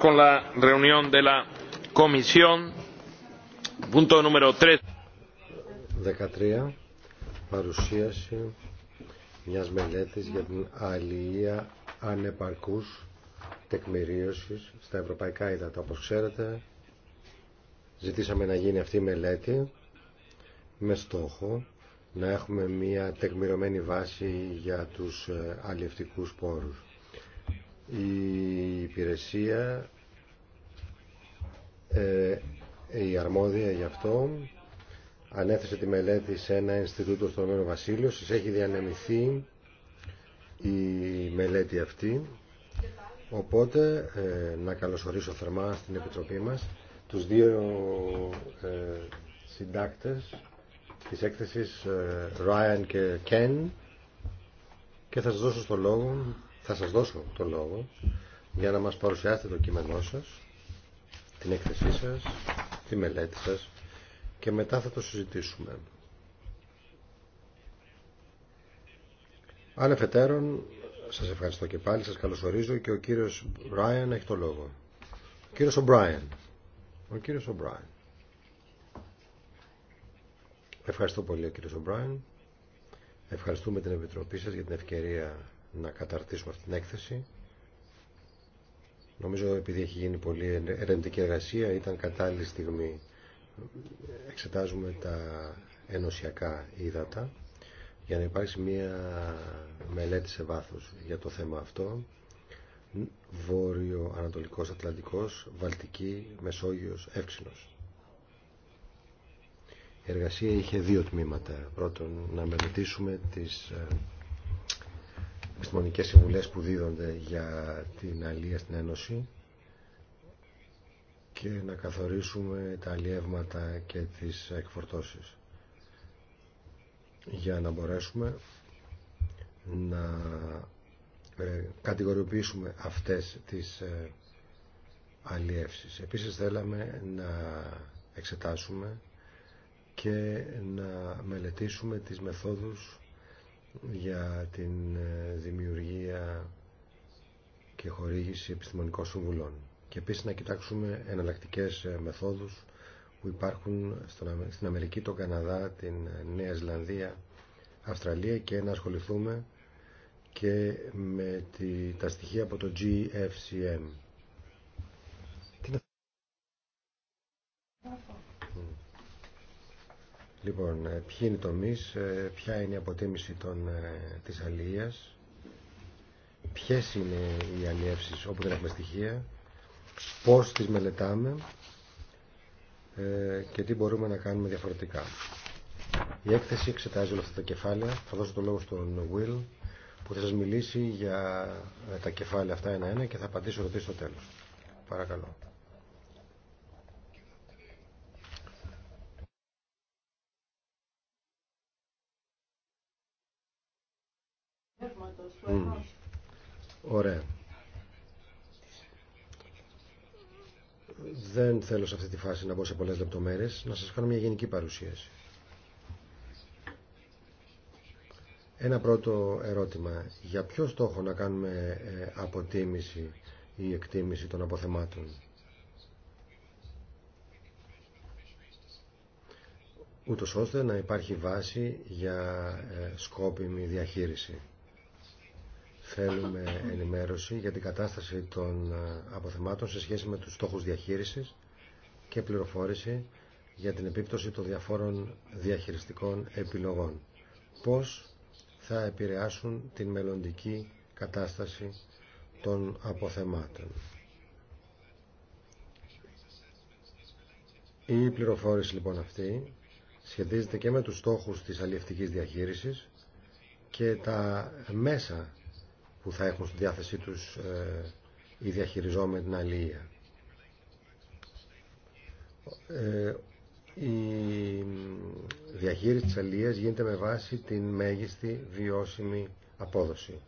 con la reunión de la comisión punto número 13 παρουσίαση μιας μελέτης για την αλληλεία ανεπαρκούς τεκμηρίωσης στα ευρωπαϊκά ύδατα όπως ξέρετε ζητήσαμε να γίνει αυτή η μελέτη με στόχο να έχουμε μια τεκμηρωμένη βάση για τους ε, αλληλευτικούς πόρους η υπηρεσία ε, η αρμόδια γι' αυτό ανέθεσε τη μελέτη σε ένα Ινστιτούτο στο νέο Βασίλειο. Σας έχει διανεμηθεί η μελέτη αυτή. Οπότε ε, να καλωσορίσω θερμά στην Επιτροπή μας τους δύο ε, συντάκτες της έκθεσης Ryan και Ken και θα σας δώσω στο λόγο θα σας δώσω το λόγο για να μας παρουσιάσετε το κείμενό σας, την έκθεσή σας, τη μελέτη σας και μετά θα το συζητήσουμε. Ανεφετέρων, σας ευχαριστώ και πάλι, σας καλωσορίζω και ο κύριος Μπράιαν έχει το λόγο. Ο κύριος Ομπράιαν. Ο κύριος Ομπράιαν. Ευχαριστώ πολύ ο κύριος Ομπράιαν. Ευχαριστούμε την Επιτροπή σας για την ευκαιρία να καταρτήσουμε αυτή την έκθεση. Νομίζω επειδή έχει γίνει πολύ ερευνητική εργασία, ήταν κατάλληλη στιγμή. Εξετάζουμε τα ενωσιακά ύδατα για να υπάρξει μία μελέτη σε βάθος για το θέμα αυτό. Βόρειο, Ανατολικός, Ατλαντικός, Βαλτική, Μεσόγειος, Εύξηνος. Η εργασία είχε δύο τμήματα. Πρώτον, να μελετήσουμε τις ε, επιστημονικές συμβουλές που δίδονται για την αλία στην Ένωση και να καθορίσουμε τα αλλιεύματα και τις εκφορτώσεις για να μπορέσουμε να ε, κατηγοριοποιήσουμε αυτές τις ε, αλλιεύσεις. Επίσης θέλαμε να εξετάσουμε και να μελετήσουμε τις μεθόδους για την ε, δημιουργία και χορήγηση επιστημονικών συμβουλών. Και επίσης να κοιτάξουμε εναλλακτικές ε, μεθόδους που υπάρχουν στην Αμερική, τον Καναδά, την ε, Νέα Ζηλανδία, Αυστραλία και να ασχοληθούμε και με τη, τα στοιχεία από το GFCM Λοιπόν, ε, ποιοι είναι οι τομείς, ε, ποια είναι η αποτίμηση των, ε, της αλληλείας, ποιες είναι οι αλλιεύσεις όπου δεν έχουμε στοιχεία, πώς τις μελετάμε και τι μπορούμε να κάνουμε διαφορετικά. Η έκθεση εξετάζει όλα αυτά τα κεφάλαια. Θα δώσω το λόγο στον Will που θα σας μιλήσει για τα κεφάλαια αυτά ένα-ένα και θα απαντήσω ρωτήσω στο τέλος. Παρακαλώ. Ωραία. Δεν θέλω σε αυτή τη φάση να μπω σε πολλές λεπτομέρειες. Να σας κάνω μια γενική παρουσίαση. Ένα πρώτο ερώτημα. Για ποιο στόχο να κάνουμε ε, αποτίμηση ή εκτίμηση των αποθεμάτων. ούτως ώστε να υπάρχει βάση για ε, σκόπιμη διαχείριση. Θέλουμε ενημέρωση για την κατάσταση των ε, αποθεμάτων σε σχέση με τους στόχους διαχείρισης και πληροφόρηση για την επίπτωση των διαφόρων διαχειριστικών επιλογών. Πώς θα επηρεάσουν την μελλοντική κατάσταση των αποθεμάτων. Η πληροφόρηση λοιπόν αυτή σχετίζεται και με τους στόχους της αλληλευτικής διαχείρισης και τα μέσα που θα έχουν στη διάθεσή τους ε, οι διαχειριζόμενοι την αλληλεία. Ε, η διαχείριση της αλληλείας γίνεται με βάση την μέγιστη βιώσιμη απόδοση.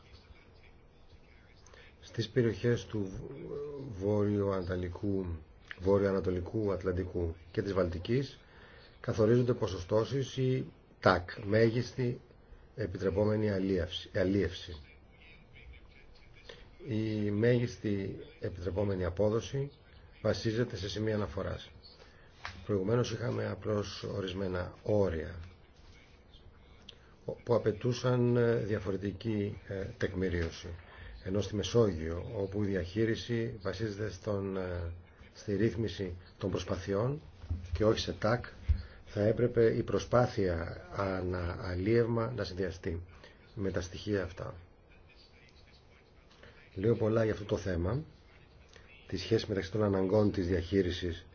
Στις περιοχές του βόρειο-ανατολικού βόρειο Ατλαντικού και της Βαλτικής καθορίζονται ποσοστώσεις ή ΤΑΚ, μέγιστη επιτρεπόμενη αλίευση η μέγιστη επιτρεπόμενη απόδοση βασίζεται σε σημεία αναφοράς. Προηγουμένως είχαμε απλώς ορισμένα όρια που απαιτούσαν ε, διαφορετική ε, τεκμηρίωση. Ενώ στη Μεσόγειο, όπου η διαχείριση βασίζεται στον, ε, στη ρύθμιση των προσπαθειών και όχι σε τάκ, θα έπρεπε η προσπάθεια ανααλίευμα να συνδυαστεί με τα στοιχεία αυτά. Λέω πολλά για αυτό το θέμα, τη σχέση μεταξύ των αναγκών της διαχείρισης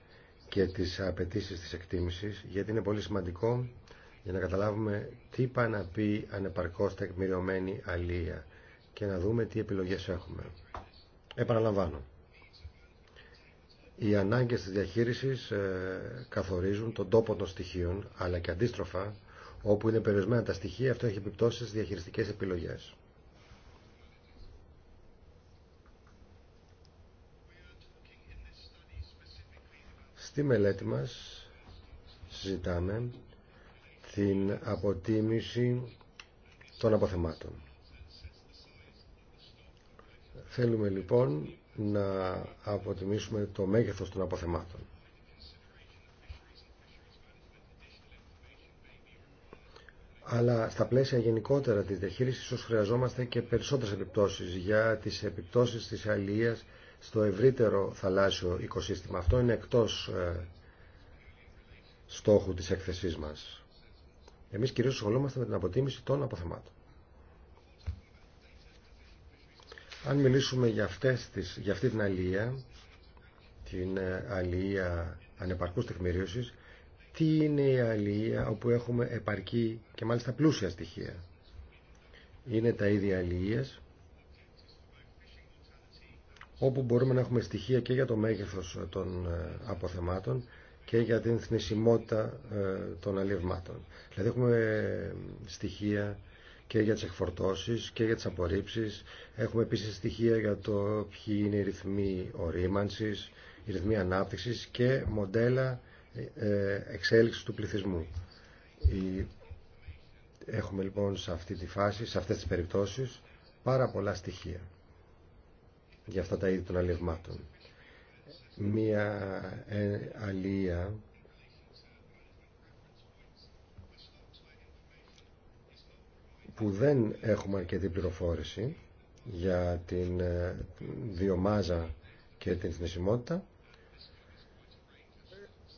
και τις απαιτήσει της εκτίμησης, γιατί είναι πολύ σημαντικό για να καταλάβουμε τι πάει να πει ανεπαρκώς τεκμηριωμένη αλία και να δούμε τι επιλογές έχουμε. Επαναλαμβάνω. Οι ανάγκες της διαχείρισης ε, καθορίζουν τον τόπο των στοιχείων, αλλά και αντίστροφα, όπου είναι περιορισμένα τα στοιχεία, αυτό έχει επιπτώσει στις διαχειριστικές επιλογές. Στη μελέτη μας συζητάμε την αποτίμηση των αποθεμάτων. Θέλουμε λοιπόν να αποτιμήσουμε το μέγεθος των αποθεμάτων. Αλλά στα πλαίσια γενικότερα της διαχείρισης ίσως χρειαζόμαστε και περισσότερες επιπτώσεις για τις επιπτώσεις της αλληλείας στο ευρύτερο θαλάσσιο οικοσύστημα. Αυτό είναι εκτός ε, στόχου της έκθεσής μας. Εμείς κυρίως ασχολούμαστε με την αποτίμηση των αποθεμάτων. Αν μιλήσουμε για, αυτές τις, για αυτή την αλληλεία, την ε, αλληλεία ανεπαρκούς τεχμηρίωσης, τι είναι η αλληλεία όπου έχουμε επαρκή και μάλιστα πλούσια στοιχεία. Είναι τα ίδια αλληλείας όπου μπορούμε να έχουμε στοιχεία και για το μέγεθος ε, των ε, αποθεμάτων και για την θνησιμότητα ε, των αλλιευμάτων. Δηλαδή έχουμε στοιχεία και για τις εκφορτώσεις και για τις απορρίψεις. Έχουμε επίσης στοιχεία για το ποιοι είναι οι ρυθμοί ορίμανσης, οι ρυθμοί ανάπτυξης και μοντέλα εξέλιξης του πληθυσμού. Έχουμε λοιπόν σε αυτή τη φάση, σε αυτές τις περιπτώσεις, πάρα πολλά στοιχεία για αυτά τα είδη των αλλευμάτων. Μία ε, αλία που δεν έχουμε αρκετή πληροφόρηση για την ε, βιομάζα και την θνησιμότητα.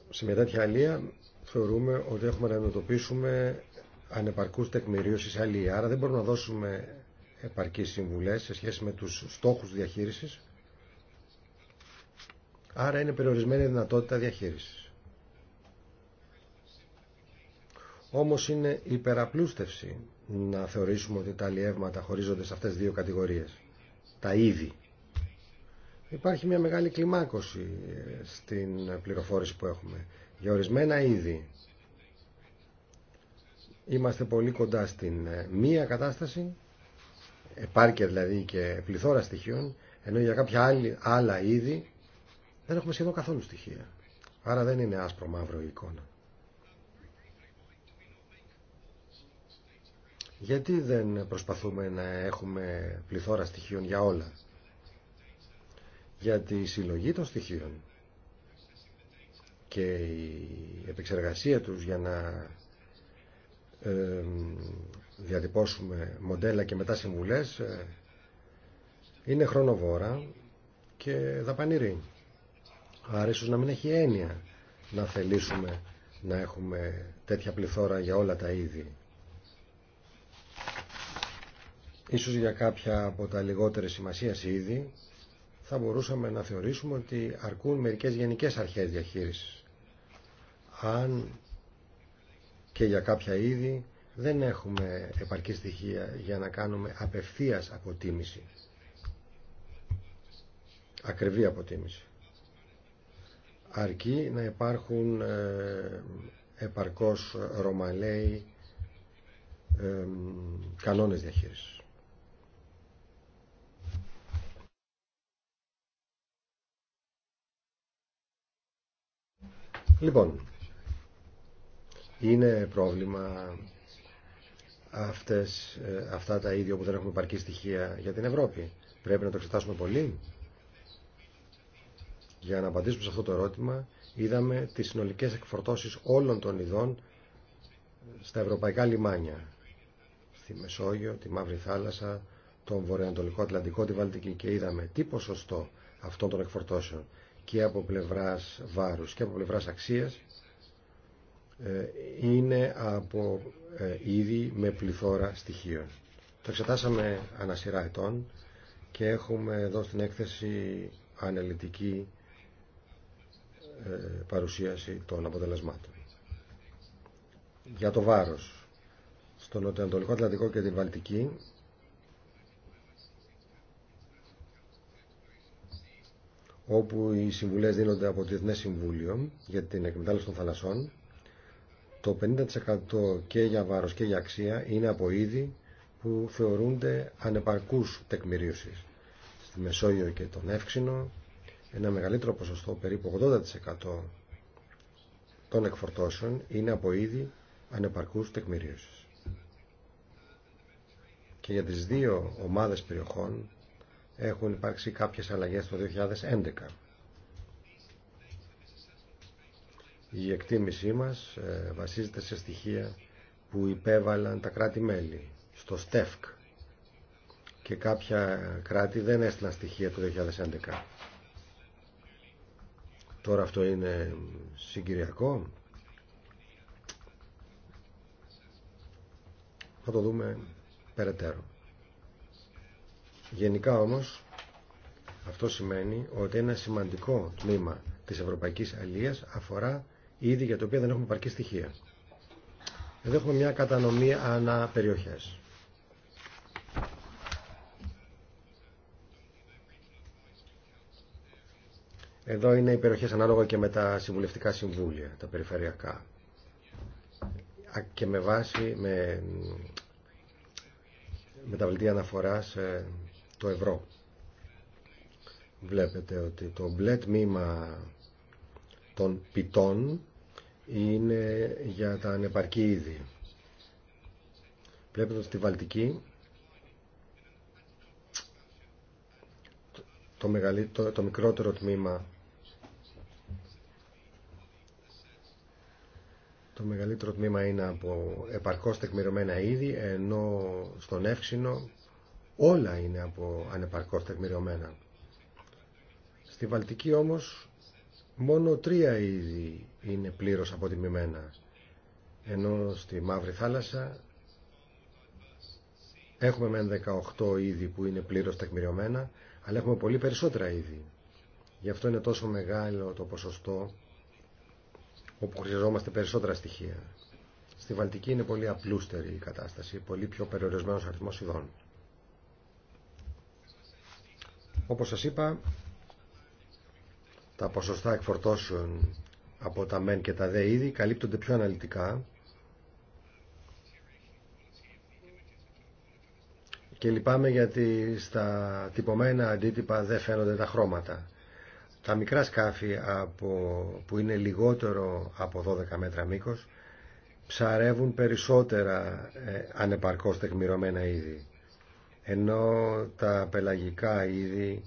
Σε μια τέτοια αλία θεωρούμε ότι έχουμε να αντιμετωπίσουμε ανεπαρκούς τεκμηρίωσης αλία. Άρα δεν μπορούμε να δώσουμε επαρκείς συμβουλέ σε σχέση με τους στόχους διαχείρισης. Άρα είναι περιορισμένη η δυνατότητα διαχείρισης. Όμως είναι υπεραπλούστευση να θεωρήσουμε ότι τα αλλιεύματα χωρίζονται σε αυτές δύο κατηγορίες. Τα είδη. Υπάρχει μια μεγάλη κλιμάκωση ε, στην πληροφόρηση που έχουμε. Για ορισμένα είδη είμαστε πολύ κοντά στην ε, μία κατάσταση επάρκεια δηλαδή και πληθώρα στοιχείων, ενώ για κάποια άλλη, άλλα είδη δεν έχουμε σχεδόν καθόλου στοιχεία. Άρα δεν είναι άσπρο μαύρο η εικόνα. Γιατί δεν προσπαθούμε να έχουμε πληθώρα στοιχείων για όλα. Για τη συλλογή των στοιχείων και η επεξεργασία τους για να διατυπώσουμε μοντέλα και μετά συμβουλές ε, είναι χρονοβόρα και δαπανηρή. Άρα ίσως να μην έχει έννοια να θελήσουμε να έχουμε τέτοια πληθώρα για όλα τα είδη. Ίσως για κάποια από τα λιγότερες σημασία είδη θα μπορούσαμε να θεωρήσουμε ότι αρκούν μερικές γενικές αρχές διαχείρισης. Αν και για κάποια είδη δεν έχουμε επαρκή στοιχεία για να κάνουμε απευθείας αποτίμηση. Ακριβή αποτίμηση. Αρκεί να υπάρχουν ε, επαρκώς ρωμαλαίοι ε, κανόνες διαχείρισης. Λοιπόν, είναι πρόβλημα αυτές, ε, αυτά τα ίδια που δεν έχουμε υπαρκή στοιχεία για την Ευρώπη. Πρέπει να το εξετάσουμε πολύ. Για να απαντήσουμε σε αυτό το ερώτημα, είδαμε τις συνολικές εκφορτώσεις όλων των ειδών στα ευρωπαϊκά λιμάνια. Στη Μεσόγειο, τη Μαύρη Θάλασσα, τον Βορειοανατολικό Ατλαντικό, τη Βαλτική και είδαμε τι ποσοστό αυτών των εκφορτώσεων και από πλευράς βάρους και από πλευράς αξίας ε, είναι από ήδη ε, με πληθώρα στοιχείων. Το εξετάσαμε ανά ετών και έχουμε εδώ στην έκθεση αναλυτική ε, παρουσίαση των αποτελεσμάτων. Για το βάρος, στο Νοτιοανατολικό Ατλαντικό και την Βαλτική, όπου οι συμβουλές δίνονται από το Διεθνές Συμβούλιο για την εκμετάλλευση των θαλασσών, το 50% και για βάρος και για αξία είναι από είδη που θεωρούνται ανεπαρκούς τεκμηρίωσης. Στη Μεσόγειο και τον Εύξηνο ένα μεγαλύτερο ποσοστό, περίπου 80% των εκφορτώσεων είναι από είδη ανεπαρκούς τεκμηρίωσης. Και για τις δύο ομάδες περιοχών έχουν υπάρξει κάποιες αλλαγές το 2011. Η εκτίμησή μας ε, βασίζεται σε στοιχεία που υπέβαλαν τα κράτη-μέλη στο ΣΤΕΦΚ και κάποια κράτη δεν έστειλαν στοιχεία του 2011. Τώρα αυτό είναι συγκυριακό. Θα το δούμε περαιτέρω. Γενικά όμως αυτό σημαίνει ότι ένα σημαντικό τμήμα της Ευρωπαϊκής Αλίας αφορά είδη για το οποίο δεν έχουμε παρκή στοιχεία. Εδώ έχουμε μια κατανομή ανά περιοχές. Εδώ είναι οι περιοχές ανάλογα και με τα συμβουλευτικά συμβούλια, τα περιφερειακά. Και με βάση, με, με τα βλητή αναφοράς, ε, το ευρώ. Βλέπετε ότι το μπλε τμήμα των πιτών είναι για τα ανεπαρκή είδη. Βλέπετε στη Βαλτική το, μεγαλύτερο, το μικρότερο τμήμα Το μεγαλύτερο τμήμα είναι από επαρκώς τεκμηρωμένα είδη, ενώ στον Εύξηνο όλα είναι από ανεπαρκώς τεκμηρωμένα. Στη Βαλτική όμως μόνο τρία είδη είναι πλήρως αποτιμημένα. Ενώ στη Μαύρη Θάλασσα έχουμε μεν 18 είδη που είναι πλήρως τεκμηριωμένα, αλλά έχουμε πολύ περισσότερα είδη. Γι' αυτό είναι τόσο μεγάλο το ποσοστό όπου χρειαζόμαστε περισσότερα στοιχεία. Στη Βαλτική είναι πολύ απλούστερη η κατάσταση, πολύ πιο περιορισμένος αριθμός ειδών. Όπως σας είπα, τα ποσοστά εκφορτώσεων από τα μεν και τα δε είδη καλύπτονται πιο αναλυτικά και λυπάμαι γιατί στα τυπωμένα αντίτυπα δεν φαίνονται τα χρώματα. Τα μικρά σκάφη από, που είναι λιγότερο από 12 μέτρα μήκος ψαρεύουν περισσότερα ε, ανεπαρκώς τεκμηρωμένα είδη ενώ τα πελαγικά είδη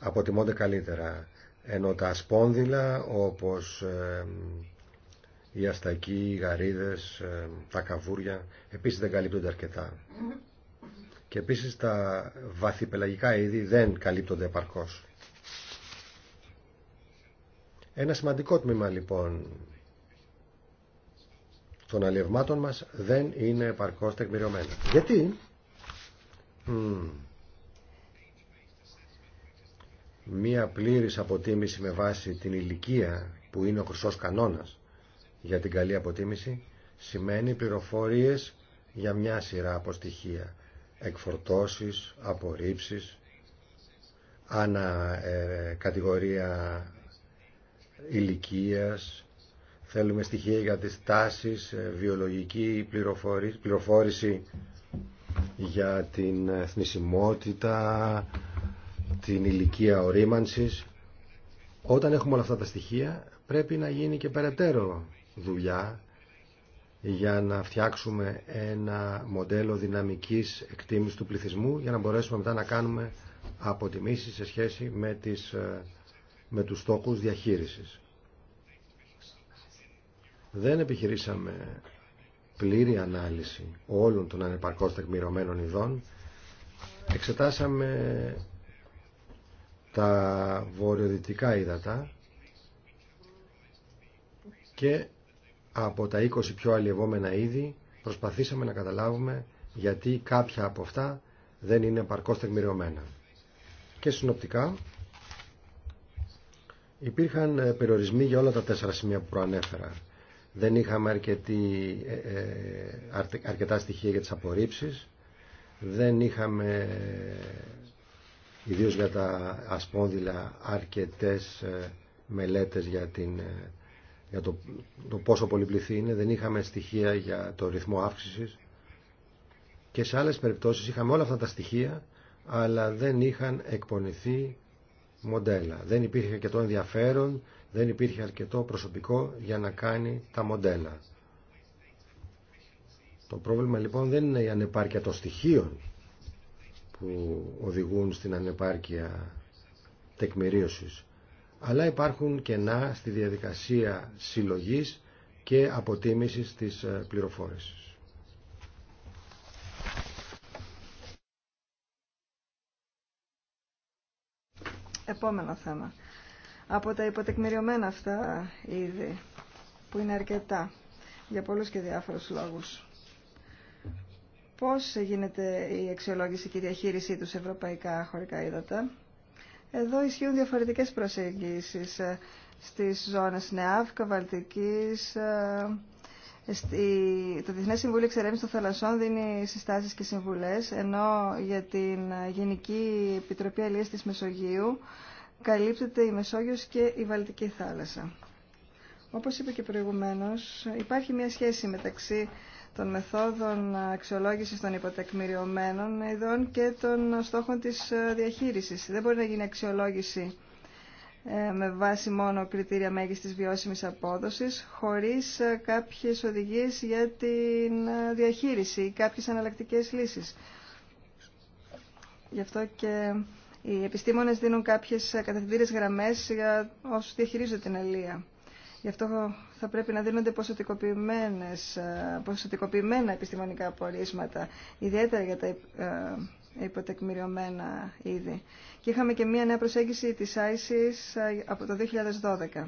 αποτιμώνται καλύτερα ενώ τα σπόνδυλα όπως οι αστακοί, οι γαρίδες, τα καβούρια επίσης δεν καλύπτονται αρκετά. Και επίσης τα βαθυπελαγικά είδη δεν καλύπτονται επαρκώς. Ένα σημαντικό τμήμα λοιπόν των αλλιευμάτων μας δεν είναι επαρκώς τεκμηριωμένα. Γιατί? μία πλήρης αποτίμηση με βάση την ηλικία που είναι ο χρυσός κανόνας για την καλή αποτίμηση σημαίνει πληροφορίες για μια σειρά από στοιχεία εκφορτώσεις, απορρίψεις ανα ε, κατηγορία ηλικίας θέλουμε στοιχεία για τις τάσεις ε, βιολογική πληροφόρηση, πληροφόρηση για την θνησιμότητα την ηλικία ορίμανσης. Όταν έχουμε όλα αυτά τα στοιχεία πρέπει να γίνει και περαιτέρω δουλειά για να φτιάξουμε ένα μοντέλο δυναμικής εκτίμησης του πληθυσμού για να μπορέσουμε μετά να κάνουμε αποτιμήσεις σε σχέση με, τις, ε, με τους στόχους διαχείρισης. Δεν επιχειρήσαμε πλήρη ανάλυση όλων των ανεπαρκώς τεκμηρωμένων ειδών. Εξετάσαμε τα βορειοδυτικά ύδατα και από τα 20 πιο αλλιευόμενα είδη προσπαθήσαμε να καταλάβουμε γιατί κάποια από αυτά δεν είναι παρκώς τεκμηριωμένα. Και συνοπτικά υπήρχαν ε, περιορισμοί για όλα τα τέσσερα σημεία που προανέφερα. Δεν είχαμε αρκετή, ε, ε, αρκετά στοιχεία για τις απορρίψεις, δεν είχαμε ιδίως για τα ασπόνδυλα αρκετές ε, μελέτες για, την, ε, για το, το πόσο πολυπληθή είναι. Δεν είχαμε στοιχεία για το ρυθμό αύξησης και σε άλλες περιπτώσεις είχαμε όλα αυτά τα στοιχεία αλλά δεν είχαν εκπονηθεί μοντέλα. Δεν υπήρχε αρκετό ενδιαφέρον, δεν υπήρχε αρκετό προσωπικό για να κάνει τα μοντέλα. Το πρόβλημα λοιπόν δεν είναι η ανεπάρκεια των στοιχείων που οδηγούν στην ανεπάρκεια τεκμηρίωσης. Αλλά υπάρχουν κενά στη διαδικασία συλλογής και αποτίμησης της ε, πληροφόρησης. Επόμενο θέμα. Από τα υποτεκμηριωμένα αυτά είδη, που είναι αρκετά, για πολλούς και διάφορους λόγους πώς γίνεται η αξιολόγηση και η διαχείρισή τους ευρωπαϊκά χωρικά ύδατα. Εδώ ισχύουν διαφορετικές προσεγγίσεις ε, στις ζώνες ΝΕΑΦΚΑ, Βαλτικής, ε, το Διεθνές Συμβούλιο Εξερεύνησης των Θαλασσών δίνει συστάσεις και συμβουλές, ενώ για την Γενική Επιτροπή Αλίας της Μεσογείου καλύπτεται η Μεσόγειος και η Βαλτική θάλασσα. Όπως είπα και προηγουμένως, υπάρχει μια σχέση μεταξύ των μεθόδων αξιολόγησης των υποτεκμηριωμένων ειδών και των στόχων της ε, διαχείρισης. Δεν μπορεί να γίνει αξιολόγηση ε, με βάση μόνο κριτήρια μέγιστης βιώσιμης απόδοσης, χωρίς ε, κάποιες οδηγίες για την διαχείριση ή κάποιες αναλλακτικές λύσεις. Γι' αυτό και οι επιστήμονες δίνουν κάποιες κατευθυντήρες γραμμές για όσους διαχειρίζονται την αλία. Γι' αυτό θα πρέπει να δίνονται ε, ποσοτικοποιημένα επιστημονικά απορίσματα, ιδιαίτερα για τα ε, υποτεκμηριωμένα είδη. Και είχαμε και μία νέα προσέγγιση της ISIS ε, από το 2012.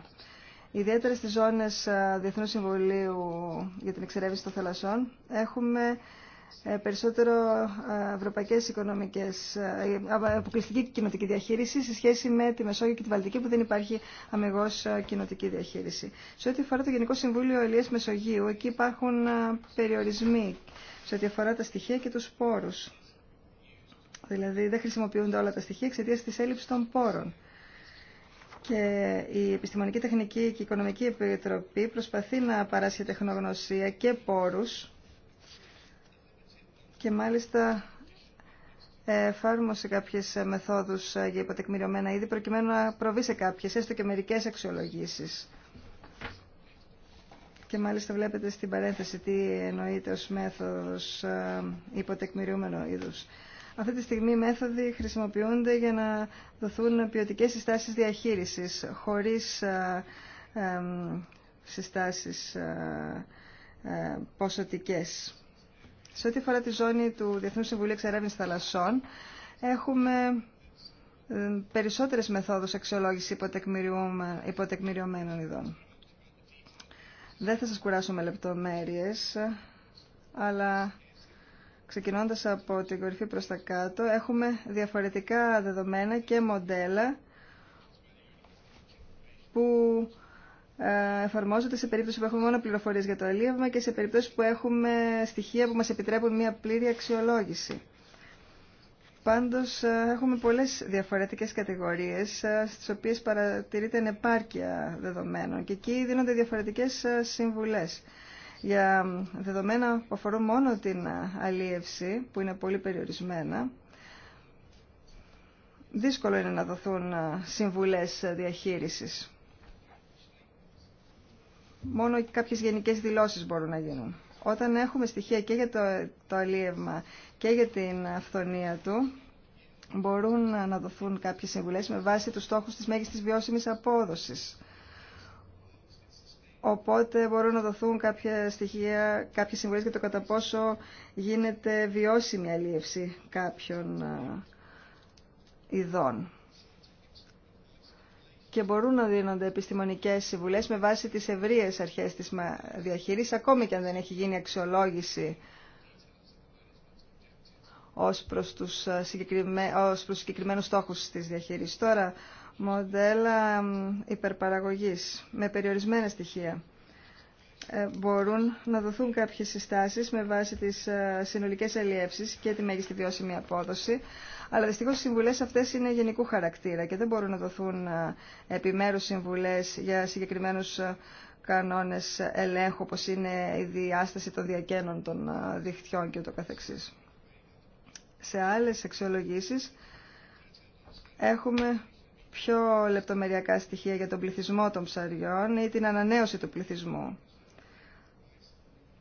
Ιδιαίτερα στις ζώνες Διεθνούς Συμβουλίου για την Εξερεύνηση των Θαλασσών έχουμε ε, περισσότερο ε, ευρωπαϊκές οικονομικές, ε, αποκλειστική κοινοτική διαχείριση σε σχέση με τη Μεσόγειο και τη Βαλτική που δεν υπάρχει αμυγός κοινοτική διαχείριση. Σε ό,τι αφορά το Γενικό Συμβούλιο Ελίας Μεσογείου, εκεί υπάρχουν περιορισμοί σε ό,τι αφορά τα στοιχεία και τους πόρους. Δηλαδή δεν χρησιμοποιούνται όλα τα στοιχεία εξαιτία της έλλειψης των πόρων. Και η Επιστημονική Τεχνική και Οικονομική Επιτροπή προσπαθεί να παράσχει τεχνογνωσία και πόρους και μάλιστα ε, εφάρμοσε κάποιε ε, μεθόδους ε, για υποτεκμηριωμένα είδη προκειμένου να προβεί σε κάποιες, έστω και μερικές αξιολογήσεις. Και μάλιστα βλέπετε στην παρένθεση τι εννοείται ως μέθοδος υποτεκμηριούμενο είδους. Αυτή τη στιγμή οι μέθοδοι χρησιμοποιούνται για να δοθούν ποιοτικές συστάσεις διαχείρισης, χωρίς συστάσεις ποσοτικές. Σε ό,τι αφορά τη ζώνη του Διεθνού Συμβουλίου Εξερεύνησης Θαλασσών, έχουμε ε, περισσότερες μεθόδους αξιολόγηση υποτεκμηριωμένων ειδών. Δεν θα σας κουράσω με λεπτομέρειες, αλλά ξεκινώντας από την κορυφή προς τα κάτω, έχουμε διαφορετικά δεδομένα και μοντέλα που ε, εφαρμόζονται σε περίπτωση που έχουμε μόνο πληροφορίες για το αλίευμα και σε περίπτωση που έχουμε στοιχεία που μας επιτρέπουν μια πλήρη αξιολόγηση. Πάντως ε, έχουμε πολλές διαφορετικές κατηγορίες ε, στις οποίες παρατηρείται ανεπάρκεια δεδομένων και εκεί δίνονται διαφορετικές συμβουλές. Για δεδομένα που αφορούν μόνο την αλίευση, που είναι πολύ περιορισμένα, δύσκολο είναι να δοθούν συμβουλές διαχείρισης μόνο κάποιες γενικές δηλώσεις μπορούν να γίνουν. Όταν έχουμε στοιχεία και για το, το αλίευμα και για την αυθονία του, μπορούν να δοθούν κάποιες συμβουλές με βάση τους στόχους της μέγιστης βιώσιμης απόδοσης. Οπότε μπορούν να δοθούν κάποια στοιχεία, κάποιες συμβουλές για το κατά πόσο γίνεται βιώσιμη αλίευση κάποιων ε, ειδών και μπορούν να δίνονται επιστημονικές συμβουλές με βάση τις ευρείες αρχές της διαχείρισης, ακόμη και αν δεν έχει γίνει αξιολόγηση ως προς τους, ε, συγκεκριμέ... ως προς συγκεκριμένους στόχους της διαχείρισης. Τώρα, μοντέλα υπερπαραγωγής με περιορισμένα στοιχεία. Ε, μπορούν να δοθούν κάποιες συστάσεις με βάση τις ε, συνολικές αλλιεύσεις και τη μέγιστη βιώσιμη απόδοση, αλλά δυστυχώς οι συμβουλές αυτές είναι γενικού χαρακτήρα και δεν μπορούν να δοθούν ε, επιμέρους συμβουλές για συγκεκριμένους κανόνες ελέγχου, όπως είναι η διάσταση των διακαίνων των διχτυών και ούτω καθεξής. Σε άλλες αξιολογήσεις έχουμε πιο λεπτομεριακά στοιχεία για τον πληθυσμό των ψαριών ή την ανανέωση του πληθυσμού.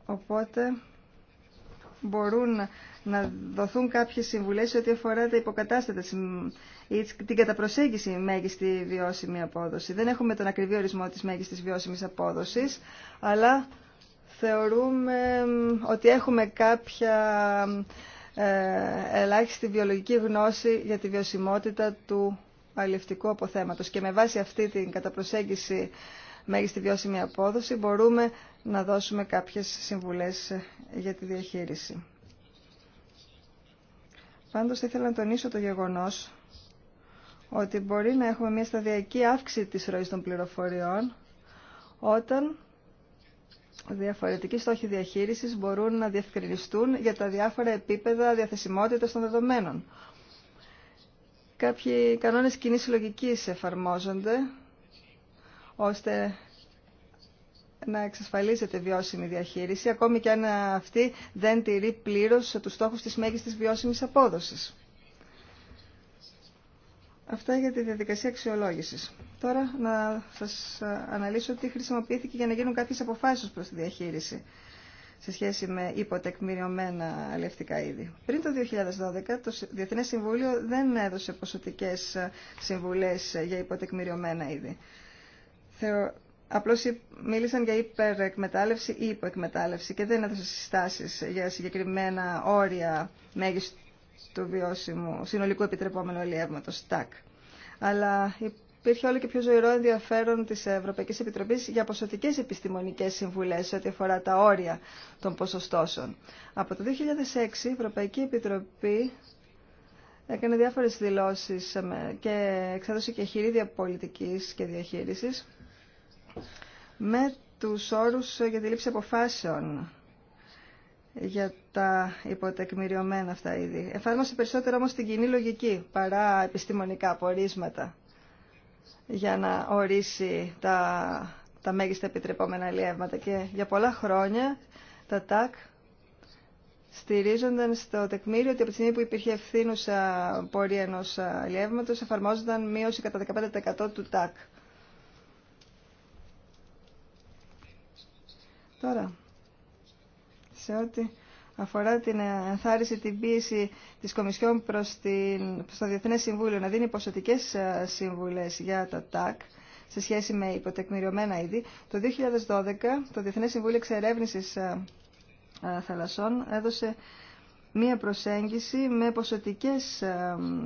Οπότε μπορούν να δοθούν κάποιες συμβουλές ό,τι αφορά τα υποκατάστατα ή την καταπροσέγγιση μέγιστη βιώσιμη απόδοση. Δεν έχουμε τον ακριβή ορισμό της μέγιστης βιώσιμης απόδοσης, αλλά θεωρούμε ότι έχουμε κάποια ε, ελάχιστη βιολογική γνώση για τη βιωσιμότητα του αλληλευτικού αποθέματος και με βάση αυτή την καταπροσέγγιση μέγιστη βιώσιμη απόδοση μπορούμε να δώσουμε κάποιες συμβουλές για τη διαχείριση. Πάντως ήθελα να τονίσω το γεγονός ότι μπορεί να έχουμε μια σταδιακή αύξηση της ροής των πληροφοριών όταν διαφορετικοί στόχοι διαχείρισης μπορούν να διευκρινιστούν για τα διάφορα επίπεδα διαθεσιμότητας των δεδομένων. Κάποιοι κανόνες κοινή λογικής εφαρμόζονται ώστε να εξασφαλίζεται βιώσιμη διαχείριση, ακόμη και αν αυτή δεν τηρεί πλήρως τους στόχους της μέγιστης βιώσιμης απόδοσης. Αυτά για τη διαδικασία αξιολόγησης. Τώρα να σας αναλύσω τι χρησιμοποιήθηκε για να γίνουν κάποιες αποφάσεις προς τη διαχείριση σε σχέση με υποτεκμηριωμένα αλληλευτικά είδη. Πριν το 2012, το Διεθνές Συμβούλιο δεν έδωσε ποσοτικές συμβουλές για υποτεκμηριωμένα είδη. Θεω... Απλώς μίλησαν για υπερεκμετάλλευση ή υποεκμετάλλευση και δεν έδωσαν συστάσει για συγκεκριμένα όρια μέγιστου του βιώσιμου συνολικού επιτρεπόμενου ελιεύματος, ΤΑΚ. Αλλά υπήρχε όλο και πιο ζωηρό ενδιαφέρον τη Ευρωπαϊκή Επιτροπή για ποσοτικέ επιστημονικέ συμβουλέ σε ό,τι αφορά τα όρια των ποσοστώσεων. Από το 2006 η Ευρωπαϊκή Επιτροπή έκανε διάφορε δηλώσει ε, και εξέδωσε και χειρίδια πολιτική και διαχείριση με τους όρους για τη λήψη αποφάσεων για τα υποτεκμηριωμένα αυτά είδη. Εφάρμοσε περισσότερο όμως την κοινή λογική παρά επιστημονικά απορίσματα για να ορίσει τα, τα μέγιστα επιτρεπόμενα αλλιεύματα και για πολλά χρόνια τα ΤΑΚ στηρίζονταν στο τεκμήριο ότι από τη στιγμή που υπήρχε ευθύνουσα πορεία ενός αλλιεύματος εφαρμόζονταν μείωση κατά 15% του ΤΑΚ. Τώρα, σε ό,τι αφορά την ενθάρρυνση, την πίεση της Κομισιόν προς, την, το Διεθνές Συμβούλιο να δίνει ποσοτικές ε, συμβουλές για τα ΤΑΚ σε σχέση με υποτεκμηριωμένα είδη, το 2012 το Διεθνές Συμβούλιο Εξερεύνησης ε, ε, Θαλασσών έδωσε μία προσέγγιση με ποσοτικές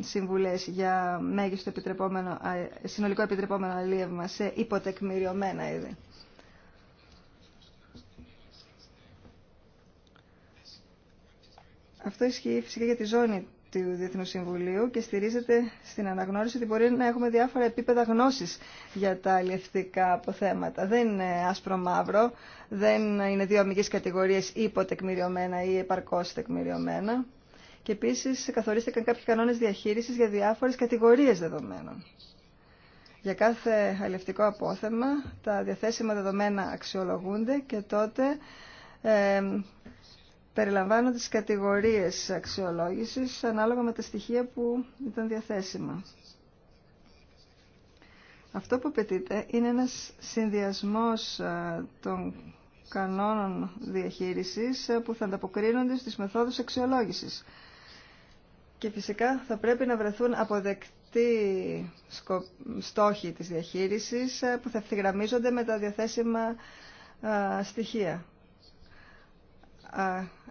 συμβουλές για μέγιστο επιτρεπόμενο, συνολικό επιτρεπόμενο αλίευμα σε υποτεκμηριωμένα είδη. Αυτό ισχύει φυσικά για τη ζώνη του Διεθνού Συμβουλίου και στηρίζεται στην αναγνώριση ότι μπορεί να έχουμε διάφορα επίπεδα γνώσης για τα αλληλευτικά αποθέματα. Δεν είναι άσπρο-μαύρο, δεν είναι δύο αμυγές κατηγορίες υποτεκμηριωμένα ή επαρκώς τεκμηριωμένα. Και επίσης καθορίστηκαν κάποιοι κανόνες διαχείρισης για διάφορες κατηγορίες δεδομένων. Για κάθε αλληλευτικό απόθεμα τα διαθέσιμα δεδομένα αξιολογούνται και τότε ε, περιλαμβάνονται τις κατηγορίες αξιολόγησης ανάλογα με τα στοιχεία που ήταν διαθέσιμα. Αυτό που απαιτείται είναι ένας συνδυασμός ε, των κανόνων διαχείρισης ε, που θα ανταποκρίνονται στις μεθόδους αξιολόγησης. Και φυσικά θα πρέπει να βρεθούν αποδεκτοί στόχοι της διαχείρισης ε, που θα ευθυγραμμίζονται με τα διαθέσιμα στοιχεία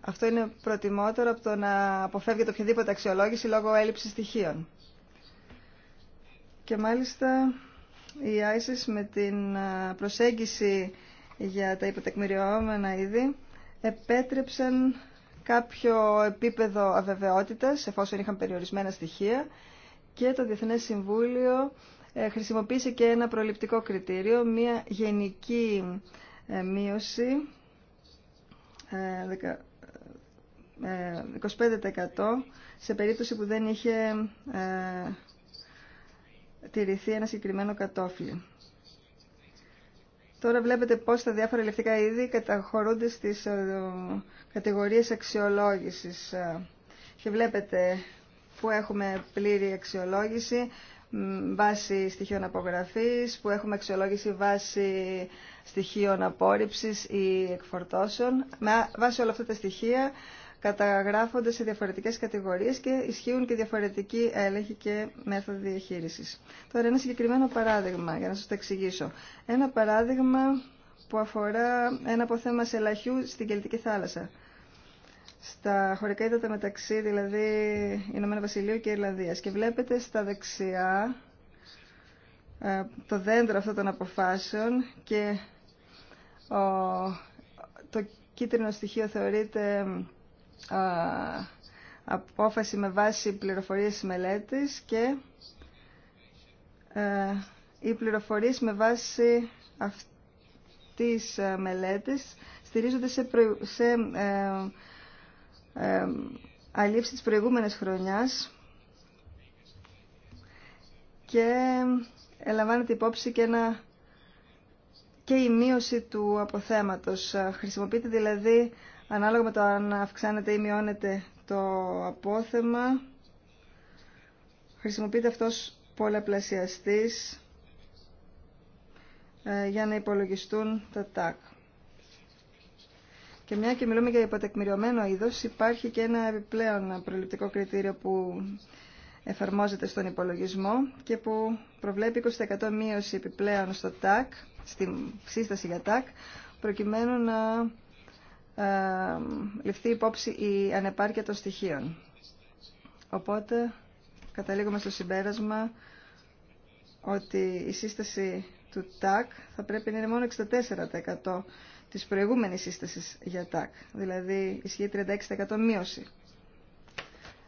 αυτό είναι προτιμότερο από το να αποφεύγεται οποιαδήποτε αξιολόγηση λόγω έλλειψης στοιχείων. Και μάλιστα η ISIS με την προσέγγιση για τα υποτεκμηριωμένα είδη επέτρεψαν κάποιο επίπεδο αβεβαιότητας εφόσον είχαν περιορισμένα στοιχεία και το Διεθνές Συμβούλιο ε, χρησιμοποίησε και ένα προληπτικό κριτήριο, μια γενική ε, μείωση 25% σε περίπτωση που δεν είχε τηρηθεί ένα συγκεκριμένο κατόφλι. Τώρα βλέπετε πώς τα διάφορα λεφτικά είδη καταχωρούνται στις κατηγορίες αξιολόγησης. Και βλέπετε που έχουμε πλήρη αξιολόγηση, βάση στοιχείων απογραφής, που έχουμε αξιολόγηση βάση στοιχείων απόρριψης ή εκφορτώσεων. Με βάση όλα αυτά τα στοιχεία καταγράφονται σε διαφορετικές κατηγορίες και ισχύουν και διαφορετικοί έλεγχοι και μέθοδοι διαχείρισης. Τώρα ένα συγκεκριμένο παράδειγμα, για να σας το εξηγήσω. Ένα παράδειγμα που αφορά ένα αποθέμα σελαχιού στην Κελτική θάλασσα στα χωρικά ύδατα μεταξύ δηλαδή Ηνωμένου Βασιλείο και Ιρλανδίας. Και βλέπετε στα δεξιά ε, το δέντρο αυτών των αποφάσεων και το κίτρινο στοιχείο θεωρείται ε, απόφαση με βάση πληροφορίες μελέτης και ε, οι πληροφορίες με βάση αυτής μελέτης στηρίζονται σε, ε, αλήψη της προηγούμενης χρονιάς και ελαμβάνεται υπόψη και, ένα, και η μείωση του αποθέματος. Χρησιμοποιείται δηλαδή ανάλογα με το αν αυξάνεται ή μειώνεται το απόθεμα. Χρησιμοποιείται αυτός πολλαπλασιαστής ε, για να υπολογιστούν τα τάκ. Και μια και μιλούμε για υποτεκμηριωμένο είδο υπάρχει και ένα επιπλέον προληπτικό κριτήριο που εφαρμόζεται στον υπολογισμό και που προβλέπει 20% μείωση επιπλέον στο ΤΑΚ, στην σύσταση για ΤΑΚ, προκειμένου να ε, ληφθεί υπόψη η ανεπάρκεια των στοιχείων. Οπότε καταλήγουμε στο συμπέρασμα ότι η σύσταση του ΤΑΚ θα πρέπει να είναι μόνο 64% της προηγούμενης σύστασης για ΤΑΚ, δηλαδή ισχύει 36% μείωση.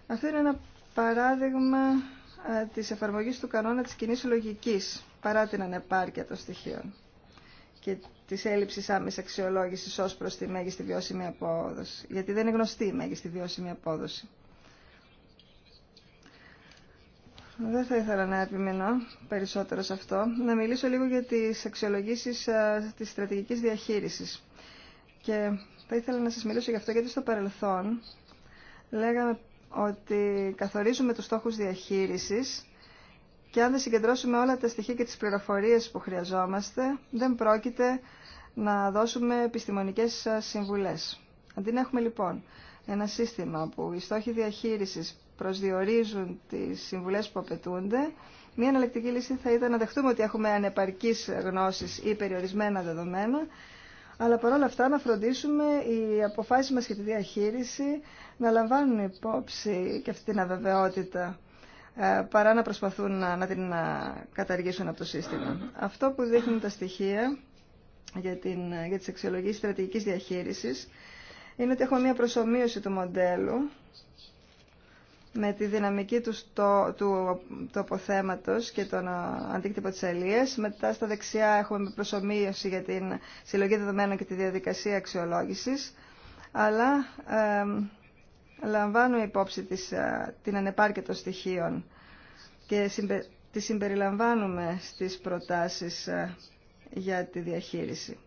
Αυτό είναι ένα παράδειγμα της εφαρμογής του κανόνα της κοινή λογικής, παρά την ανεπάρκεια των στοιχείων και της έλλειψης άμεσης αξιολόγησης ως προς τη μέγιστη βιώσιμη απόδοση, γιατί δεν είναι γνωστή η μέγιστη βιώσιμη απόδοση. Δεν θα ήθελα να επιμείνω περισσότερο σε αυτό. Να μιλήσω λίγο για τις αξιολογήσεις ε, της στρατηγικής διαχείρισης. Και θα ήθελα να σας μιλήσω γι' αυτό γιατί στο παρελθόν λέγαμε ότι καθορίζουμε τους στόχους διαχείρισης και αν δεν συγκεντρώσουμε όλα τα στοιχεία και τις πληροφορίες που χρειαζόμαστε, δεν πρόκειται να δώσουμε επιστημονικές ε, συμβουλές. Αντί να έχουμε λοιπόν ένα σύστημα που οι στόχοι διαχείρισης προσδιορίζουν τις συμβουλές που απαιτούνται, μία εναλλακτική λύση θα ήταν να δεχτούμε ότι έχουμε ανεπαρκείς γνώσεις ή περιορισμένα δεδομένα, αλλά παρόλα αυτά να φροντίσουμε οι αποφάσεις μας για τη διαχείριση να λαμβάνουν υπόψη και αυτή την αβεβαιότητα ε, παρά να προσπαθούν να, την ε, καταργήσουν από το σύστημα. Αυτό που δείχνουν τα στοιχεία για, την, για τις αξιολογίες στρατηγικής διαχείρισης είναι ότι έχουμε μια προσωμείωση του μοντέλου με τη δυναμική του, στο, του, και τον ε, αντίκτυπο της αλίας. Μετά στα δεξιά έχουμε προσωμείωση για την συλλογή δεδομένων και τη διαδικασία αξιολόγησης. Αλλά ε, λαμβάνουμε υπόψη της, ε, την ανεπάρκεια των στοιχείων και τη συμπεριλαμβάνουμε στις προτάσεις ε, για τη διαχείριση.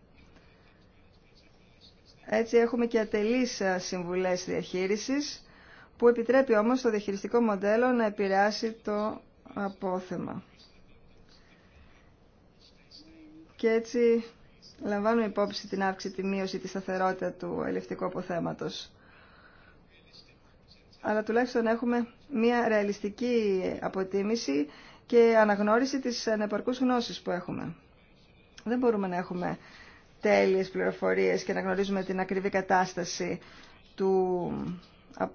Έτσι έχουμε και ατελείς συμβουλές διαχείρισης που επιτρέπει όμως το διαχειριστικό μοντέλο να επηρεάσει το απόθεμα. Και έτσι λαμβάνουμε υπόψη την αύξηση, τη μείωση, τη σταθερότητα του ελευτικού αποθέματος. Αλλά τουλάχιστον έχουμε μια ρεαλιστική αποτίμηση και αναγνώριση της ανεπαρκούς γνώσης που έχουμε. Δεν μπορούμε να έχουμε τέλειες πληροφορίες και να γνωρίζουμε την ακριβή κατάσταση του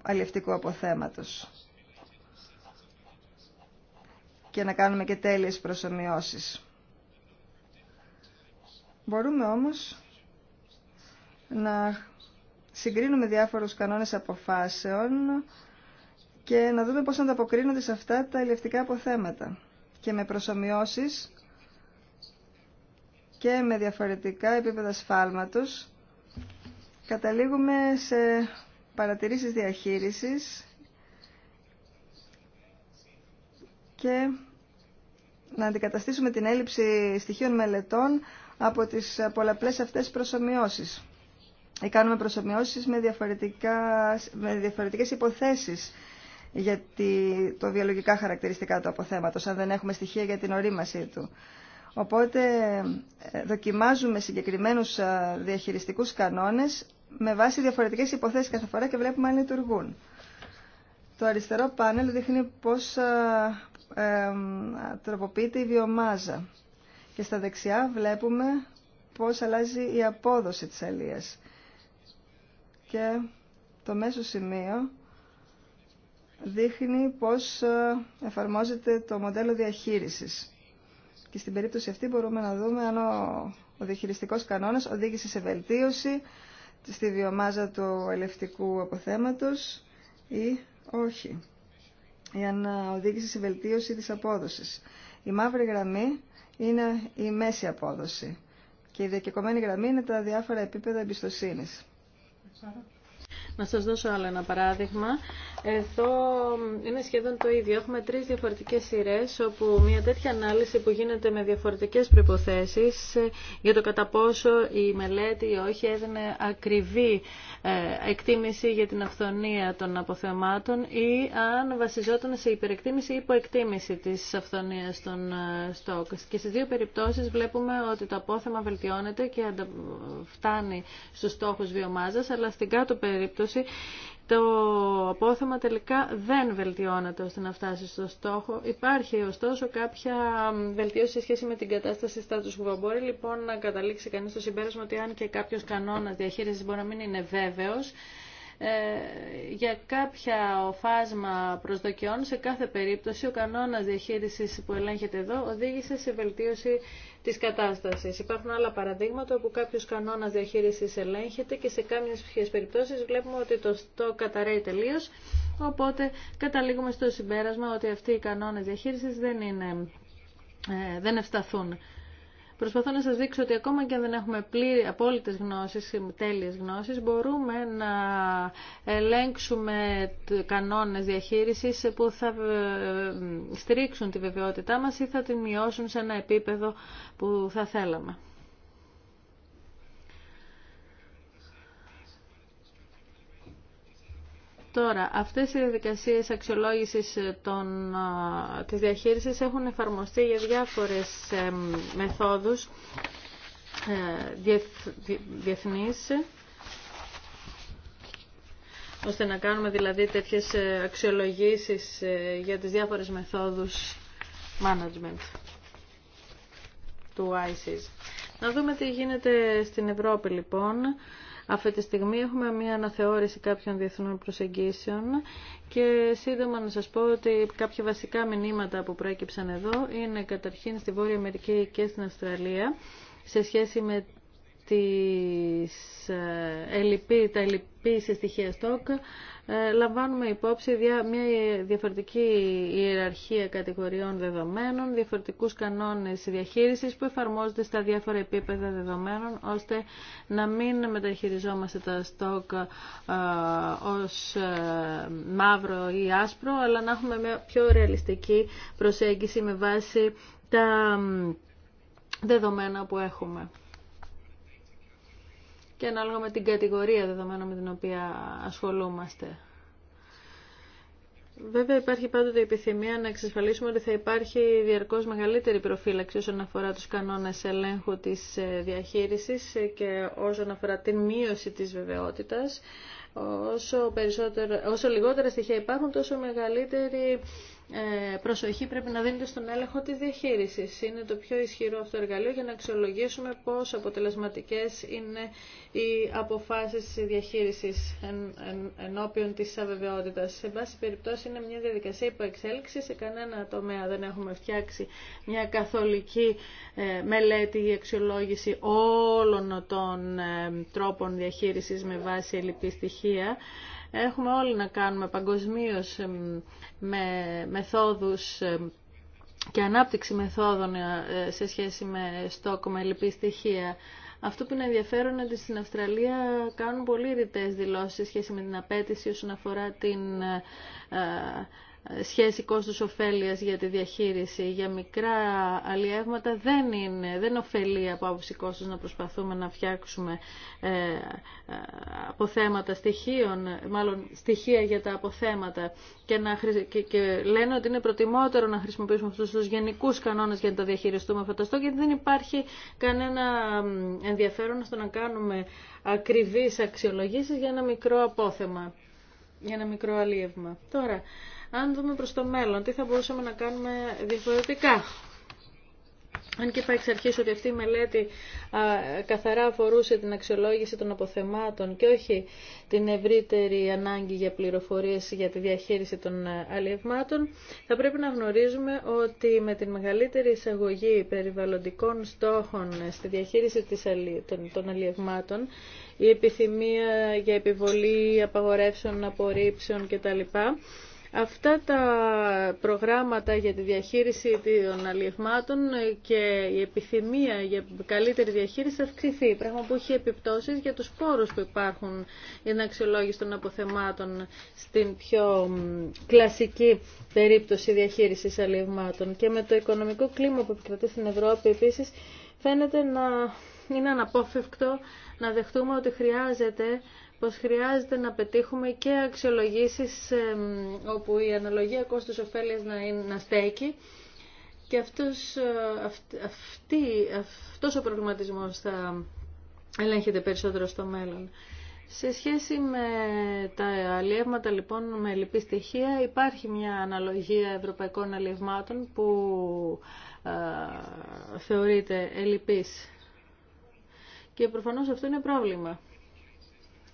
αλληλευτικού αποθέματος και να κάνουμε και τέλειες προσομοιώσεις. Μπορούμε όμως να συγκρίνουμε διάφορους κανόνες αποφάσεων και να δούμε πώς ανταποκρίνονται σε αυτά τα ελευτικά αποθέματα. Και με προσομοιώσεις και με διαφορετικά επίπεδα σφάλματος καταλήγουμε σε παρατηρήσεις διαχείρισης και να αντικαταστήσουμε την έλλειψη στοιχείων μελετών από τις πολλαπλές αυτές προσωμιώσεις. Ή ε, κάνουμε προσωμιώσεις με, διαφορετικά, με διαφορετικές υποθέσεις για το βιολογικά χαρακτηριστικά του αποθέματος, αν δεν έχουμε στοιχεία για την ορίμασή του. Οπότε ε, δοκιμάζουμε συγκεκριμένους ε, διαχειριστικούς κανόνες με βάση διαφορετικές υποθέσεις κάθε φορά και βλέπουμε αν λειτουργούν. Το αριστερό πάνελ δείχνει πώς ε, τροποποιείται η βιομάζα. Και στα δεξιά βλέπουμε πώς αλλάζει η απόδοση της αλίας. Και το μέσο σημείο δείχνει πώς ε, εφαρμόζεται το μοντέλο διαχείρισης. Και στην περίπτωση αυτή μπορούμε να δούμε αν ο, ο διαχειριστικός κανόνας οδήγησε σε βελτίωση, στη βιομάζα του ελευτικού αποθέματος ή όχι για να οδήγησε σε βελτίωση της απόδοσης. Η μαύρη γραμμή είναι η μέση απόδοση και η διακεκομένη γραμμή είναι τα διάφορα επίπεδα εμπιστοσύνης. Να σας δώσω άλλο ένα παράδειγμα εδώ είναι σχεδόν το ίδιο. Έχουμε τρεις διαφορετικές σειρές όπου μια τέτοια ανάλυση που γίνεται με διαφορετικές προϋποθέσεις για το κατά πόσο η μελέτη ή όχι έδινε ακριβή ε, εκτίμηση για την αυθονία των αποθεμάτων ή αν βασιζόταν σε υπερεκτίμηση ή υποεκτίμηση της αυθονίας των ε, στόκ. Και στις δύο περιπτώσεις βλέπουμε ότι το απόθεμα βελτιώνεται και φτάνει στους στόχους βιομάζας, αλλά στην κάτω περίπτωση το απόθεμα τελικά δεν βελτιώνεται ώστε να φτάσει στο στόχο. Υπάρχει ωστόσο κάποια βελτίωση σε σχέση με την κατάσταση status quo. Μπορεί λοιπόν να καταλήξει κανείς στο συμπέρασμα ότι αν και κάποιος κανόνας διαχείρισης μπορεί να μην είναι βέβαιος, ε, για κάποια φάσμα προσδοκιών σε κάθε περίπτωση ο κανόνας διαχείρισης που ελέγχεται εδώ οδήγησε σε βελτίωση της κατάστασης. Υπάρχουν άλλα παραδείγματα όπου κάποιος κανόνας διαχείρισης ελέγχεται και σε κάποιες περιπτώσεις βλέπουμε ότι το, το καταραίει τελείως οπότε καταλήγουμε στο συμπέρασμα ότι αυτοί οι κανόνες διαχείρισης δεν, είναι, ε, δεν ευσταθούν. Προσπαθώ να σας δείξω ότι ακόμα και αν δεν έχουμε πλήρη, απόλυτες γνώσεις, τέλειες γνώσεις, μπορούμε να ελέγξουμε κανόνες διαχείρισης που θα ε, στηρίξουν τη βεβαιότητά μας ή θα την μειώσουν σε ένα επίπεδο που θα θέλαμε. Τώρα, αυτές οι διαδικασίες αξιολόγησης των, της διαχείρισης έχουν εφαρμοστεί για διάφορες μεθόδους ε, διεθνείς ώστε να κάνουμε δηλαδή τέτοιες ε, αξιολογήσεις ε, για τις διάφορες μεθόδους management του ISIS. Να δούμε τι γίνεται στην Ευρώπη λοιπόν. Αυτή τη στιγμή έχουμε μια αναθεώρηση κάποιων διεθνών προσεγγίσεων και σύντομα να σας πω ότι κάποια βασικά μηνύματα που προέκυψαν εδώ είναι καταρχήν στη Βόρεια Αμερική και στην Αυστραλία σε σχέση με τις ε, τα ελλειπή σε στοιχεία στόκ ε, λαμβάνουμε υπόψη μια διαφορετική ιεραρχία κατηγοριών δεδομένων, διαφορετικούς κανόνες διαχείρισης που εφαρμόζονται στα διάφορα επίπεδα δεδομένων ώστε να μην μεταχειριζόμαστε τα στόκ ε, ως μαύρο ή άσπρο αλλά να έχουμε μια πιο ρεαλιστική προσέγγιση με βάση τα δεδομένα που έχουμε και ανάλογα με την κατηγορία δεδομένων με την οποία ασχολούμαστε. Βέβαια υπάρχει πάντοτε η επιθυμία να εξασφαλίσουμε ότι θα υπάρχει διαρκώς μεγαλύτερη προφύλαξη όσον αφορά τους κανόνες ελέγχου της ε, διαχείρισης ε, και όσον αφορά την μείωση της βεβαιότητας. Όσο, περισσότερο, όσο λιγότερα στοιχεία υπάρχουν, τόσο μεγαλύτερη ε, προσοχή πρέπει να δίνεται στον έλεγχο τη διαχείρισης. Είναι το πιο ισχυρό αυτό εργαλείο για να αξιολογήσουμε πώς αποτελεσματικές είναι οι αποφάσεις διαχείρισης ενώπιον της αβεβαιότητας. Σε βάση περιπτώσει είναι μια διαδικασία υποεξέλιξη. Σε κανένα τομέα δεν έχουμε φτιάξει μια καθολική ε, μελέτη ή αξιολόγηση όλων των ε, τρόπων διαχείρισης με βάση ελληπή στοιχεία. Έχουμε όλοι να κάνουμε παγκοσμίω με μεθόδους και ανάπτυξη μεθόδων ε, σε σχέση με στόκο, με λυπή στοιχεία. Αυτό που είναι ενδιαφέρον είναι ότι στην Αυστραλία κάνουν πολύ ρητές δηλώσεις σε σχέση με την απέτηση όσον αφορά την ε, σχέση κόστος ωφέλειας για τη διαχείριση για μικρά αλλιεύματα δεν είναι, δεν ωφελεί από άποψη κόστος να προσπαθούμε να φτιάξουμε ε, ε, αποθέματα στοιχείων, μάλλον στοιχεία για τα αποθέματα και, να, και, και λένε ότι είναι προτιμότερο να χρησιμοποιήσουμε αυτούς τους γενικούς κανόνες για να τα διαχειριστούμε αυτά γιατί δεν υπάρχει κανένα ενδιαφέρον στο να κάνουμε ακριβείς αξιολογήσεις για ένα μικρό απόθεμα για ένα μικρό αλλιεύμα. Τώρα, αν δούμε προς το μέλλον, τι θα μπορούσαμε να κάνουμε διαφορετικά. Αν και είπα εξ αρχή ότι αυτή η μελέτη καθαρά αφορούσε την αξιολόγηση των αποθεμάτων και όχι την ευρύτερη ανάγκη για πληροφορίες για τη διαχείριση των αλλιευμάτων, θα πρέπει να γνωρίζουμε ότι με την μεγαλύτερη εισαγωγή περιβαλλοντικών στόχων στη διαχείριση των αλλιευμάτων, η επιθυμία για επιβολή απαγορεύσεων, απορρίψεων κτλ., Αυτά τα προγράμματα για τη διαχείριση των αλλιευμάτων και η επιθυμία για καλύτερη διαχείριση θα αυξηθεί, πράγμα που έχει επιπτώσεις για τους πόρους που υπάρχουν για να αξιολόγηση των αποθεμάτων στην πιο κλασική περίπτωση διαχείρισης αλλιευμάτων. Και με το οικονομικό κλίμα που επικρατεί στην Ευρώπη επίσης φαίνεται να είναι αναπόφευκτο να δεχτούμε ότι χρειάζεται πως χρειάζεται να πετύχουμε και αξιολογήσεις όπου η αναλογία κόστος ωφέλειας να, είναι, να στέκει και αυτός, ε, αυτή, αυτός ο προβληματισμός θα ελέγχεται περισσότερο στο μέλλον. Σε σχέση με τα αλλιεύματα λοιπόν με λυπή στοιχεία υπάρχει μια αναλογία ευρωπαϊκών αλλιευμάτων που ε, θεωρείται ελλειπής. Και προφανώς αυτό είναι πρόβλημα.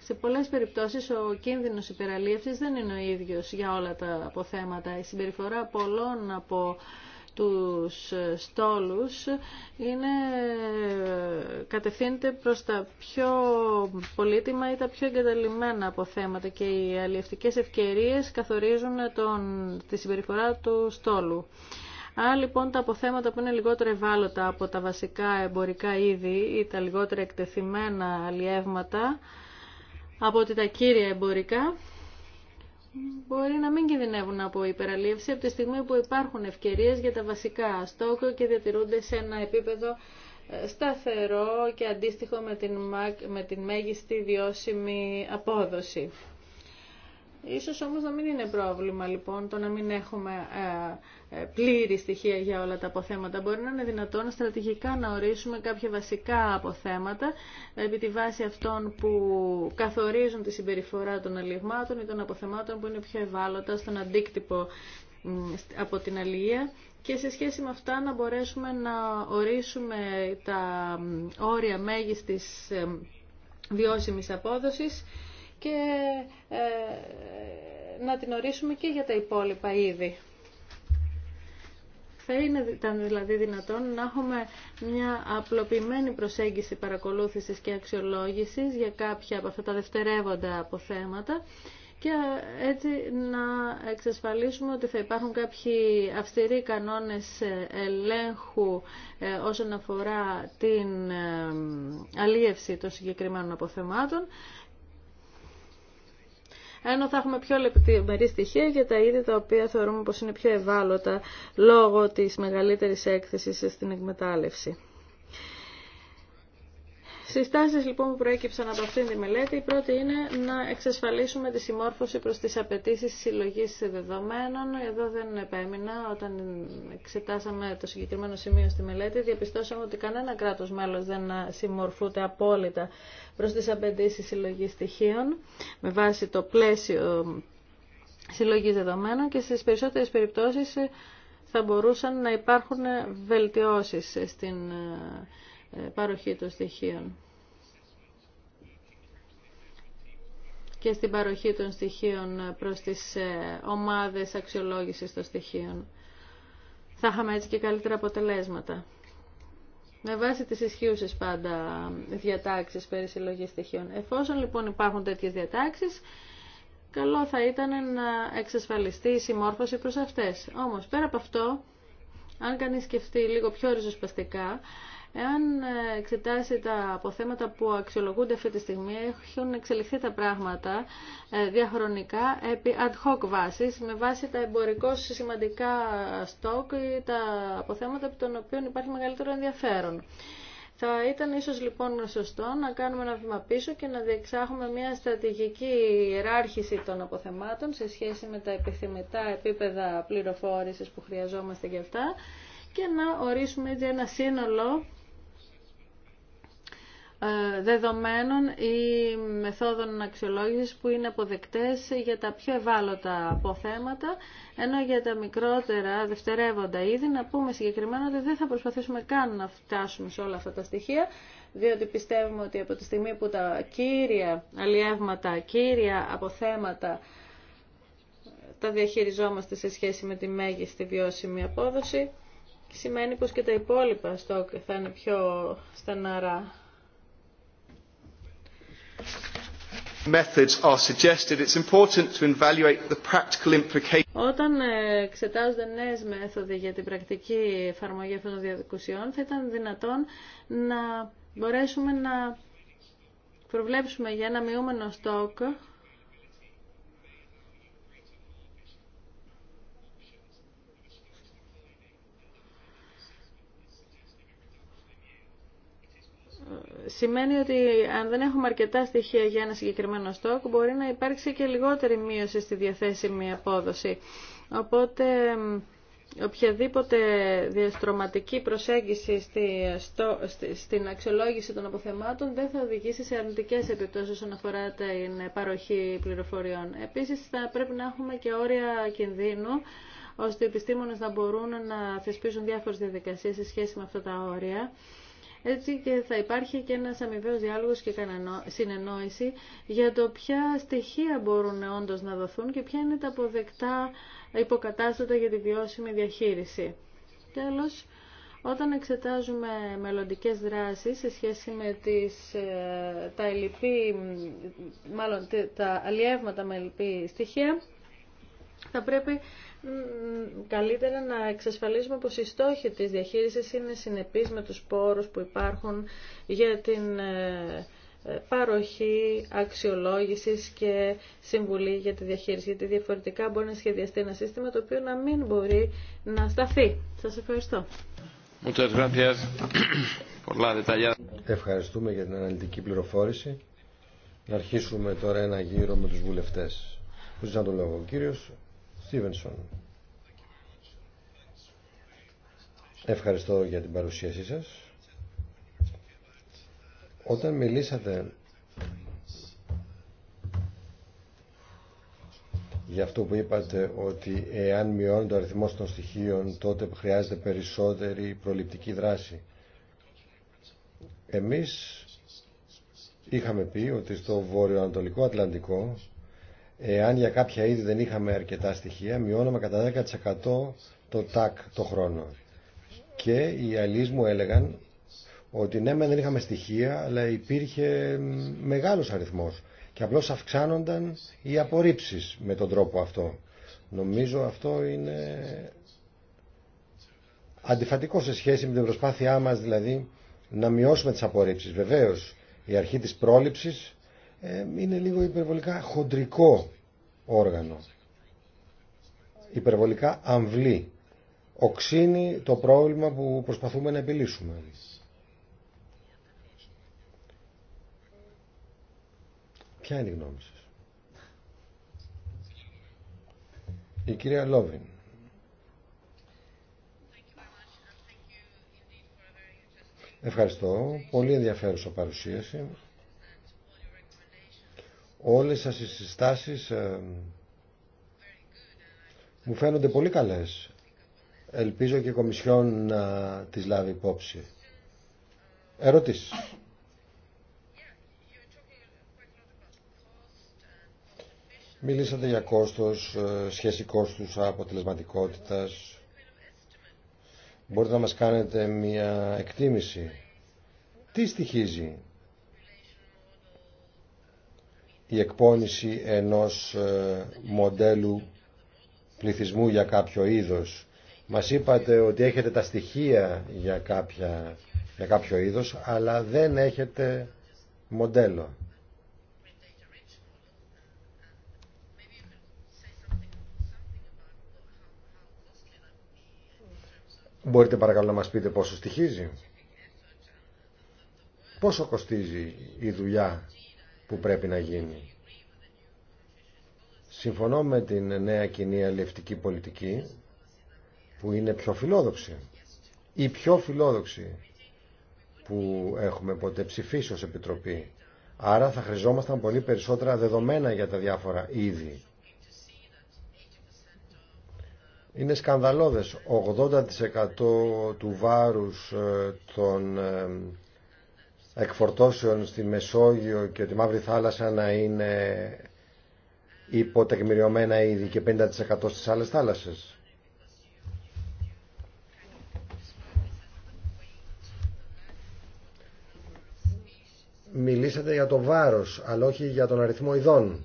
Σε πολλές περιπτώσεις ο κίνδυνο υπεραλίευσης δεν είναι ο ίδιο για όλα τα αποθέματα. Η συμπεριφορά πολλών από τους στόλους είναι, κατευθύνεται προς τα πιο πολύτιμα ή τα πιο εγκαταλειμμένα αποθέματα και οι αλλιευτικές ευκαιρίες καθορίζουν τον, τη συμπεριφορά του στόλου. Άρα λοιπόν τα αποθέματα που είναι λιγότερο ευάλωτα από τα βασικά εμπορικά είδη ή τα λιγότερα εκτεθειμένα αλλιεύματα από ότι τα κύρια εμπορικά μπορεί να μην κινδυνεύουν από υπεραλίευση από τη στιγμή που υπάρχουν ευκαιρίες για τα βασικά στόκο και διατηρούνται σε ένα επίπεδο ε, σταθερό και αντίστοιχο με την, με την μέγιστη βιώσιμη απόδοση. Ίσως όμως να μην είναι πρόβλημα λοιπόν το να μην έχουμε ε, ε, πλήρη στοιχεία για όλα τα αποθέματα. Μπορεί να είναι δυνατόν στρατηγικά να ορίσουμε κάποια βασικά αποθέματα επί τη βάση αυτών που καθορίζουν τη συμπεριφορά των αλληγμάτων ή των αποθεμάτων που είναι πιο ευάλωτα στον αντίκτυπο από την αλληλεία και σε σχέση με αυτά να μπορέσουμε να ορίσουμε τα όρια μέγιστης ε, βιώσιμης απόδοσης και ε, να την ορίσουμε και για τα υπόλοιπα είδη. Θα ήταν δηλαδή δυνατόν να έχουμε μια απλοποιημένη προσέγγιση παρακολούθησης και αξιολόγησης για κάποια από αυτά τα δευτερεύοντα αποθέματα και έτσι να εξασφαλίσουμε ότι θα υπάρχουν κάποιοι αυστηροί κανόνες ελέγχου ε, όσον αφορά την ε, αλίευση των συγκεκριμένων αποθεμάτων ενώ θα έχουμε πιο λεπτομερή στοιχεία για τα είδη τα οποία θεωρούμε πως είναι πιο ευάλωτα λόγω της μεγαλύτερης έκθεσης στην εκμετάλλευση συστάσει λοιπόν που προέκυψαν από αυτήν τη μελέτη, η πρώτη είναι να εξασφαλίσουμε τη συμμόρφωση προ τι απαιτήσει συλλογή δεδομένων. Εδώ δεν επέμεινα. Όταν εξετάσαμε το συγκεκριμένο σημείο στη μελέτη, διαπιστώσαμε ότι κανένα κράτο μέλο δεν συμμορφούται απόλυτα προ τι απαιτήσει συλλογή στοιχείων με βάση το πλαίσιο συλλογή δεδομένων και στι περισσότερε περιπτώσει θα μπορούσαν να υπάρχουν βελτιώσεις στην ε, παροχή των στοιχείων. και στην παροχή των στοιχείων προς τις ε, ομάδες αξιολόγησης των στοιχείων. Θα είχαμε έτσι και καλύτερα αποτελέσματα. Με βάση τις ισχύουσες πάντα διατάξεις περί συλλογής στοιχείων. Εφόσον λοιπόν υπάρχουν τέτοιες διατάξεις, καλό θα ήταν να εξασφαλιστεί η συμμόρφωση προς αυτές. Όμως πέρα από αυτό, αν κανείς σκεφτεί λίγο πιο ριζοσπαστικά, Εάν ε, εξετάσει τα αποθέματα που αξιολογούνται αυτή τη στιγμή, έχουν εξελιχθεί τα πράγματα ε, διαχρονικά επί ad hoc βάσης, με βάση τα εμπορικώ σημαντικά στόκ ή τα αποθέματα από των οποίων υπάρχει μεγαλύτερο ενδιαφέρον. Θα ήταν ίσως λοιπόν σωστό να κάνουμε ένα βήμα πίσω και να διεξάγουμε μια στρατηγική ιεράρχηση των αποθεμάτων σε σχέση με τα επιθυμητά επίπεδα πληροφόρησης που χρειαζόμαστε και αυτά και να ορίσουμε έτσι ένα σύνολο ε, δεδομένων ή μεθόδων αξιολόγησης που είναι αποδεκτές για τα πιο ευάλωτα αποθέματα, ενώ για τα μικρότερα δευτερεύοντα είδη να πούμε συγκεκριμένα ότι δεν θα προσπαθήσουμε καν να φτάσουμε σε όλα αυτά τα στοιχεία, διότι πιστεύουμε ότι από τη στιγμή που τα κύρια αλλιεύματα, κύρια αποθέματα τα διαχειριζόμαστε σε σχέση με τη μέγιστη βιώσιμη απόδοση, σημαίνει πως και τα υπόλοιπα στόκ θα είναι πιο στεναρά Methods are suggested. It's important to evaluate the practical implications. Όταν εξετάζονται νέες μέθοδοι για την πρακτική εφαρμογή αυτών των διαδικασιών, θα ήταν δυνατόν να μπορέσουμε να προβλέψουμε για ένα μειούμενο στόκ σημαίνει ότι αν δεν έχουμε αρκετά στοιχεία για ένα συγκεκριμένο στόκ, μπορεί να υπάρξει και λιγότερη μείωση στη διαθέσιμη απόδοση. Οπότε οποιαδήποτε διαστρωματική προσέγγιση στη, στο, στη, στην αξιολόγηση των αποθεμάτων δεν θα οδηγήσει σε αρνητικές επιπτώσεις όσον αφορά την παροχή πληροφοριών. Επίσης θα πρέπει να έχουμε και όρια κινδύνου ώστε οι επιστήμονες να μπορούν να θεσπίζουν διάφορες διαδικασίες σε σχέση με αυτά τα όρια έτσι και θα υπάρχει και ένας αμοιβαίος διάλογος και συνεννόηση για το ποια στοιχεία μπορούν όντως να δοθούν και ποια είναι τα αποδεκτά υποκατάστατα για τη βιώσιμη διαχείριση. Τέλος, όταν εξετάζουμε μελλοντικές δράσεις σε σχέση με τις, ε, τα, ελληπή, μάλλον, τα αλλιεύματα με ελληπή στοιχεία, θα πρέπει καλύτερα να εξασφαλίσουμε πως οι στόχοι της διαχείρισης είναι συνεπείς με τους πόρους που υπάρχουν για την ε, ε, παροχή αξιολόγησης και συμβουλή για τη διαχείριση. Γιατί διαφορετικά μπορεί να σχεδιαστεί ένα σύστημα το οποίο να μην μπορεί να σταθεί. Σας ευχαριστώ. Ευχαριστούμε για την αναλυτική πληροφόρηση. Να αρχίσουμε τώρα ένα γύρο με τους βουλευτές. Που ζητάνε το λόγο. Ο κύριος Στίβενσον. Ευχαριστώ για την παρουσίασή σας. Όταν μιλήσατε για αυτό που είπατε ότι εάν μειώνει το αριθμό των στοιχείων τότε χρειάζεται περισσότερη προληπτική δράση. Εμείς είχαμε πει ότι στο βόρειο-ανατολικό Ατλαντικό εάν για κάποια είδη δεν είχαμε αρκετά στοιχεία, μειώναμε κατά 10% το τάκ το χρόνο. Και οι αλλοί μου έλεγαν ότι ναι, δεν είχαμε στοιχεία, αλλά υπήρχε μεγάλος αριθμός και απλώς αυξάνονταν οι απορρίψεις με τον τρόπο αυτό. Νομίζω αυτό είναι αντιφατικό σε σχέση με την προσπάθειά μας δηλαδή να μειώσουμε τις απορρίψεις. Βεβαίως η αρχή της πρόληψης ε, είναι λίγο υπερβολικά χοντρικό όργανο. Υπερβολικά αμβλή. Οξύνει το πρόβλημα που προσπαθούμε να επιλύσουμε. Ποια είναι η γνώμη σας. Η κυρία Λόβιν. Ευχαριστώ. Πολύ ενδιαφέρουσα παρουσίαση. Όλες σας οι συστάσεις ε, μου φαίνονται πολύ καλές. Ελπίζω και η Κομισιόν να τις λάβει υπόψη. Ερώτηση. Μιλήσατε για κόστος, ε, σχέση κόστους αποτελεσματικότητας. Μπορείτε να μας κάνετε μια εκτίμηση. Τι στοιχίζει η εκπόνηση ενός ε, μοντέλου πληθυσμού για κάποιο είδος. Μας είπατε ότι έχετε τα στοιχεία για, κάποια, για κάποιο είδος, αλλά δεν έχετε μοντέλο. Μπορείτε παρακαλώ να μας πείτε πόσο στοιχίζει. Πόσο κοστίζει η δουλειά που πρέπει να γίνει. Συμφωνώ με την νέα κοινή αλληλευτική πολιτική που είναι πιο φιλόδοξη. Η πιο φιλόδοξη που έχουμε ποτέ ψηφίσει ως Επιτροπή. Άρα θα χρειαζόμασταν πολύ περισσότερα δεδομένα για τα διάφορα είδη. Είναι σκανδαλώδες. 80% του βάρους ε, των ε, εκφορτώσεων στη Μεσόγειο και τη Μαύρη Θάλασσα να είναι υποτεκμηριωμένα ήδη και 50% στις άλλες θάλασσες. Μιλήσατε για το βάρος, αλλά όχι για τον αριθμό ειδών.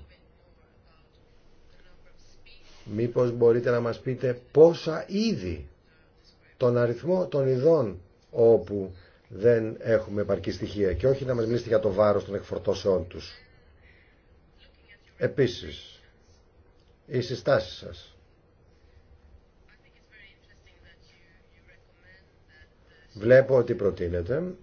Μήπως μπορείτε να μας πείτε πόσα είδη τον αριθμό των ειδών όπου δεν έχουμε επαρκή στοιχεία και όχι να μας μιλήσετε για το βάρος των εκφορτώσεών τους. Επίσης, οι συστάσεις σας. Βλέπω ότι προτείνεται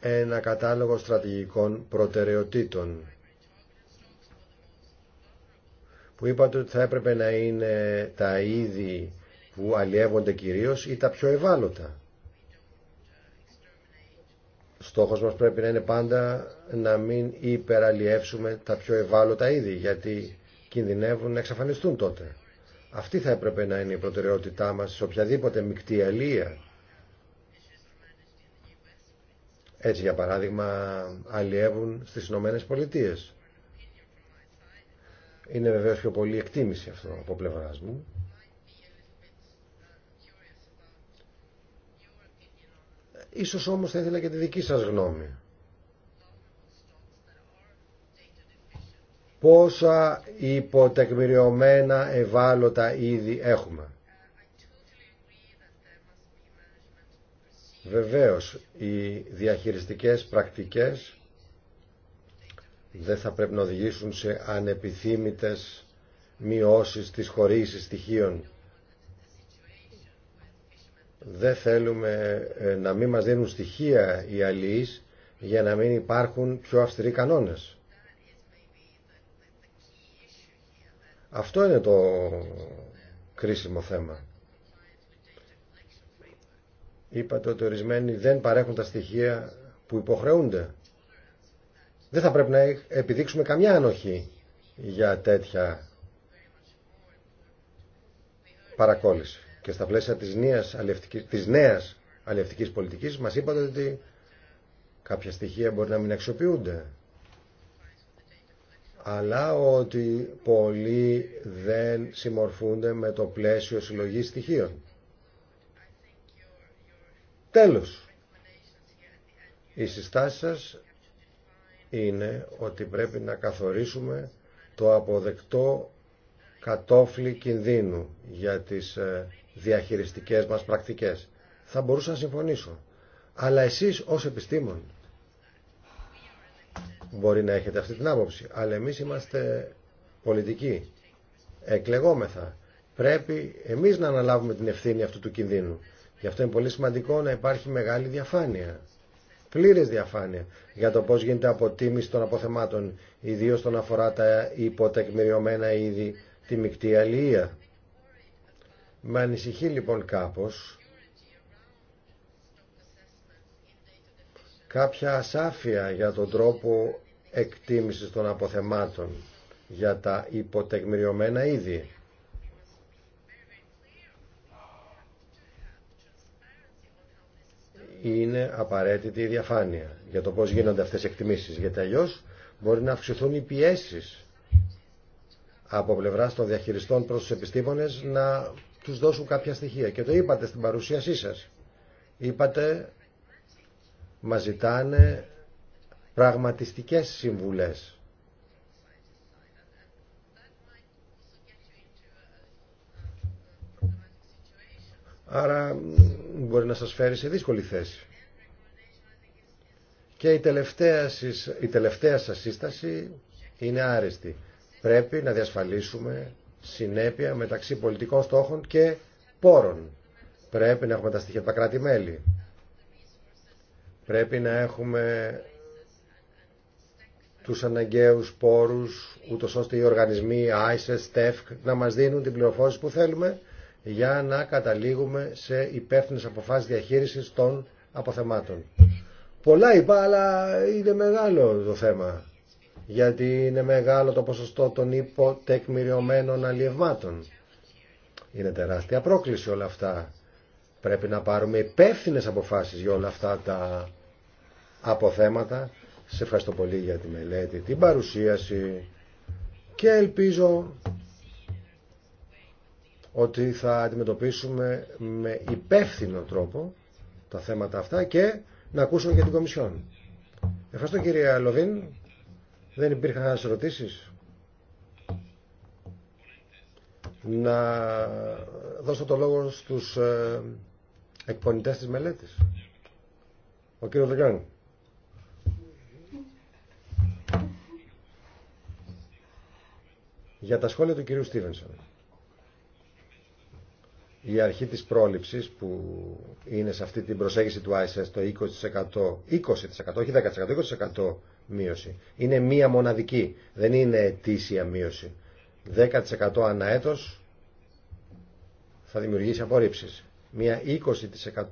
ένα κατάλογο στρατηγικών προτεραιοτήτων που είπατε ότι θα έπρεπε να είναι τα είδη που αλλιεύονται κυρίως ή τα πιο ευάλωτα. Στόχος μας πρέπει να είναι πάντα να μην υπεραλλιεύσουμε τα πιο ευάλωτα είδη, γιατί κινδυνεύουν να εξαφανιστούν τότε. Αυτή θα έπρεπε να είναι η προτεραιότητά μας σε οποιαδήποτε μεικτή αλία. Έτσι για παράδειγμα αλλιεύουν στις Ηνωμένε Πολιτείες. Είναι βεβαίω πιο πολύ εκτίμηση αυτό από πλευρά μου. Ίσως όμως θα ήθελα και τη δική σας γνώμη. Πόσα υποτεκμηριωμένα ευάλωτα είδη έχουμε. Βεβαίως, οι διαχειριστικές πρακτικές δεν θα πρέπει να οδηγήσουν σε ανεπιθύμητες μειώσεις της χωρίσης στοιχείων. Δεν θέλουμε ε, να μην μας δίνουν στοιχεία οι αλληλείς για να μην υπάρχουν πιο αυστηροί κανόνες. Αυτό είναι το κρίσιμο θέμα. Είπατε ότι ορισμένοι δεν παρέχουν τα στοιχεία που υποχρεούνται. Δεν θα πρέπει να επιδείξουμε καμιά ανοχή για τέτοια παρακόλληση. Και στα πλαίσια της νέας αλληλευτικής, της νέας πολιτικής μας είπατε ότι κάποια στοιχεία μπορεί να μην αξιοποιούνται. Αλλά ότι πολλοί δεν συμμορφούνται με το πλαίσιο συλλογής στοιχείων. Τέλος, οι συστάσεις σας είναι ότι πρέπει να καθορίσουμε το αποδεκτό κατόφλι κινδύνου για τις ε, διαχειριστικές μας πρακτικές. Θα μπορούσα να συμφωνήσω. Αλλά εσείς ως επιστήμον μπορεί να έχετε αυτή την άποψη. Αλλά εμείς είμαστε πολιτικοί. Εκλεγόμεθα. Πρέπει εμείς να αναλάβουμε την ευθύνη αυτού του κινδύνου. Γι' αυτό είναι πολύ σημαντικό να υπάρχει μεγάλη διαφάνεια Πλήρε διαφάνεια για το πώ γίνεται αποτίμηση των αποθεμάτων, ιδίω όσον αφορά τα υποτεκμηριωμένα είδη, τη μεικτή αλληλεία. Με ανησυχεί λοιπόν κάπω κάποια ασάφεια για τον τρόπο εκτίμησης των αποθεμάτων για τα υποτεκμηριωμένα είδη. είναι απαραίτητη η διαφάνεια για το πώς γίνονται αυτές οι εκτιμήσεις. Γιατί αλλιώ μπορεί να αυξηθούν οι πιέσεις από πλευρά των διαχειριστών προς τους επιστήμονες να τους δώσουν κάποια στοιχεία. Και το είπατε στην παρουσίασή σας. Είπατε, μα ζητάνε πραγματιστικές συμβουλές. Άρα μπορεί να σας φέρει σε δύσκολη θέση. Και η τελευταία, η σας σύσταση είναι άρεστη. Πρέπει να διασφαλίσουμε συνέπεια μεταξύ πολιτικών στόχων και πόρων. Πρέπει να έχουμε τα στοιχεία τα κράτη-μέλη. Πρέπει να έχουμε τους αναγκαίους πόρους, ούτως ώστε οι οργανισμοί, ISIS, TEFC, να μας δίνουν την πληροφόρηση που θέλουμε για να καταλήγουμε σε υπεύθυνες αποφάσεις διαχείρισης των αποθεμάτων. Πολλά είπα, αλλά είναι μεγάλο το θέμα, γιατί είναι μεγάλο το ποσοστό των υποτεκμηριωμένων αλλιευμάτων. Είναι τεράστια πρόκληση όλα αυτά. Πρέπει να πάρουμε υπεύθυνε αποφάσεις για όλα αυτά τα αποθέματα. Σε ευχαριστώ πολύ για τη μελέτη, την παρουσίαση και ελπίζω ότι θα αντιμετωπίσουμε με υπεύθυνο τρόπο τα θέματα αυτά και να ακούσουμε και την Κομισιόν. Ευχαριστώ κύριε Λοβίν. Δεν υπήρχαν άλλες ερωτήσεις. Να δώσω το λόγο στους ε, εκπονητές της μελέτης. Ο κύριος Δεγκάν. Για τα σχόλια του κυρίου Στίβενσον η αρχή της πρόληψης που είναι σε αυτή την προσέγγιση του ISS το 20%, 20% όχι 10%, 20% μείωση. Είναι μία μοναδική, δεν είναι αιτήσια μείωση. 10% ανά έτος θα δημιουργήσει απορρίψεις. Μία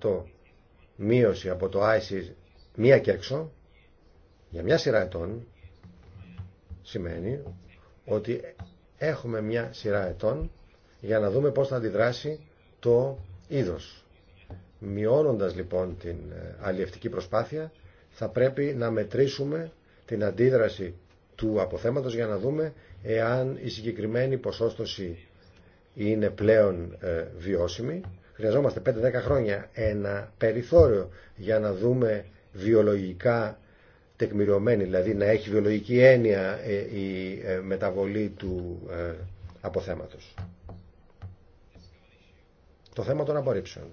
20% μείωση από το ISIS μία και έξω για μια σειρά ετών σημαίνει ότι έχουμε μια σειρά ετών για να δούμε πώς θα αντιδράσει το είδος. Μειώνοντας λοιπόν την ε, αλλιευτική προσπάθεια θα πρέπει να μετρήσουμε την αντίδραση του αποθέματος για να δούμε εάν η συγκεκριμένη ποσόστοση είναι πλέον ε, βιώσιμη. Χρειαζόμαστε 5-10 χρόνια ένα περιθώριο για να δούμε βιολογικά τεκμηριωμένη, δηλαδή να έχει βιολογική έννοια ε, η μεταβολή του αποθέματος. Το θέμα των απορρίψεων.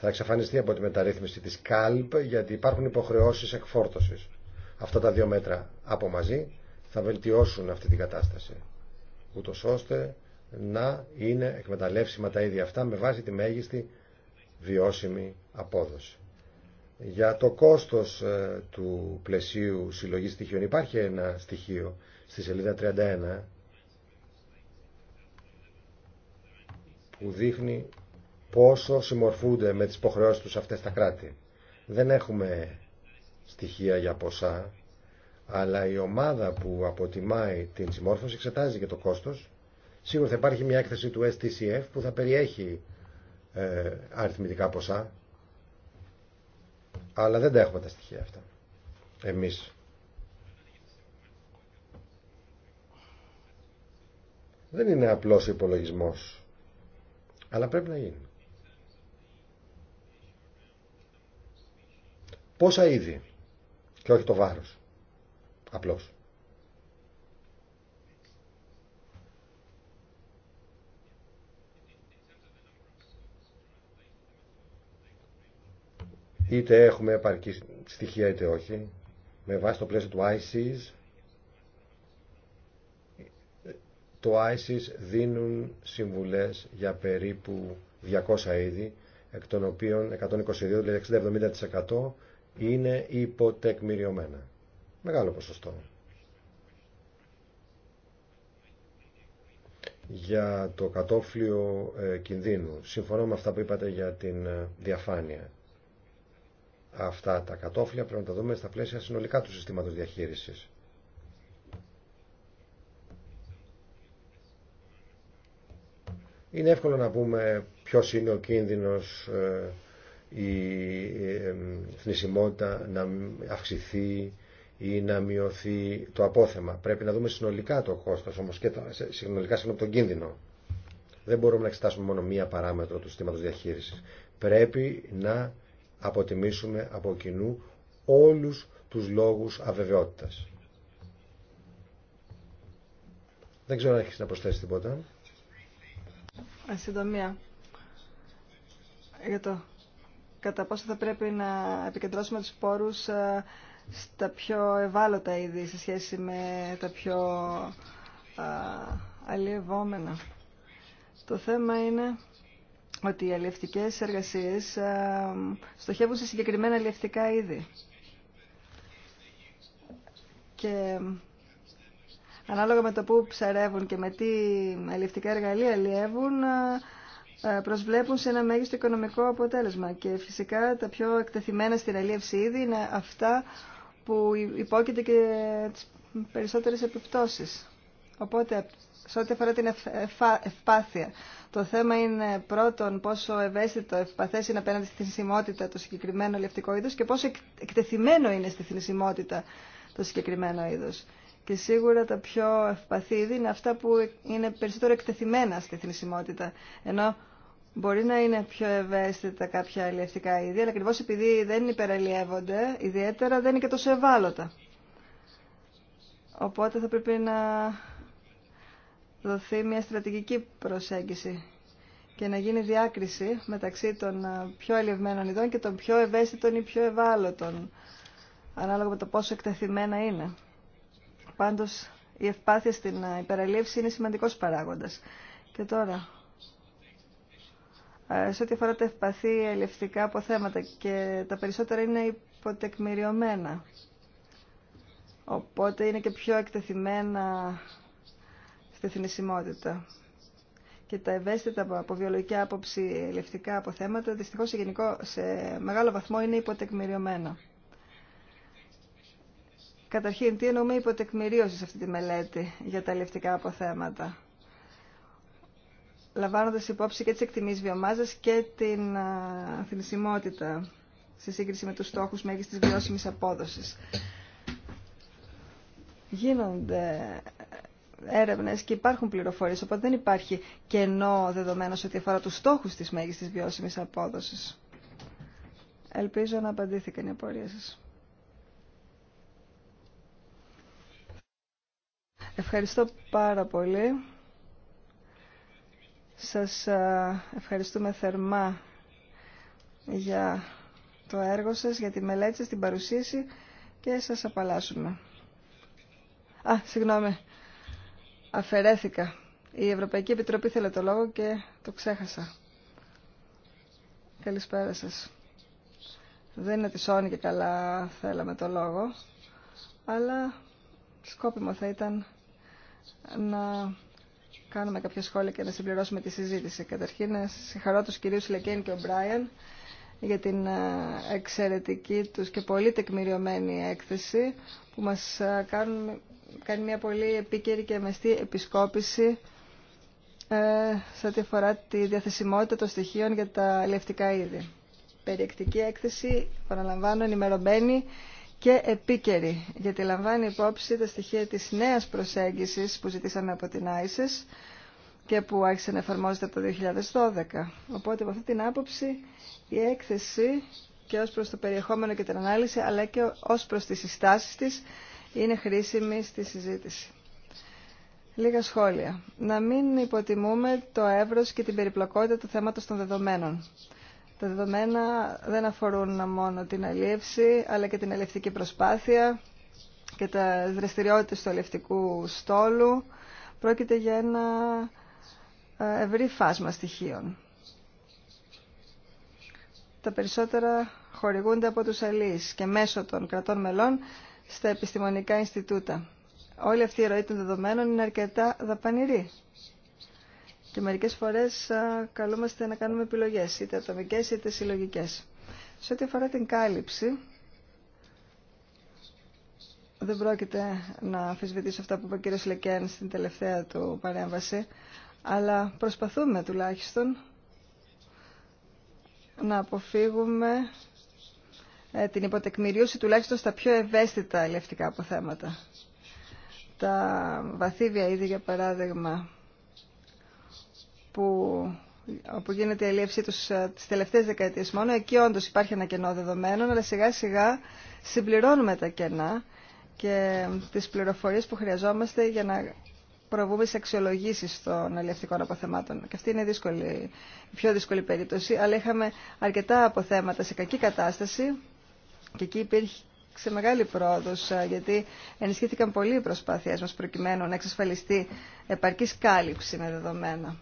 Θα εξαφανιστεί από τη μεταρρύθμιση της ΚΑΛΠ γιατί υπάρχουν υποχρεώσεις εκφόρτωσης. Αυτά τα δύο μέτρα από μαζί θα βελτιώσουν αυτή την κατάσταση. Ούτω ώστε να είναι εκμεταλλεύσιμα τα ίδια αυτά με βάση τη μέγιστη βιώσιμη απόδοση. Για το κόστος ε, του πλαισίου συλλογής στοιχείων υπάρχει ένα στοιχείο στη σελίδα 31 που δείχνει πόσο συμμορφούνται με τις υποχρεώσεις τους αυτές τα κράτη. Δεν έχουμε στοιχεία για ποσά, αλλά η ομάδα που αποτιμάει την συμμόρφωση εξετάζει και το κόστος. Σίγουρα θα υπάρχει μια έκθεση του STCF που θα περιέχει ε, αριθμητικά ποσά, αλλά δεν τα έχουμε τα στοιχεία αυτά. Εμείς. Δεν είναι απλός υπολογισμός αλλά πρέπει να γίνει. Πόσα είδη και όχι το βάρος. Απλώς. Είτε έχουμε επαρκή στοιχεία είτε όχι. Με βάση το πλαίσιο του ICs το ISIS δίνουν συμβουλές για περίπου 200 είδη, εκ των οποίων 122, δηλαδή 60-70% είναι υποτεκμηριωμένα. Μεγάλο ποσοστό. Για το κατόφλιο ε, κινδύνου. Συμφωνώ με αυτά που είπατε για την ε, διαφάνεια. Αυτά τα κατόφλια πρέπει να τα δούμε στα πλαίσια συνολικά του συστήματος διαχείρισης. Είναι εύκολο να πούμε ποιο είναι ο κίνδυνος ε, η ε, θνησιμότητα να αυξηθεί ή να μειωθεί το απόθεμα. Πρέπει να δούμε συνολικά το κόστος όμως και το, συνολικά συγγνώμη τον κίνδυνο. Δεν μπορούμε να εξετάσουμε μόνο μία παράμετρο του συστήματος διαχείριση. Πρέπει να αποτιμήσουμε από κοινού όλους τους λόγους αβεβαιότητας. Δεν ξέρω αν έχει να προσθέσει τίποτα συντομία για το κατά πόσο θα πρέπει να επικεντρώσουμε τους πόρους ε, στα πιο ευάλωτα είδη σε σχέση με τα πιο ε, αλλιευόμενα. Το θέμα είναι ότι οι αλλιευτικές εργασίες ε, στοχεύουν σε συγκεκριμένα αλλιευτικά είδη. Και ανάλογα με το που ψαρεύουν και με τι αλληλευτικά εργαλεία αλλιεύουν, ε, ε, προσβλέπουν σε ένα μέγιστο οικονομικό αποτέλεσμα. Και φυσικά τα πιο εκτεθειμένα στην αλλιεύση ήδη είναι αυτά που υπόκειται και τις περισσότερες επιπτώσεις. Οπότε, σε ό,τι αφορά την ευπάθεια, το θέμα είναι πρώτον πόσο ευαίσθητο ευπαθέ είναι απέναντι στη θνησιμότητα το συγκεκριμένο αλλιευτικό είδο και πόσο εκτεθειμένο είναι στη θνησιμότητα το συγκεκριμένο είδο. Και σίγουρα τα πιο ευπαθή είδη είναι αυτά που είναι περισσότερο εκτεθειμένα στη θνησιμότητα. Ενώ μπορεί να είναι πιο ευαίσθητα κάποια αλλιευτικά είδη, αλλά ακριβώ επειδή δεν υπεραλλιεύονται, ιδιαίτερα δεν είναι και τόσο ευάλωτα. Οπότε θα πρέπει να δοθεί μια στρατηγική προσέγγιση και να γίνει διάκριση μεταξύ των ε, πιο αλλιευμένων ειδών και των πιο ευαίσθητων ή πιο ευάλωτων, ανάλογα με το πόσο εκτεθειμένα είναι. Πάντως η ευπάθεια στην ε, υπεραλήψη είναι σημαντικός παράγοντας. Και τώρα, ε, σε ό,τι αφορά τα ευπαθή ελευθερικά αποθέματα και τα περισσότερα είναι υποτεκμηριωμένα. Οπότε είναι και πιο εκτεθειμένα στη θνησιμότητα. Και τα ευαίσθητα από βιολογική άποψη ελευθερικά αποθέματα δυστυχώς σε, σε μεγάλο βαθμό είναι υποτεκμηριωμένα. Καταρχήν, τι εννοούμε υποτεκμηρίωση σε αυτή τη μελέτη για τα λευτικά αποθέματα. Λαμβάνοντα υπόψη και τι εκτιμήσει βιομάζας και την θνησιμότητα σε σύγκριση με του στόχου μέγιστη βιώσιμη απόδοση. Γίνονται έρευνε και υπάρχουν πληροφορίε, οπότε δεν υπάρχει κενό δεδομένο σε ό,τι αφορά του στόχου τη μέγιστη βιώσιμη απόδοση. Ελπίζω να απαντήθηκαν οι απορίε σας. Ευχαριστώ πάρα πολύ. Σας ευχαριστούμε θερμά για το έργο σας, για τη μελέτη σας, την παρουσίαση και σας απαλλάσσουμε. Α, συγγνώμη, αφαιρέθηκα. Η Ευρωπαϊκή Επιτροπή θέλει το λόγο και το ξέχασα. Καλησπέρα σας. Δεν είναι τη Σόνη και καλά θέλαμε το λόγο, αλλά σκόπιμο θα ήταν να κάνουμε κάποια σχόλια και να συμπληρώσουμε τη συζήτηση. Καταρχήν, να συγχαρώ τους κυρίους Λεκέν και ο Μπράιαν για την ε, εξαιρετική τους και πολύ τεκμηριωμένη έκθεση που μας ε, κάνουν, κάνει μια πολύ επίκαιρη και μεστή επισκόπηση ε, σε ό,τι αφορά τη διαθεσιμότητα των στοιχείων για τα λευτικά είδη. Περιεκτική έκθεση, παραλαμβάνω, ενημερωμένη και επίκαιρη, γιατί λαμβάνει υπόψη τα στοιχεία της νέας προσέγγισης που ζητήσαμε από την ISIS και που άρχισε να εφαρμόζεται από το 2012. Οπότε από αυτή την άποψη η έκθεση και ως προς το περιεχόμενο και την ανάλυση, αλλά και ως προς τις συστάσεις της, είναι χρήσιμη στη συζήτηση. Λίγα σχόλια. Να μην υποτιμούμε το εύρος και την περιπλοκότητα του θέματος των δεδομένων. Τα δεδομένα δεν αφορούν μόνο την αλίευση, αλλά και την αλευτική προσπάθεια και τα δραστηριότητες του αλευτικού στόλου. Πρόκειται για ένα ε, ευρύ φάσμα στοιχείων. Τα περισσότερα χορηγούνται από τους αλείς και μέσω των κρατών μελών στα επιστημονικά Ινστιτούτα. Όλη αυτή η ροή των δεδομένων είναι αρκετά δαπανηρή και μερικές φορές καλούμαστε να κάνουμε επιλογές, είτε ατομικές είτε συλλογικές. Σε ό,τι αφορά την κάλυψη, δεν πρόκειται να αφισβητήσω αυτά που είπε ο κύριος Λεκέν στην τελευταία του παρέμβαση, αλλά προσπαθούμε τουλάχιστον να αποφύγουμε ε, την υποτεκμηρίωση τουλάχιστον στα πιο ευαίσθητα ελευτικά αποθέματα. Τα βαθύβια είδη, για παράδειγμα, που όπου γίνεται η αλλιεύσή τους ε, τις τελευταίες δεκαετίες μόνο, εκεί όντως υπάρχει ένα κενό δεδομένων, αλλά σιγά σιγά συμπληρώνουμε τα κενά και ε, τις πληροφορίες που χρειαζόμαστε για να προβούμε σε αξιολογήσεις των αλλιευτικών αποθεμάτων. Και αυτή είναι δύσκολη, η πιο δύσκολη περίπτωση, αλλά είχαμε αρκετά αποθέματα σε κακή κατάσταση και εκεί υπήρχε σε μεγάλη πρόοδο, ε, γιατί ενισχύθηκαν πολλοί οι προσπάθειές μας προκειμένου να εξασφαλιστεί επαρκής κάλυψη με δεδομένα.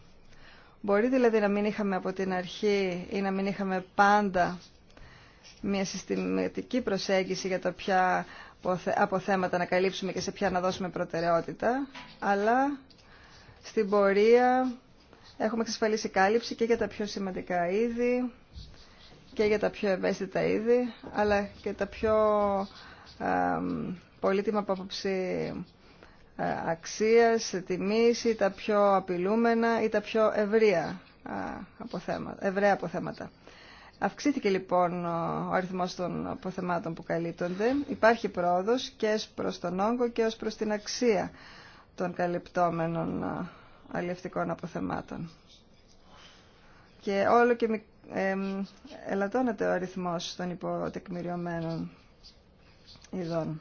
Μπορεί δηλαδή να μην είχαμε από την αρχή ή να μην είχαμε πάντα μια συστηματική προσέγγιση για τα ποια αποθέματα να καλύψουμε και σε ποια να δώσουμε προτεραιότητα, αλλά στην πορεία έχουμε εξασφαλίσει κάλυψη και για τα πιο σημαντικά είδη και για τα πιο ευαίσθητα είδη, αλλά και τα πιο πολύτιμα από άποψη ε, αξίας, τιμής ή τα πιο απειλούμενα ή τα πιο ευρεία αποθέματα, Αυξήθηκε λοιπόν ο αριθμός των αποθεμάτων που καλύπτονται. Υπάρχει πρόοδος και προς τον όγκο και ως προς την αξία των καλυπτόμενων αλληλευτικών αποθεμάτων. Και όλο και ελαττώνεται ο αριθμός των υποτεκμηριωμένων ειδών.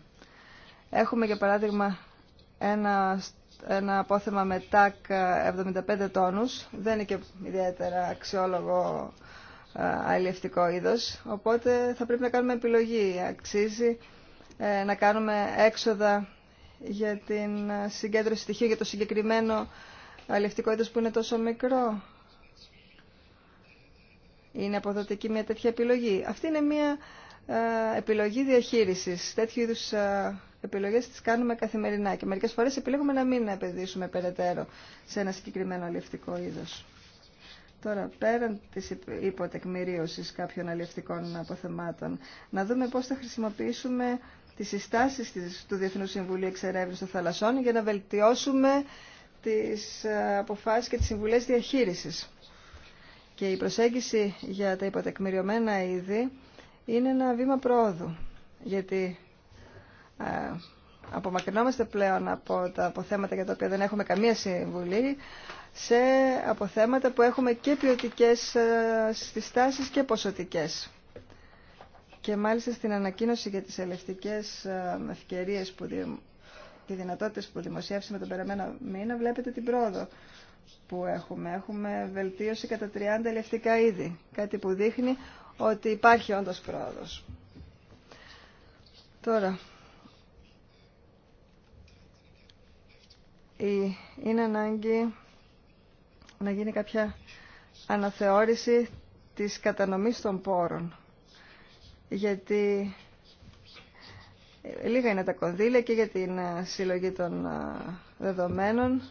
Έχουμε για παράδειγμα ένα, ένα απόθεμα με τάκ 75 ε, τόνους. Δεν είναι και ιδιαίτερα αξιόλογο ε, αλληλευτικό είδος, οπότε θα πρέπει να κάνουμε επιλογή. Αξίζει ε, να κάνουμε έξοδα για την συγκέντρωση στοιχείου για το συγκεκριμένο αλληλευτικό είδος που είναι τόσο μικρό. Είναι αποδοτική μια τέτοια επιλογή. Αυτή είναι μια ε, επιλογή διαχείριση. Τέτοιου είδους ε, επιλογές τις κάνουμε καθημερινά και μερικέ φορέ επιλέγουμε να μην επενδύσουμε περαιτέρω σε ένα συγκεκριμένο αλληλευτικό είδο. Τώρα, πέραν τη υποτεκμηρίωση κάποιων αλληλευτικών αποθεμάτων, να δούμε πώ θα χρησιμοποιήσουμε τις συστάσεις του Διεθνού Συμβουλίου εξερευνηση των Θαλασσών για να βελτιώσουμε τι ε, αποφάσει και τι συμβουλέ διαχείριση. Και η προσέγγιση για τα υποτεκμηριωμένα είδη είναι ένα βήμα πρόοδου, γιατί ε, απομακρυνόμαστε πλέον από τα αποθέματα για τα οποία δεν έχουμε καμία συμβουλή σε αποθέματα που έχουμε και ποιοτικέ ε, συστάσεις και ποσοτικές. Και μάλιστα στην ανακοίνωση για τις ελευτικές ε, ευκαιρίες που και δυνατότητες που δημοσιεύσαμε τον περαμένο μήνα βλέπετε την πρόοδο που έχουμε. Έχουμε βελτίωση κατά 30 ελευτικά είδη, κάτι που δείχνει ότι υπάρχει όντως πρόοδος. Τώρα, είναι ανάγκη να γίνει κάποια αναθεώρηση της κατανομής των πόρων. Γιατί λίγα είναι τα κονδύλια και για την ε, συλλογή των ε, δεδομένων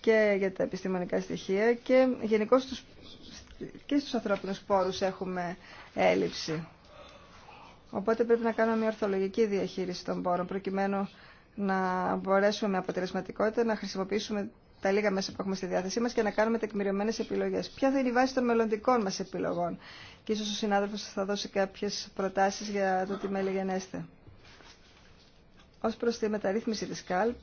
και για τα επιστημονικά στοιχεία και γενικώ τους και στους ανθρώπινους πόρους έχουμε έλλειψη. Οπότε πρέπει να κάνουμε μια ορθολογική διαχείριση των πόρων προκειμένου να μπορέσουμε με αποτελεσματικότητα να χρησιμοποιήσουμε τα λίγα μέσα που έχουμε στη διάθεσή μα και να κάνουμε τεκμηριωμένε επιλογέ. Ποια θα είναι η βάση των μελλοντικών μα επιλογών. Και ίσω ο συνάδελφο θα δώσει κάποιε προτάσει για το τι με Ω προ τη μεταρρύθμιση τη ΚΑΛΠ,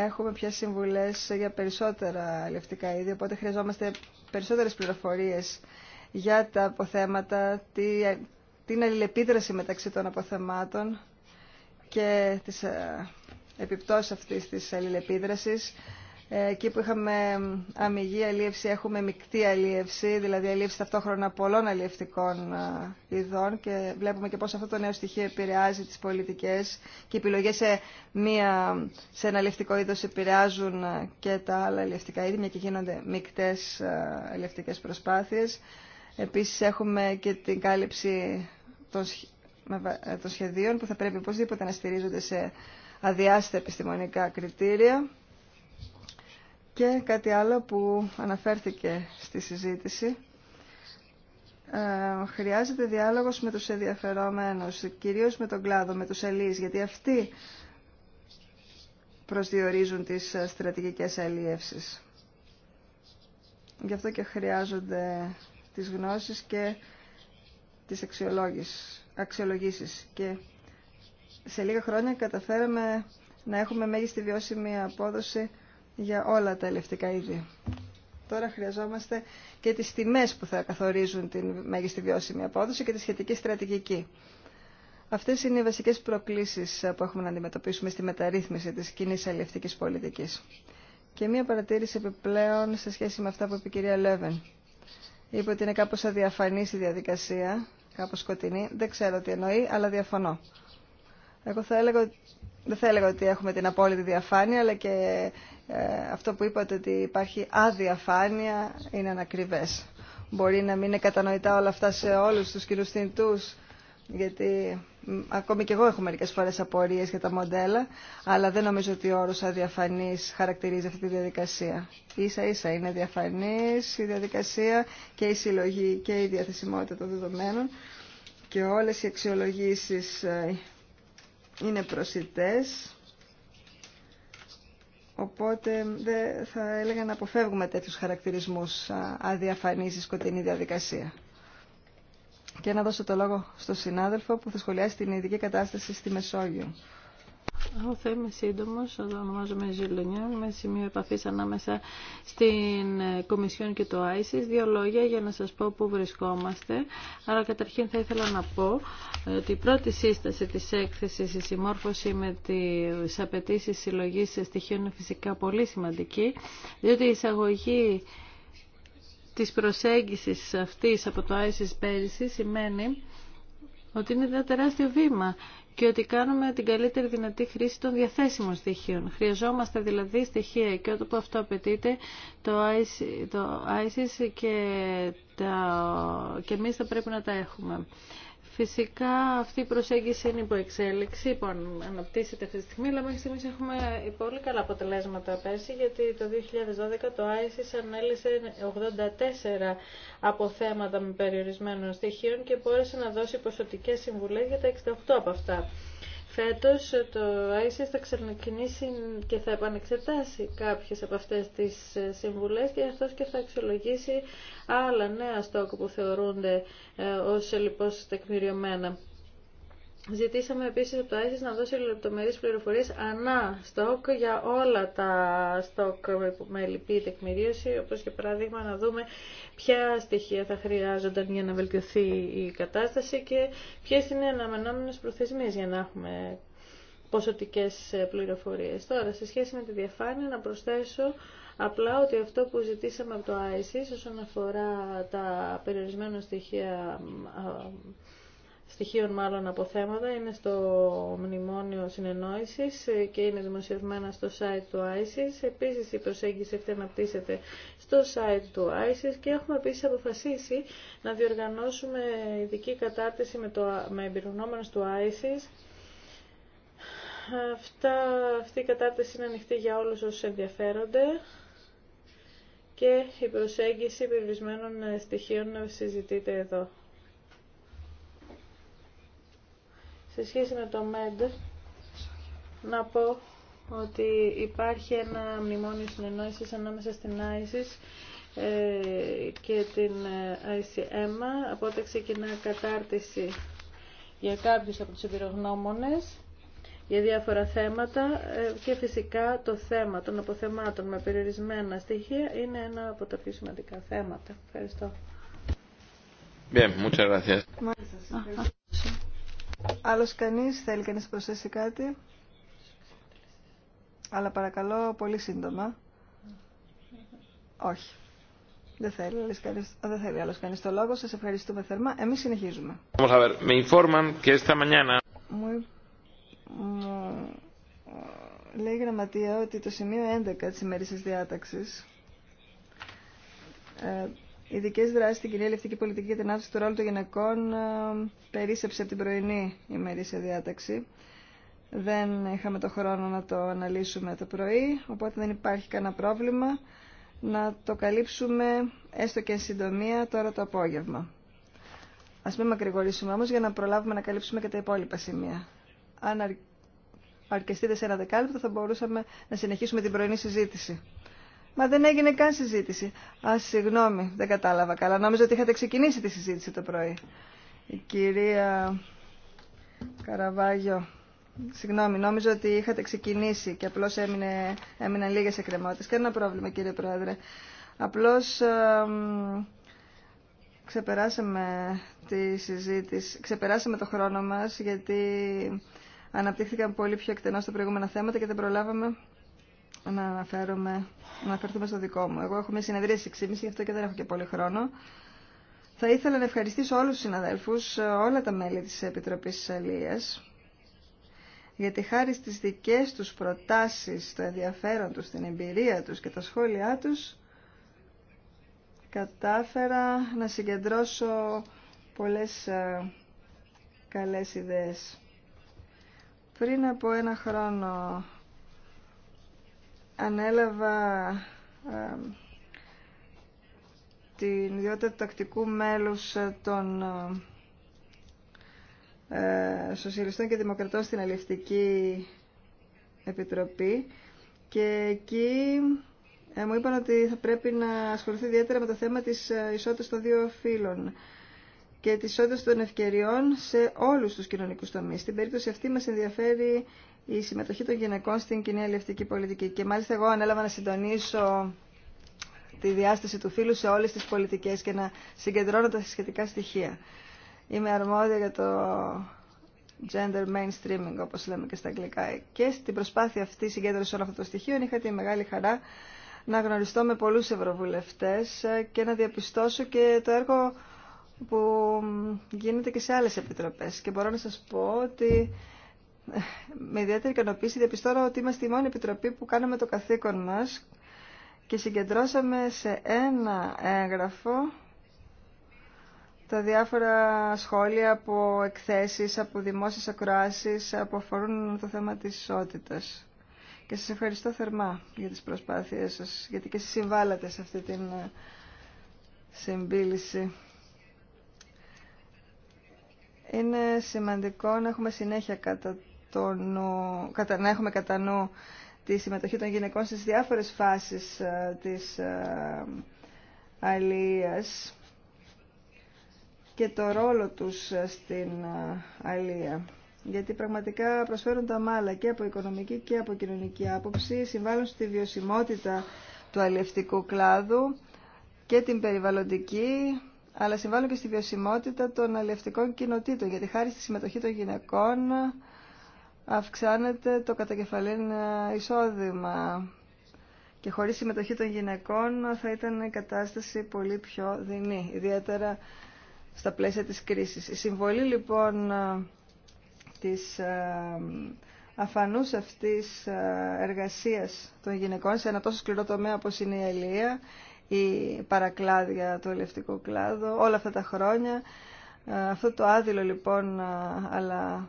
έχουμε πια συμβουλές για περισσότερα λευτικά είδη, οπότε χρειαζόμαστε περισσότερες πληροφορίες για τα αποθέματα, την αλληλεπίδραση μεταξύ των αποθεμάτων και τις ε, επιπτώσεις αυτής της αλληλεπίδρασης ε, εκεί που είχαμε αμυγή αλίευση έχουμε μεικτή αλίευση, δηλαδή αλίευση ταυτόχρονα πολλών αλιευτικών ε, ειδών και βλέπουμε και πώς αυτό το νέο στοιχείο επηρεάζει τις πολιτικές και οι επιλογές σε, μία, σε ένα αλιευτικό είδος επηρεάζουν ε, και τα άλλα αλιευτικά είδη, μια και γίνονται μεικτές αλιευτικές προσπάθειες. Επίσης έχουμε και την κάλυψη των, των σχεδίων που θα πρέπει οπωσδήποτε να στηρίζονται σε αδιάστα επιστημονικά κριτήρια και κάτι άλλο που αναφέρθηκε στη συζήτηση. Ε, χρειάζεται διάλογος με τους ενδιαφερόμενους, κυρίως με τον κλάδο, με τους ελίες, γιατί αυτοί προσδιορίζουν τις στρατηγικές αλλιεύσεις. Γι' αυτό και χρειάζονται τις γνώσεις και τις αξιολογήσεις. Και σε λίγα χρόνια καταφέραμε να έχουμε μέγιστη βιώσιμη απόδοση για όλα τα ελευτικά είδη. Τώρα χρειαζόμαστε και τις τιμές που θα καθορίζουν την μέγιστη βιώσιμη απόδοση και τη σχετική στρατηγική. Αυτές είναι οι βασικές προκλήσεις που έχουμε να αντιμετωπίσουμε στη μεταρρύθμιση της κοινή αλληλευτικής πολιτικής. Και μία παρατήρηση επιπλέον σε σχέση με αυτά που είπε η κυρία Λέβεν. Είπε ότι είναι κάπως αδιαφανής η διαδικασία, κάπως σκοτεινή. Δεν ξέρω τι εννοεί, αλλά διαφωνώ. Εγώ θα έλεγα, δεν θα έλεγα ότι έχουμε την απόλυτη διαφάνεια, αλλά και ε, αυτό που είπατε ότι υπάρχει αδιαφάνεια είναι ανακριβές. Μπορεί να μην είναι κατανοητά όλα αυτά σε όλους τους κυρίους θυντούς, γιατί ακόμη και εγώ έχω μερικές φορές απορίες για τα μοντέλα, αλλά δεν νομίζω ότι ο όρος αδιαφανής χαρακτηρίζει αυτή τη διαδικασία. Ίσα ίσα είναι διαφανής η διαδικασία και η συλλογή και η διαθεσιμότητα των δεδομένων και όλες οι αξιολογήσεις ε, είναι προσιτές Οπότε θα έλεγα να αποφεύγουμε τέτοιους χαρακτηρισμούς αδιαφανής ή σκοτεινή διαδικασία. Και να δώσω το λόγο στον συνάδελφο που θα σχολιάσει την ειδική κατάσταση στη Μεσόγειο θα είμαι σύντομο, εδώ ονομάζομαι Ζιλονιάν, με σημείο επαφή ανάμεσα στην ε, Κομισιόν και το ISIS. Δύο λόγια για να σα πω πού βρισκόμαστε. Αλλά καταρχήν θα ήθελα να πω ε, ότι η πρώτη σύσταση τη έκθεση, η συμμόρφωση με τι απαιτήσει συλλογή στοιχείων είναι φυσικά πολύ σημαντική, διότι η εισαγωγή της προσέγγισης αυτής από το ISIS πέρυσι σημαίνει ότι είναι ένα τεράστιο βήμα και ότι κάνουμε την καλύτερη δυνατή χρήση των διαθέσιμων στοιχείων. Χρειαζόμαστε δηλαδή στοιχεία και που αυτό απαιτείται το ISIS, το και, τα... και εμείς θα πρέπει να τα έχουμε. Φυσικά αυτή η προσέγγιση είναι υπό εξέλιξη, που αναπτύσσεται αυτή τη στιγμή, αλλά μέχρι στιγμής έχουμε πολύ καλά αποτελέσματα πέρσι, γιατί το 2012 το ISIS ανέλησε 84 αποθέματα με περιορισμένων στοιχείων και μπόρεσε να δώσει ποσοτικές συμβουλές για τα 68 από αυτά. Φέτος το ISIS θα ξανακινήσει και θα επανεξετάσει κάποιες από αυτές τις ε, συμβουλές και αυτός και θα αξιολογήσει άλλα νέα στόκ που θεωρούνται ε, ως ε, λοιπόν τεκμηριωμένα. Ζητήσαμε επίσης από το ISIS να δώσει λεπτομερείς πληροφορίες ανά στόκ για όλα τα στόκ με λυπή τεκμηρίωση, όπως και παράδειγμα να δούμε ποια στοιχεία θα χρειάζονταν για να βελτιωθεί η κατάσταση και ποιες είναι οι αναμενόμενες προθεσμίες για να έχουμε ποσοτικές πληροφορίες. Τώρα, σε σχέση με τη διαφάνεια, να προσθέσω απλά ότι αυτό που ζητήσαμε από το ISIS όσον αφορά τα περιορισμένα στοιχεία στοιχείων μάλλον από θέματα είναι στο Μνημόνιο Συνεννόησης και είναι δημοσιευμένα στο site του ISIS. Επίσης η προσέγγιση αυτή αναπτύσσεται στο site του ISIS και έχουμε επίσης αποφασίσει να διοργανώσουμε ειδική κατάρτιση με, το, με εμπειρογνώμενους του ISIS Αυτά, αυτή η κατάρτιση είναι ανοιχτή για όλους όσους ενδιαφέρονται και η προσέγγιση περιορισμένων στοιχείων συζητείται εδώ. Σε σχέση με το ΜΕΝΤ, να πω ότι υπάρχει ένα μνημόνιο συνεννόησης ανάμεσα στην ISIS ε, και την ICM. Ε, από όταν ξεκινά κατάρτιση για κάποιους από τους εμπειρογνώμονες για διάφορα θέματα ε, και φυσικά το θέμα των αποθεμάτων με περιορισμένα στοιχεία είναι ένα από τα πιο σημαντικά θέματα. Ευχαριστώ. Bien, muchas gracias. Άλλος κανείς, θέλει κανείς να προσθέσει κάτι. Αλλά παρακαλώ, πολύ σύντομα. Όχι. Δεν θέλει, άλλος κανείς, θέλει άλλος κανείς το λόγο. Σας ευχαριστούμε θερμά. Εμείς συνεχίζουμε. Μου, μου λέει η γραμματεία ότι το σημείο 11 της ημερήσης διάταξης ε, ειδικέ δράσει στην κοινή ελευθερική πολιτική για την άφηση του ρόλου των γυναικών ε, περίσσεψε από την πρωινή ημερήσια διάταξη. Δεν είχαμε το χρόνο να το αναλύσουμε το πρωί, οπότε δεν υπάρχει κανένα πρόβλημα να το καλύψουμε έστω και εν συντομία τώρα το απόγευμα. Α μην μακρηγορήσουμε όμω για να προλάβουμε να καλύψουμε και τα υπόλοιπα σημεία. Αν αρκεστείτε σε ένα δεκάλεπτο θα μπορούσαμε να συνεχίσουμε την πρωινή συζήτηση. Μα δεν έγινε καν συζήτηση. Α, συγγνώμη, δεν κατάλαβα καλά. Νόμιζα ότι είχατε ξεκινήσει τη συζήτηση το πρωί. Η κυρία Καραβάγιο, συγγνώμη, νόμιζα ότι είχατε ξεκινήσει και απλώς έμεινε, έμειναν λίγες Και Κανένα πρόβλημα κύριε Πρόεδρε. Απλώς ξεπεράσαμε τη συζήτηση, ξεπεράσαμε το χρόνο μας γιατί αναπτύχθηκαν πολύ πιο εκτενώς τα προηγούμενα θέματα και δεν προλάβαμε να αναφέρομαι, να αναφερθούμε στο δικό μου. Εγώ έχω μια συνεδρία στις 6.30, γι' αυτό και δεν έχω και πολύ χρόνο. Θα ήθελα να ευχαριστήσω όλους τους συναδέλφους, όλα τα μέλη της Επιτροπής Αλίας, γιατί χάρη στις δικές τους προτάσεις, το ενδιαφέρον τους, την εμπειρία τους και τα σχόλιά τους, κατάφερα να συγκεντρώσω πολλές ε, καλές ιδέες. Πριν από ένα χρόνο ανέλαβα ε, την ιδιότητα του τακτικού μέλους των ε, Σοσιαλιστών και Δημοκρατών στην Αλληλευτική Επιτροπή και εκεί ε, μου είπαν ότι θα πρέπει να ασχοληθεί ιδιαίτερα με το θέμα της ισότητας των δύο φύλων και της ισότητας των ευκαιριών σε όλους τους κοινωνικούς τομείς. Στην περίπτωση αυτή μας ενδιαφέρει η συμμετοχή των γυναικών στην κοινή αλληλευτική πολιτική. Και μάλιστα εγώ ανέλαβα να συντονίσω τη διάσταση του φύλου σε όλες τις πολιτικές και να συγκεντρώνω τα σχετικά στοιχεία. Είμαι αρμόδια για το gender mainstreaming, όπως λέμε και στα αγγλικά. Και στην προσπάθεια αυτή συγκέντρωση όλων αυτών των στοιχείων είχα τη μεγάλη χαρά να γνωριστώ με πολλούς ευρωβουλευτές και να διαπιστώσω και το έργο που γίνεται και σε άλλες επιτροπές. Και μπορώ να σας πω ότι με ιδιαίτερη ικανοποίηση διαπιστώνω ότι είμαστε η μόνη επιτροπή που κάναμε το καθήκον μας και συγκεντρώσαμε σε ένα έγγραφο τα διάφορα σχόλια από εκθέσεις, από δημόσιες ακροάσεις που αφορούν το θέμα της ισότητας. Και σας ευχαριστώ θερμά για τις προσπάθειές σας, γιατί και συμβάλλατε σε αυτή την ε, συμπίληση. Είναι σημαντικό να έχουμε συνέχεια κατά να έχουμε κατά νου τη συμμετοχή των γυναικών στις διάφορες φάσεις ε, της ε, αλίας και το ρόλο τους ε, στην αλία. Γιατί πραγματικά προσφέρουν τα μάλα και από οικονομική και από κοινωνική άποψη, συμβάλλουν στη βιωσιμότητα του αλληλευτικού κλάδου και την περιβαλλοντική, αλλά συμβάλλουν και στη βιωσιμότητα των αλληλευτικών κοινοτήτων, γιατί χάρη στη συμμετοχή των γυναικών αυξάνεται το κατακεφαλήν ε, εισόδημα και χωρίς συμμετοχή των γυναικών θα ήταν κατάσταση πολύ πιο δεινή, ιδιαίτερα στα πλαίσια της κρίσης. Η συμβολή λοιπόν ε, της ε, αφανούς αυτής εργασίας των γυναικών σε ένα τόσο σκληρό τομέα όπως είναι η Ελία, η παρακλάδια του ελευτικού κλάδου, όλα αυτά τα χρόνια. Αυτό το άδειλο λοιπόν αλλά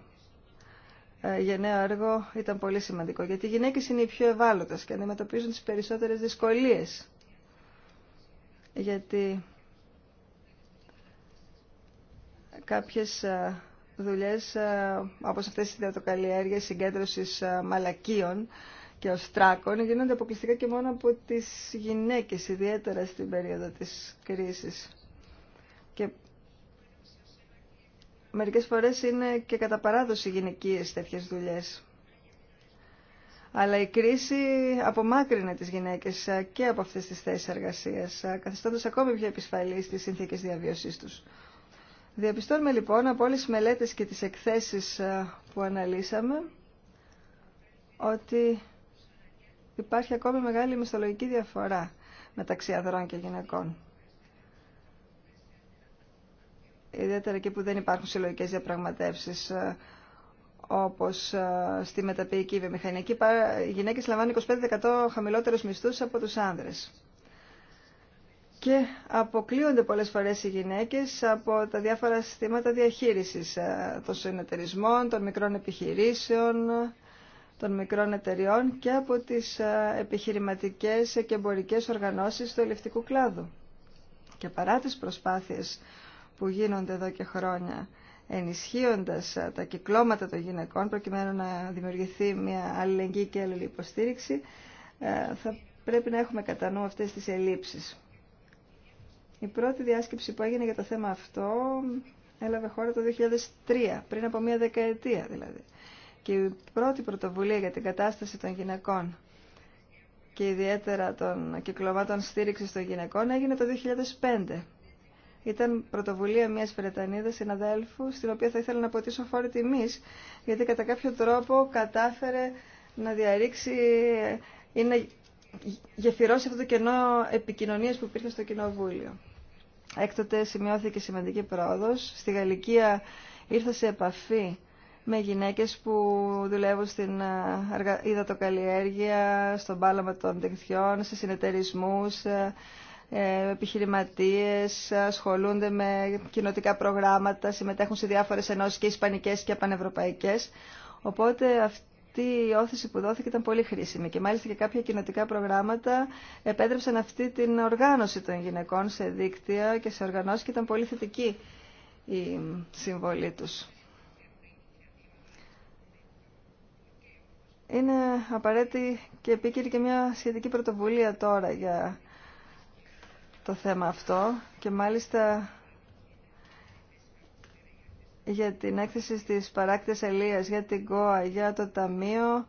ε, γενναίο έργο ήταν πολύ σημαντικό, γιατί οι γυναίκες είναι οι πιο ευάλωτες και αντιμετωπίζουν τις περισσότερες δυσκολίες. Γιατί κάποιες ε, δουλειές, ε, όπως αυτές οι ιδιωτοκαλλιέργειες συγκέντρωσης μαλακίων και οστράκων, γίνονται αποκλειστικά και μόνο από τις γυναίκες, ιδιαίτερα στην περίοδο της κρίσης. μερικές φορές είναι και κατά παράδοση γυναικείες τέτοιες δουλειές. Αλλά η κρίση απομάκρυνε τις γυναίκες και από αυτές τις θέσεις εργασίας, καθιστώντας ακόμη πιο επισφαλείς στις συνθήκες διαβίωσής τους. Διαπιστώνουμε λοιπόν από όλες τις μελέτες και τις εκθέσεις ε, που αναλύσαμε ότι υπάρχει ακόμη μεγάλη μισθολογική διαφορά μεταξύ ανδρών και γυναικών. ιδιαίτερα εκεί που δεν υπάρχουν συλλογικές διαπραγματεύσεις ε, όπως ε, στη μεταποιητική βιομηχανική οι γυναίκες λαμβάνουν 25% χαμηλότερους μισθούς από τους άνδρες. Και αποκλείονται πολλές φορές οι γυναίκες από τα διάφορα συστήματα διαχείρισης ε, των συνεταιρισμών, των μικρών επιχειρήσεων, των μικρών εταιριών και από τις επιχειρηματικές και εμπορικές οργανώσεις του ελευτικού κλάδου. Και παρά τις προσπάθειες που γίνονται εδώ και χρόνια ενισχύοντας ε, τα κυκλώματα των γυναικών προκειμένου να δημιουργηθεί μια αλληλεγγύη και άλλη υποστήριξη ε, θα πρέπει να έχουμε κατά νου αυτές τις ελλείψεις. Η πρώτη διάσκεψη που έγινε για το θέμα αυτό έλαβε χώρα το 2003, πριν από μια δεκαετία δηλαδή. Και η πρώτη πρωτοβουλία για την κατάσταση των γυναικών και ιδιαίτερα των κυκλωμάτων στήριξης των γυναικών έγινε το 2005 ήταν πρωτοβουλία μιας Βρετανίδας συναδέλφου, στην οποία θα ήθελα να αποτίσω φόρη τιμής, γιατί κατά κάποιο τρόπο κατάφερε να διαρρήξει ή να γεφυρώσει αυτό το κενό επικοινωνίας που υπήρχε στο Κοινοβούλιο. Έκτοτε σημειώθηκε σημαντική πρόοδος. Στη Γαλλικία ήρθα σε επαφή με γυναίκες που δουλεύουν στην υδατοκαλλιέργεια, στον πάλαμα των δεξιών, σε συνεταιρισμούς, ε, επιχειρηματίες, ασχολούνται με κοινοτικά προγράμματα, συμμετέχουν σε διάφορες ενώσεις και ισπανικές και πανευρωπαϊκές. Οπότε αυτή η όθηση που δόθηκε ήταν πολύ χρήσιμη και μάλιστα και κάποια κοινοτικά προγράμματα επέτρεψαν αυτή την οργάνωση των γυναικών σε δίκτυα και σε οργανώσεις και ήταν πολύ θετική η συμβολή τους. Είναι απαραίτητη και επίκαιρη και μια σχετική πρωτοβουλία τώρα για το θέμα αυτό και μάλιστα για την έκθεση στις παράκτες Ελίας, για την ΚΟΑ, για το Ταμείο.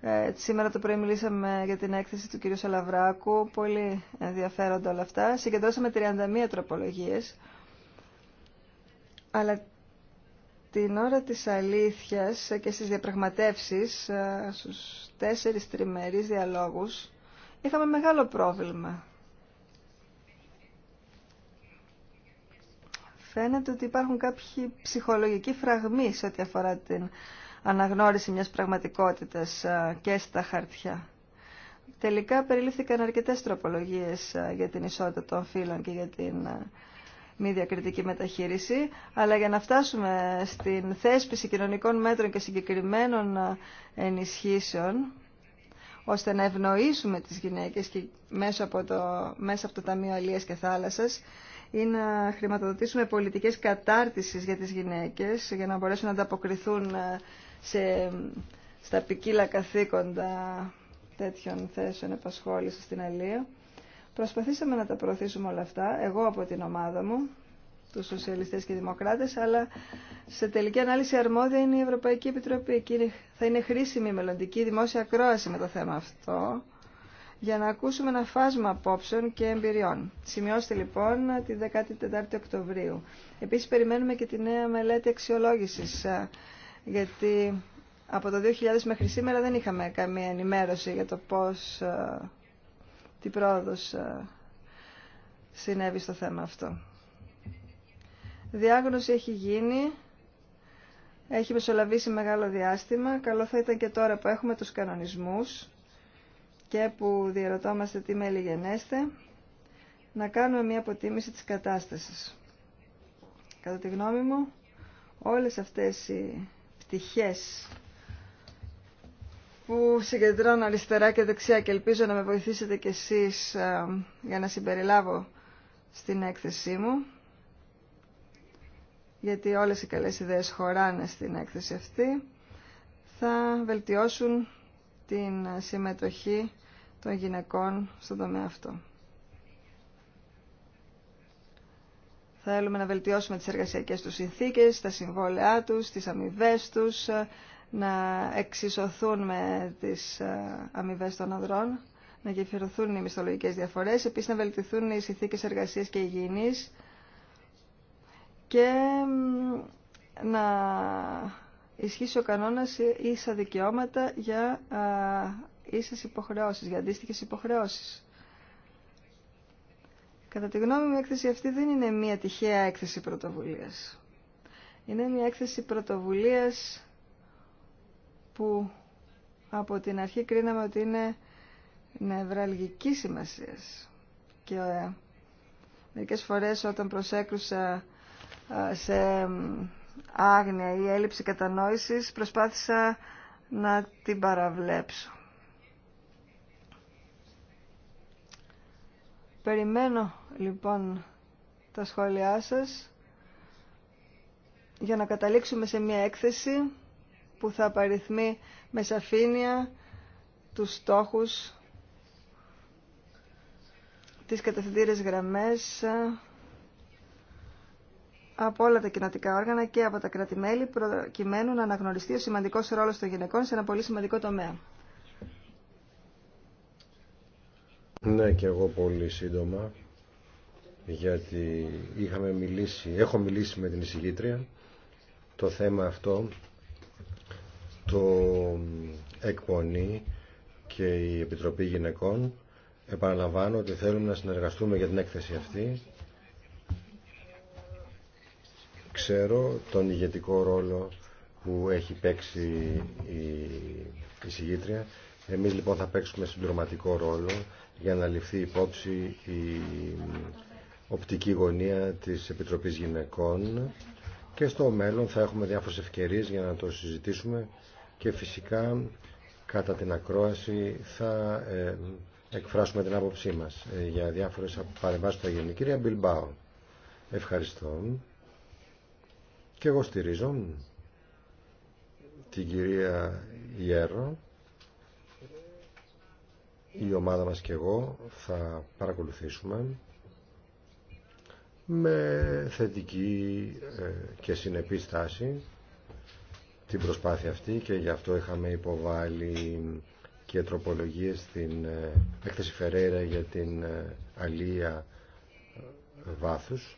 Ε, σήμερα το πρωί μιλήσαμε για την έκθεση του κ. Σαλαβράκου, πολύ ενδιαφέροντα όλα αυτά. Συγκεντρώσαμε 31 τροπολογίες, αλλά την ώρα της αλήθειας και στις διαπραγματεύσεις, ε, στους τέσσερις τριμερείς διαλόγους, είχαμε μεγάλο πρόβλημα φαίνεται ότι υπάρχουν κάποιοι ψυχολογικοί φραγμοί σε ό,τι αφορά την αναγνώριση μιας πραγματικότητας ε, και στα χαρτιά. Τελικά περιλήφθηκαν αρκετές τροπολογίες ε, για την ισότητα των φύλων και για την ε, μη διακριτική μεταχείριση, αλλά για να φτάσουμε στην θέσπιση κοινωνικών μέτρων και συγκεκριμένων ενισχύσεων, ώστε να ευνοήσουμε τις γυναίκες και μέσα από το, μέσα από το Ταμείο Αλίας και Θάλασσας, ή να χρηματοδοτήσουμε πολιτικές κατάρτισης για τις γυναίκες για να μπορέσουν να ανταποκριθούν ε, σε, στα ποικίλα καθήκοντα τέτοιων θέσεων επασχόλησης στην Αλία. Προσπαθήσαμε να τα προωθήσουμε όλα αυτά, εγώ από την ομάδα μου, τους σοσιαλιστές και δημοκράτες, αλλά σε τελική ανάλυση αρμόδια είναι η Ευρωπαϊκή Επιτροπή. θα είναι χρήσιμη η μελλοντική δημόσια ακρόαση με το θέμα αυτό για να ακούσουμε ένα φάσμα απόψεων και εμπειριών. Σημειώστε λοιπόν τη 14η Οκτωβρίου. Επίσης περιμένουμε και τη νέα μελέτη αξιολόγησης, ε, γιατί από το 2000 μέχρι σήμερα δεν είχαμε καμία ενημέρωση για το πώς, ε, την πρόοδος ε, συνέβη στο θέμα αυτό. Διάγνωση έχει γίνει, έχει μεσολαβήσει μεγάλο διάστημα. Καλό θα ήταν και τώρα που έχουμε τους κανονισμούς και που διαρωτόμαστε τι μέλη να κάνουμε μια αποτίμηση της κατάστασης. Κατά τη γνώμη μου, όλες αυτές οι πτυχές που συγκεντρώνω αριστερά και δεξιά και ελπίζω να με βοηθήσετε κι εσείς ε, για να συμπεριλάβω στην έκθεσή μου, γιατί όλες οι καλές ιδέες χωράνε στην έκθεση αυτή, θα βελτιώσουν την συμμετοχή των γυναικών στον τομέα αυτό. Θέλουμε να βελτιώσουμε τις εργασιακές τους συνθήκες, τα συμβόλαιά τους, τις αμοιβέ τους, να εξισωθούν με τις ε, αμοιβέ των ανδρών, να γεφυρωθούν οι μισθολογικές διαφορές, επίσης να βελτιωθούν οι συνθήκες εργασίας και υγιεινής και να ισχύσει ο κανόνας ίσα δικαιώματα για α, ίσες υποχρεώσεις, για αντίστοιχε υποχρεώσεις. Κατά τη γνώμη μου, η έκθεση αυτή δεν είναι μία τυχαία έκθεση πρωτοβουλίας. Είναι μία έκθεση πρωτοβουλίας που από την αρχή κρίναμε ότι είναι νευραλγική σημασία. Και ε, μερικές φορές όταν προσέκρουσα σε άγνοια ή έλλειψη κατανόησης προσπάθησα να την παραβλέψω. Περιμένω λοιπόν τα σχόλιά σας για να καταλήξουμε σε μια έκθεση που θα απαριθμεί με σαφήνεια τους στόχους, της καταθετήρες γραμμές, από όλα τα κοινοτικά όργανα και από τα κράτη-μέλη προκειμένου να αναγνωριστεί ο σημαντικό ρόλο των γυναικών σε ένα πολύ σημαντικό τομέα. Ναι και εγώ πολύ σύντομα γιατί είχαμε μιλήσει, έχω μιλήσει με την εισηγήτρια το θέμα αυτό το εκπονεί και η Επιτροπή Γυναικών επαναλαμβάνω ότι θέλουμε να συνεργαστούμε για την έκθεση αυτή Ξέρω τον ηγετικό ρόλο που έχει παίξει η, η συγγήτρια. Εμείς λοιπόν θα παίξουμε συντροματικό ρόλο για να ληφθεί υπόψη η οπτική γωνία της Επιτροπής Γυναικών και στο μέλλον θα έχουμε διάφορες ευκαιρίες για να το συζητήσουμε και φυσικά κατά την ακρόαση θα ε, εκφράσουμε την άποψή μας ε, για διάφορες παρεμβάσεις που θα Κυρία Μπιλμπάου, ευχαριστώ. Και εγώ στηρίζω την κυρία Ιέρο. Η ομάδα μας και εγώ θα παρακολουθήσουμε με θετική ε, και συνεπή στάση την προσπάθεια αυτή και γι' αυτό είχαμε υποβάλει και τροπολογίες στην ε, έκθεση Φερέρα για την ε, αλία βάθους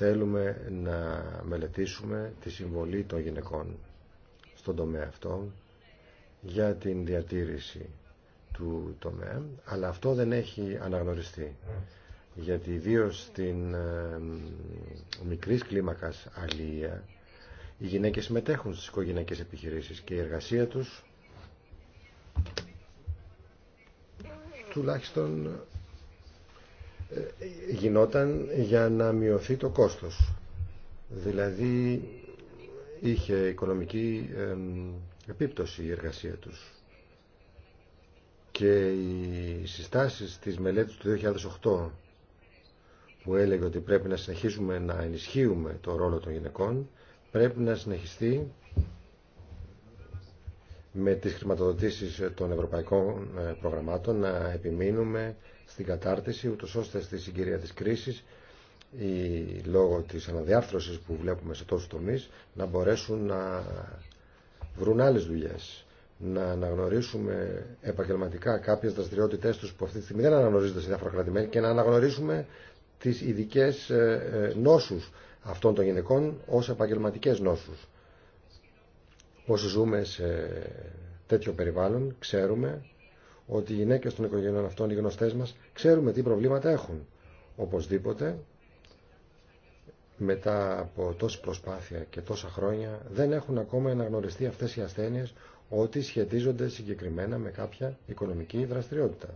Θέλουμε να μελετήσουμε τη συμβολή των γυναικών στον τομέα αυτό για την διατήρηση του τομέα, αλλά αυτό δεν έχει αναγνωριστεί. Γιατί ιδίω στην ε, μικρή κλίμακα αλληλεία οι γυναίκες συμμετέχουν στις οικογενειακέ επιχειρήσεις και η εργασία τους τουλάχιστον γινόταν για να μειωθεί το κόστος. Δηλαδή είχε οικονομική επίπτωση η εργασία τους. Και οι συστάσεις της μελέτης του 2008 που έλεγε ότι πρέπει να συνεχίσουμε να ενισχύουμε το ρόλο των γυναικών πρέπει να συνεχιστεί με τις χρηματοδοτήσεις των ευρωπαϊκών ε, προγραμμάτων να επιμείνουμε στην κατάρτιση, ούτως ώστε στη συγκυρία τη κρίση, ή λόγω τη αναδιάρθρωση που βλέπουμε σε τόσους τομείς να μπορέσουν να βρουν άλλες δουλειέ, να αναγνωρίσουμε επαγγελματικά κάποιες δραστηριότητε του που αυτή τη στιγμή δεν αναγνωρίζονται σε διάφορα και να αναγνωρίσουμε τις ειδικέ ε, ε, νόσους αυτών των γυναικών ω επαγγελματικές νόσου. Όσοι ζούμε σε τέτοιο περιβάλλον ξέρουμε ότι οι γυναίκες των οικογενειών αυτών, οι γνωστές μας, ξέρουμε τι προβλήματα έχουν. Οπωσδήποτε, μετά από τόση προσπάθεια και τόσα χρόνια, δεν έχουν ακόμα αναγνωριστεί αυτές οι ασθένειες ότι σχετίζονται συγκεκριμένα με κάποια οικονομική δραστηριότητα.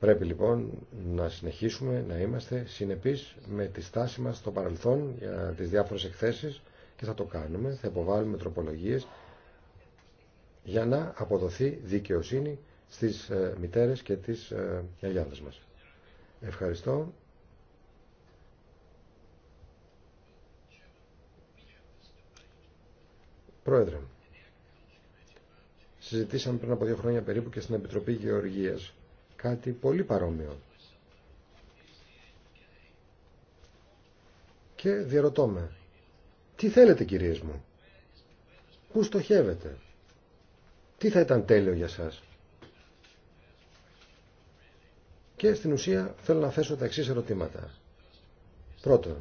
Πρέπει λοιπόν να συνεχίσουμε να είμαστε συνεπείς με τη στάση μας στο παρελθόν για τις διάφορες εκθέσεις και θα το κάνουμε, θα υποβάλουμε τροπολογίες για να αποδοθεί δικαιοσύνη στις ε, μητέρες και τις ε, γιαγιάδες μας. Ευχαριστώ. Πρόεδρε, συζητήσαμε πριν από δύο χρόνια περίπου και στην Επιτροπή Γεωργίας κάτι πολύ παρόμοιο. Και διαρωτώ με, τι θέλετε κυρίες μου, πού στοχεύετε, τι θα ήταν τέλειο για σας. Και στην ουσία θέλω να θέσω τα εξής ερωτήματα. Πρώτον,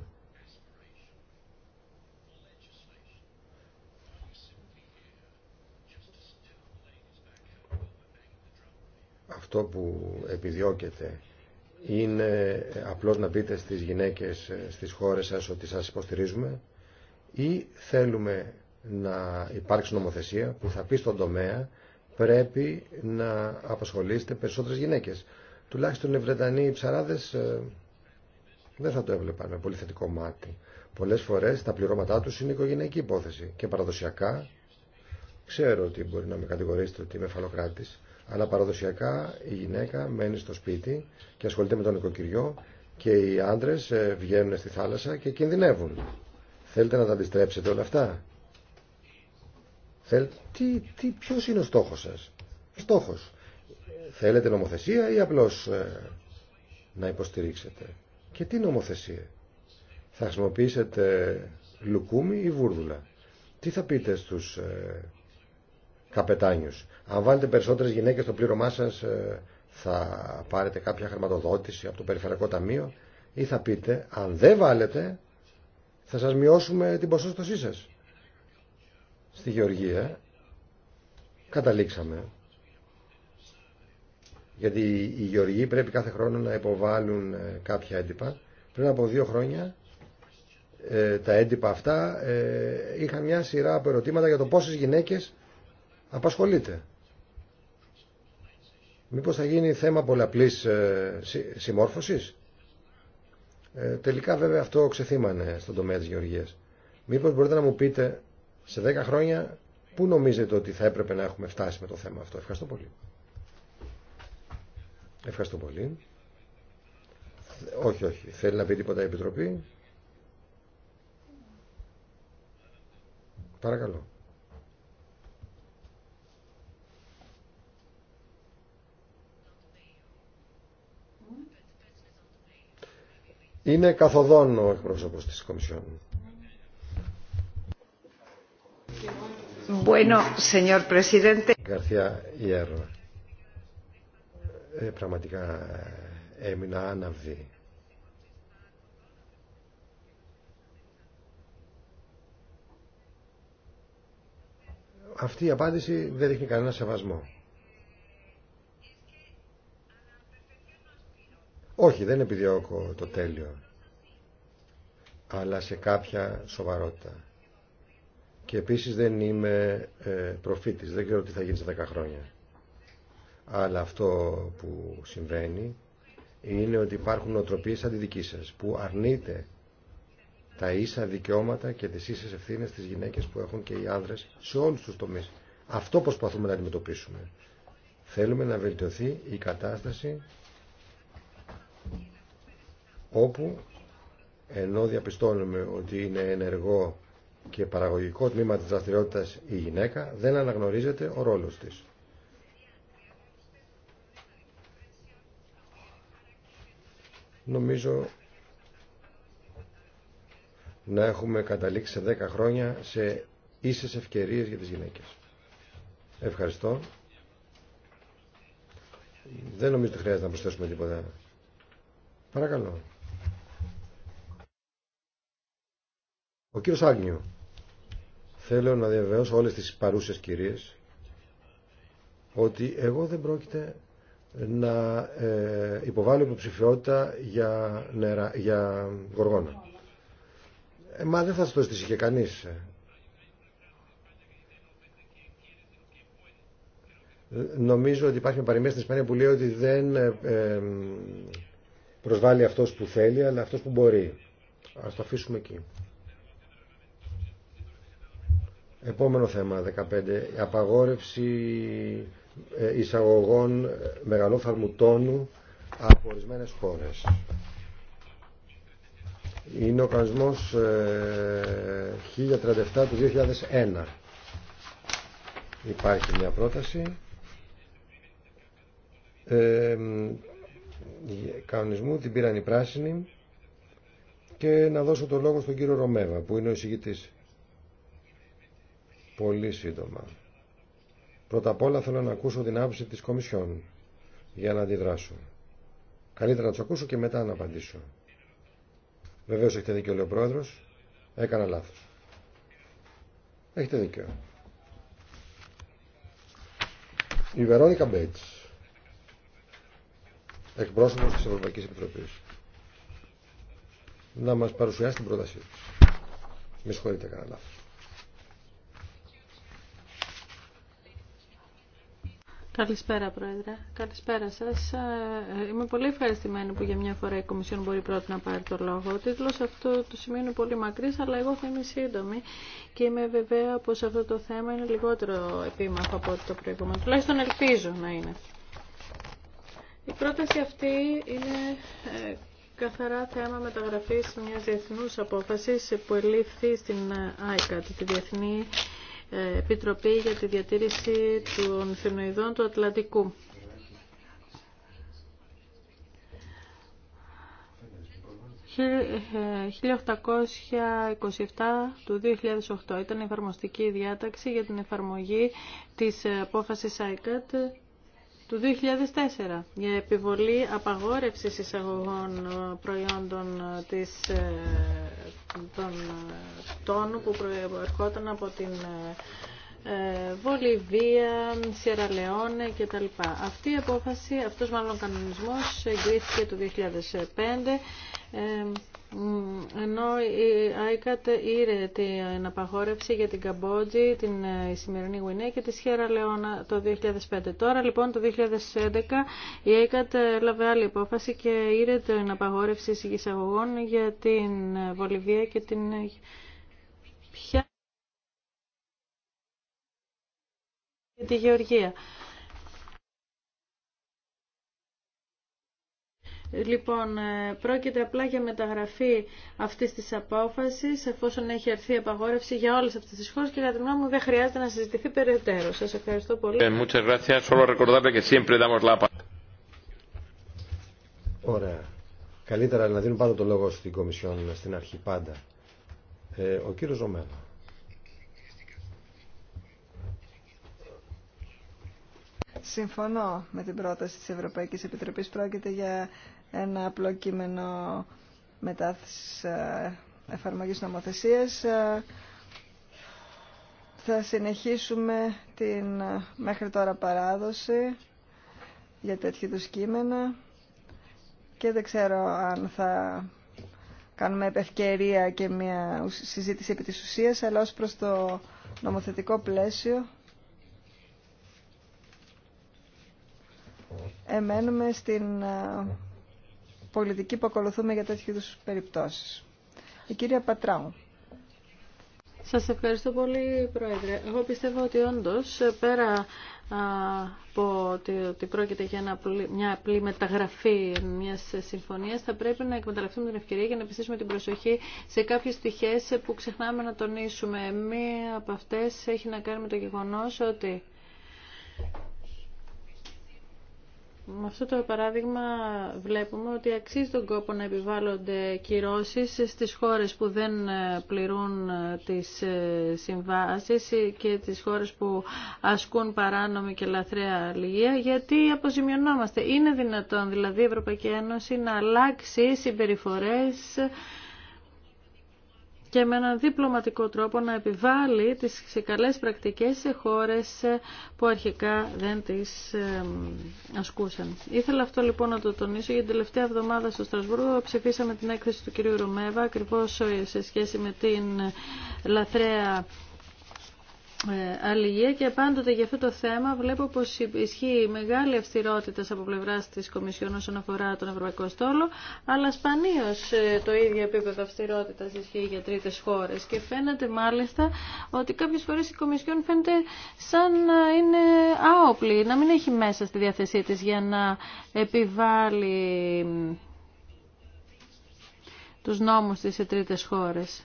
αυτό που επιδιώκεται είναι απλώς να πείτε στις γυναίκες ε, στις χώρες σας ότι σας υποστηρίζουμε ή θέλουμε να υπάρξει νομοθεσία που θα πει στον τομέα πρέπει να απασχολήσετε περισσότερες γυναίκες. Τουλάχιστον οι Βρετανοί οι ψαράδες ε, δεν θα το έβλεπαν με πολύ θετικό μάτι. Πολλές φορές τα πληρώματά τους είναι οικογενειακή υπόθεση και παραδοσιακά ξέρω ότι μπορεί να με κατηγορήσετε ότι είμαι φαλοκράτης αλλά παραδοσιακά η γυναίκα μένει στο σπίτι και ασχολείται με τον οικοκυριό και οι άντρες ε, βγαίνουν στη θάλασσα και κινδυνεύουν. Θέλετε να τα αντιστρέψετε όλα αυτά. Θέλετε, τι, τι, ποιος είναι ο στόχος σας. Στόχος. Θέλετε νομοθεσία ή απλώς ε, να υποστηρίξετε. Και τι νομοθεσία. Θα χρησιμοποιήσετε λουκούμι ή βούρδουλα. Τι θα πείτε στους ε, καπετάνιους. Αν βάλετε περισσότερες γυναίκες στο πλήρωμά σας ε, θα πάρετε κάποια χρηματοδότηση από το Περιφερειακό Ταμείο ή θα πείτε αν δεν βάλετε θα σας μειώσουμε την ποσόστοσή σας στη Γεωργία καταλήξαμε γιατί οι Γεωργοί πρέπει κάθε χρόνο να υποβάλουν ε, κάποια έντυπα. Πριν από δύο χρόνια ε, τα έντυπα αυτά ε, είχαν μια σειρά από ερωτήματα για το πόσες γυναίκες απασχολείται. Μήπως θα γίνει θέμα πολλαπλής συμμόρφωσης. τελικά βέβαια αυτό ξεθύμανε στον τομέα της Γεωργίας. Μήπως μπορείτε να μου πείτε σε 10 χρόνια πού νομίζετε ότι θα έπρεπε να έχουμε φτάσει με το θέμα αυτό. Ευχαριστώ πολύ. Ευχαριστώ πολύ. Όχι, όχι. Θέλει να πει τίποτα η Επιτροπή. Παρακαλώ. Είναι καθοδόν ο εκπρόσωπος της Κομισιόν. Bueno, señor presidente. Ιέρο. Ε, πραγματικά ε, έμεινα άναυδη. Αυτή η απάντηση δεν δείχνει κανένα σεβασμό. Όχι, δεν επιδιώκω το τέλειο, αλλά σε κάποια σοβαρότητα και επίσης δεν είμαι ε, προφήτης, δεν ξέρω τι θα γίνει σε 10 χρόνια. Αλλά αυτό που συμβαίνει είναι ότι υπάρχουν οτροπίες σαν τη δική που αρνείται τα ίσα δικαιώματα και τις ίσες ευθύνες στις γυναίκες που έχουν και οι άνδρες σε όλους τους τομείς. Αυτό προσπαθούμε να αντιμετωπίσουμε. Θέλουμε να βελτιωθεί η κατάσταση όπου ενώ διαπιστώνουμε ότι είναι ενεργό και παραγωγικό τμήμα της δραστηριότητας η γυναίκα, δεν αναγνωρίζεται ο ρόλος της. Νομίζω να έχουμε καταλήξει σε 10 χρόνια σε ίσες ευκαιρίες για τις γυναίκες. Ευχαριστώ. Δεν νομίζω ότι χρειάζεται να προσθέσουμε τίποτα. Παρακαλώ. Ο κύριος Άγνιου, θέλω να διαβεβαιώσω όλες τις παρούσες κυρίες ότι εγώ δεν πρόκειται να ε, υποβάλω υποψηφιότητα για, νερά, γοργόνα. Ε, μα δεν θα σας το και κανείς. Νομίζω ότι υπάρχει μια παροιμία στην Ισπανία που λέει ότι δεν ε, ε προσβάλλει αυτός που θέλει, αλλά αυτός που μπορεί. Ας το αφήσουμε εκεί. Επόμενο θέμα, 15. Απαγόρευση ε, εισαγωγών μεγαλόφθαλμου τόνου από ορισμένε χώρε. Είναι ο κανονισμό 1037 ε, του 2001. Υπάρχει μια πρόταση ε, κανονισμού, την πήραν οι πράσινοι και να δώσω το λόγο στον κύριο Ρωμέβα που είναι ο εισηγητής πολύ σύντομα. Πρώτα απ' όλα θέλω να ακούσω την άποψη της Κομισιόν για να αντιδράσω. Καλύτερα να του ακούσω και μετά να απαντήσω. Βεβαίως έχετε δίκιο, λέει ο Πρόεδρος. Έκανα λάθος. Έχετε δίκιο. Η Βερόνικα Μπέιτς, εκπρόσωπος της Ευρωπαϊκής Επιτροπής, να μας παρουσιάσει την πρότασή της. Με συγχωρείτε, έκανα λάθος. Καλησπέρα, Πρόεδρε. Καλησπέρα σα. Ε, είμαι πολύ ευχαριστημένη που για μια φορά η Κομισιόν μπορεί πρώτη να πάρει το λόγο. Ο τίτλο αυτού του σημείου είναι πολύ μακρύ, αλλά εγώ θα είμαι σύντομη και είμαι βεβαία πω αυτό το θέμα είναι λιγότερο επίμαχο από ό,τι το προηγούμενο. Τουλάχιστον ελπίζω να είναι. Η πρόταση αυτή είναι ε, καθαρά θέμα μεταγραφής μιας διεθνούς απόφασης που ελήφθη στην ICAT, ε, τη Διεθνή Επιτροπή για τη Διατήρηση των θερνοειδών του Ατλαντικού. «1827 ε, του 2008 ήταν η εφαρμοστική διάταξη για την εφαρμογή της απόφασης ICAT του 2004 για επιβολή απαγόρευσης εισαγωγών προϊόντων της ε, τον ε, τόνου που προερχόταν από την ε, ε, Βολιβία, Σιεραλεόνε κτλ. Αυτή η απόφαση, αυτός μάλλον ο κανονισμός εγκρίθηκε το 2005 ενώ η ΆΙΚΑΤ ήρε την απαγόρευση για την Καμπότζη, την ε, σημερινή Γουινέα και τη Σιέρα Λεώνα το 2005. Τώρα λοιπόν το 2011 η ΆΙΚΑΤ έλαβε άλλη υπόφαση και ήρε την απαγόρευση εισαγωγών για την Βολιβία και την... Ε, Ποια... τη Γεωργία. Λοιπόν, ε, πρόκειται απλά για μεταγραφή αυτή τη απόφαση, εφόσον έχει έρθει η απαγόρευση για όλε αυτέ τι χώρε και κατά τη γνώμη μου δεν χρειάζεται να συζητηθεί περαιτέρω. Σα ευχαριστώ πολύ. Ε, Ωραία. Καλύτερα να δίνουν πάντα το λόγο στην Κομισιόν στην αρχή πάντα. Ε, ο Συμφωνώ με την πρόταση της Ευρωπαϊκής Επιτροπής. Πρόκειται για ένα απλό κείμενο μετά της ε, εφαρμογής νομοθεσίας. Ε, θα συνεχίσουμε την ε, μέχρι τώρα παράδοση για τέτοιου είδους κείμενα και δεν ξέρω αν θα κάνουμε επευκαιρία και μια συζήτηση επί της ουσίας, αλλά ως προς το νομοθετικό πλαίσιο εμένουμε στην πολιτική που ακολουθούμε για τέτοιου είδου περιπτώσεις. Η κυρία Πατράου. Σας ευχαριστώ πολύ, Πρόεδρε. Εγώ πιστεύω ότι όντω πέρα από ότι πρόκειται για μια απλή μεταγραφή μια συμφωνία, θα πρέπει να εκμεταλλευτούμε την ευκαιρία για να επιστήσουμε την προσοχή σε κάποιε πτυχέ που ξεχνάμε να τονίσουμε. Μία από αυτέ έχει να κάνει με το γεγονό ότι με αυτό το παράδειγμα βλέπουμε ότι αξίζει τον κόπο να επιβάλλονται κυρώσεις στις χώρες που δεν ε, πληρούν ε, τις ε, συμβάσεις και τις χώρες που ασκούν παράνομη και λαθρέα αλληλεία γιατί αποζημιωνόμαστε. Είναι δυνατόν δηλαδή η Ευρωπαϊκή Ένωση να αλλάξει συμπεριφορές και με έναν διπλωματικό τρόπο να επιβάλλει τις καλές πρακτικές σε χώρες που αρχικά δεν τις ασκούσαν. Ήθελα αυτό λοιπόν να το τονίσω για την τελευταία εβδομάδα στο Στρασβούργο ψηφίσαμε την έκθεση του κυρίου Ρωμέβα ακριβώς σε σχέση με την λαθρέα αλληλεία ε, και πάντοτε για αυτό το θέμα βλέπω πως ισχύει μεγάλη αυστηρότητα από πλευρά της Κομισιόν όσον αφορά τον Ευρωπαϊκό Στόλο, αλλά σπανίως ε, το ίδιο επίπεδο αυστηρότητα ισχύει για τρίτες χώρες και φαίνεται μάλιστα ότι κάποιες φορές η Κομισιόν φαίνεται σαν να είναι άοπλη, να μην έχει μέσα στη διάθεσή της για να επιβάλλει τους νόμους της σε τρίτες χώρες.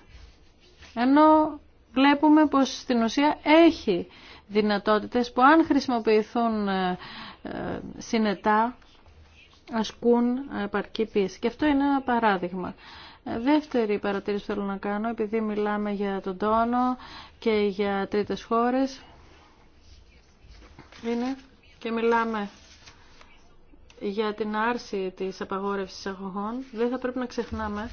Ενώ βλέπουμε πως στην ουσία έχει δυνατότητες που αν χρησιμοποιηθούν ε, ε, συνετά ασκούν επαρκή πίεση. Και αυτό είναι ένα παράδειγμα. Ε, δεύτερη παρατήρηση που θέλω να κάνω, επειδή μιλάμε για τον τόνο και για τρίτες χώρες, είναι και μιλάμε για την άρση της απαγόρευσης αγωγών, δεν θα πρέπει να ξεχνάμε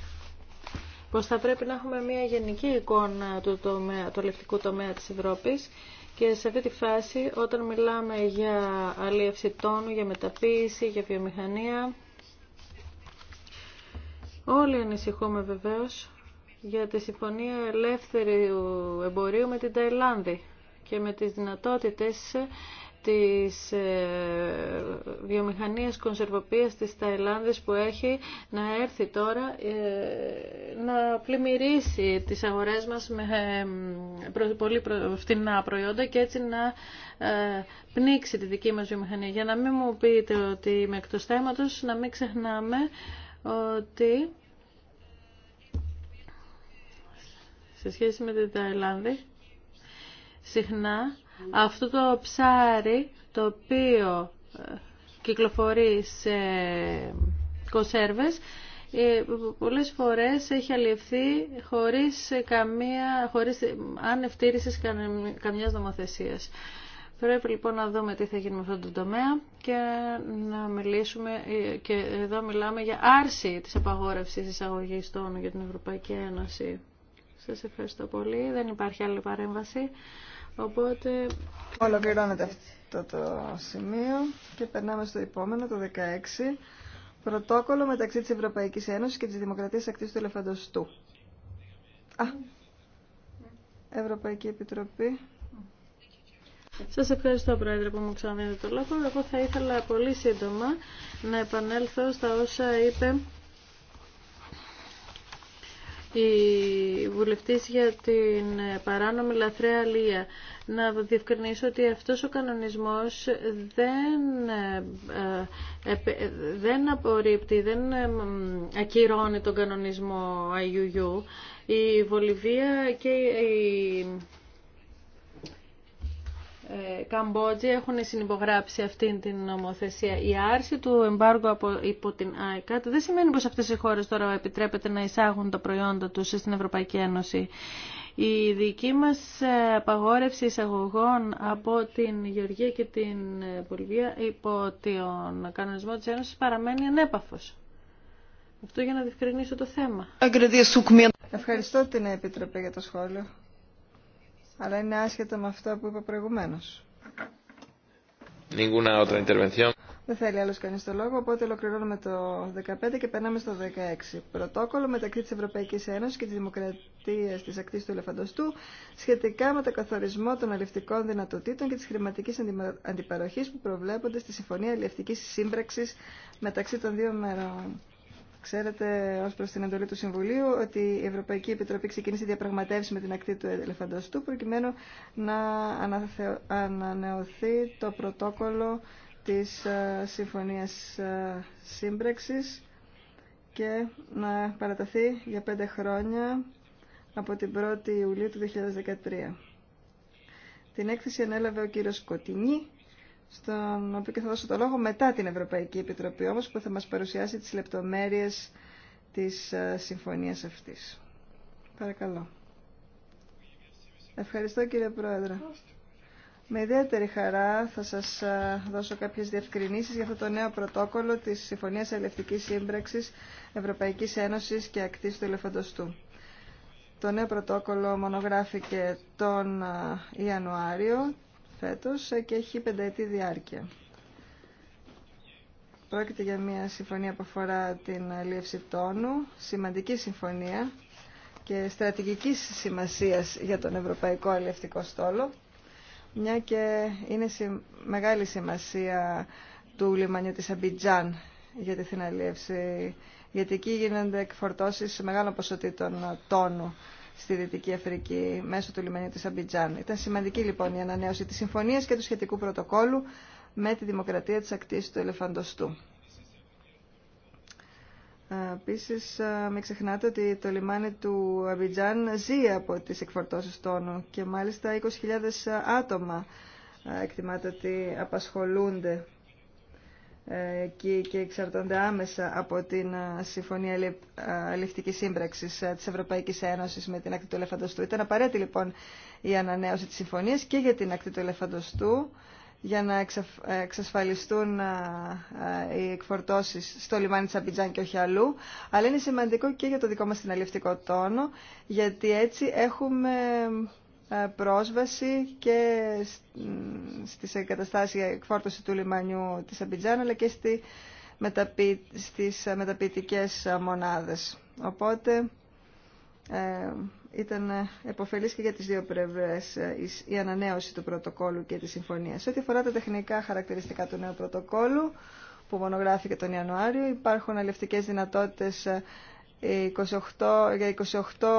πως θα πρέπει να έχουμε μια γενική εικόνα του, τομέα, λευτικού τομέα της Ευρώπης και σε αυτή τη φάση όταν μιλάμε για αλίευση τόνου, για μεταποίηση, για βιομηχανία όλοι ανησυχούμε βεβαίως για τη Συμφωνία Ελεύθερου Εμπορίου με την Ταϊλάνδη και με τις δυνατότητες της ε, βιομηχανίας κονσερβοποίησης της Ταϊλάνδης που έχει να έρθει τώρα ε, να πλημμυρίσει τις αγορές μας με ε, πολύ φτηνά προϊόντα και έτσι να πνίξει τη δική μας βιομηχανία. Για να μην μου πείτε ότι είμαι εκτός θέματος, να μην ξεχνάμε ότι σε σχέση με την Ταϊλάνδη συχνά αυτό το ψάρι το οποίο ε, κυκλοφορεί σε κονσέρβες ε, πολλές φορές έχει αλλιευθεί χωρίς, καμία, χωρίς ε, ανευτήρησης καμιάς νομοθεσίας. Πρέπει λοιπόν να δούμε τι θα γίνει με αυτόν τον τομέα και να μιλήσουμε, και εδώ μιλάμε για άρση της απαγόρευσης εισαγωγής τόνου για την Ευρωπαϊκή Ένωση. Σας ευχαριστώ πολύ. Δεν υπάρχει άλλη παρέμβαση. Οπότε... Ολοκληρώνεται αυτό το σημείο και περνάμε στο επόμενο, το 16. Πρωτόκολλο μεταξύ της Ευρωπαϊκής Ένωσης και της Δημοκρατίας Ακτής του Ελεφαντοστού. Α, Ευρωπαϊκή Επιτροπή. Σας ευχαριστώ Πρόεδρε που μου ξαναδίνετε το λόγο. Εγώ θα ήθελα πολύ σύντομα να επανέλθω στα όσα είπε η βουλευτής για την παράνομη λαθρέα αλία. Να διευκρινίσω ότι αυτός ο κανονισμός δεν, ε, ε, ε, δεν απορρίπτει, δεν ακυρώνει τον κανονισμό IUU. Η Βολιβία και η ε, Καμπότζη έχουν συνυπογράψει αυτήν την νομοθεσία. Η άρση του εμπάργου από, υπό την ΆΕΚΑΤ δεν σημαίνει πως αυτές οι χώρες τώρα επιτρέπεται να εισάγουν τα προϊόντα τους στην Ευρωπαϊκή Ένωση. Η δική μας ε, απαγόρευση εισαγωγών από την Γεωργία και την Πολυβία ε, υπό τον κανονισμό της Ένωσης παραμένει ανέπαφος. Αυτό για να διευκρινίσω το θέμα. Ευχαριστώ την Επιτροπή για το σχόλιο αλλά είναι άσχετο με αυτό που είπα προηγουμένως. Δεν θέλει άλλο κανεί το λόγο, οπότε ολοκληρώνουμε το 15 και περνάμε στο 16. Πρωτόκολλο μεταξύ τη Ευρωπαϊκή Ένωση και τη Δημοκρατία τη Ακτή του Ελεφαντοστού σχετικά με το καθορισμό των αλληλευτικών δυνατοτήτων και τη χρηματική αντιπαροχή που προβλέπονται στη Συμφωνία Αλληλευτική Σύμπραξη μεταξύ των δύο μερών. Ξέρετε, ω προ την εντολή του Συμβουλίου, ότι η Ευρωπαϊκή Επιτροπή ξεκίνησε διαπραγματεύσει με την ακτή του Ελεφαντοστού, προκειμένου να ανανεωθεί το πρωτόκολλο τη ε, Συμφωνία ε, σύμπρεξη και να παραταθεί για πέντε χρόνια από την 1η Ιουλίου του 2013. Την έκθεση ανέλαβε ο κύριος Κοτινή στον οποίο και θα δώσω το λόγο μετά την Ευρωπαϊκή Επιτροπή όμως που θα μας παρουσιάσει τις λεπτομέρειες της ε, συμφωνίας αυτής. Παρακαλώ. Ευχαριστώ κύριε Πρόεδρε. Με ιδιαίτερη χαρά θα σας ε, δώσω κάποιες διευκρινήσεις για αυτό το νέο πρωτόκολλο της Συμφωνίας Ελευτικής Σύμπραξης Ευρωπαϊκής Ένωσης και Ακτής του Ελεφαντοστού. Το νέο πρωτόκολλο μονογράφηκε τον ε, Ιανουάριο φέτος ε, και έχει πενταετή διάρκεια. Πρόκειται για μια συμφωνία που αφορά την αλίευση τόνου, σημαντική συμφωνία και στρατηγικής σημασίας για τον Ευρωπαϊκό Αλλιευτικό Στόλο, μια και είναι μεγάλη σημασία του λιμανιού της Αμπιτζάν για τη θυναλίευση, γιατί εκεί γίνονται εκφορτώσεις μεγάλων ποσοτήτων τόνου στη Δυτική Αφρική μέσω του λιμενιού της Αμπιτζάν. Ήταν σημαντική λοιπόν η ανανέωση της συμφωνίας και του σχετικού πρωτοκόλου με τη δημοκρατία της ακτής του Ελεφαντοστού. Ε, Επίση, ε, μην ξεχνάτε ότι το λιμάνι του Αμπιτζάν ζει από τις εκφορτώσεις τόνου και μάλιστα 20.000 άτομα ε, εκτιμάται ότι απασχολούνται ε, και εξαρτώνται άμεσα από την ε, Συμφωνία ε, Αλληλευτικής Σύμπραξης της Ευρωπαϊκής Ένωσης με την ακτή του Ελεφαντοστού. Ήταν απαραίτητη λοιπόν η ανανέωση της συμφωνίας και για την ακτή του Ελεφαντοστού για να εξασφαλιστούν οι εκφορτώσεις στο λιμάνι της Αμπιτζάν και όχι αλλού, αλλά είναι σημαντικό και για το δικό μας την αλληλευτικό τόνο, γιατί έτσι έχουμε ε, πρόσβαση και στις εγκαταστάσεις για εκφόρτωση του λιμανιού της Αμπιτζάν αλλά και στη μεταπι... στις μεταποιητικές μονάδες. Οπότε ε, ήταν επωφελής και για τις δύο πλευρές ε, η ανανέωση του πρωτοκόλου και της συμφωνίας. Ό,τι αφορά τα τεχνικά χαρακτηριστικά του νέου πρωτοκόλου που μονογράφηκε τον Ιανουάριο, υπάρχουν αλληλευτικές δυνατότητες 28, για 28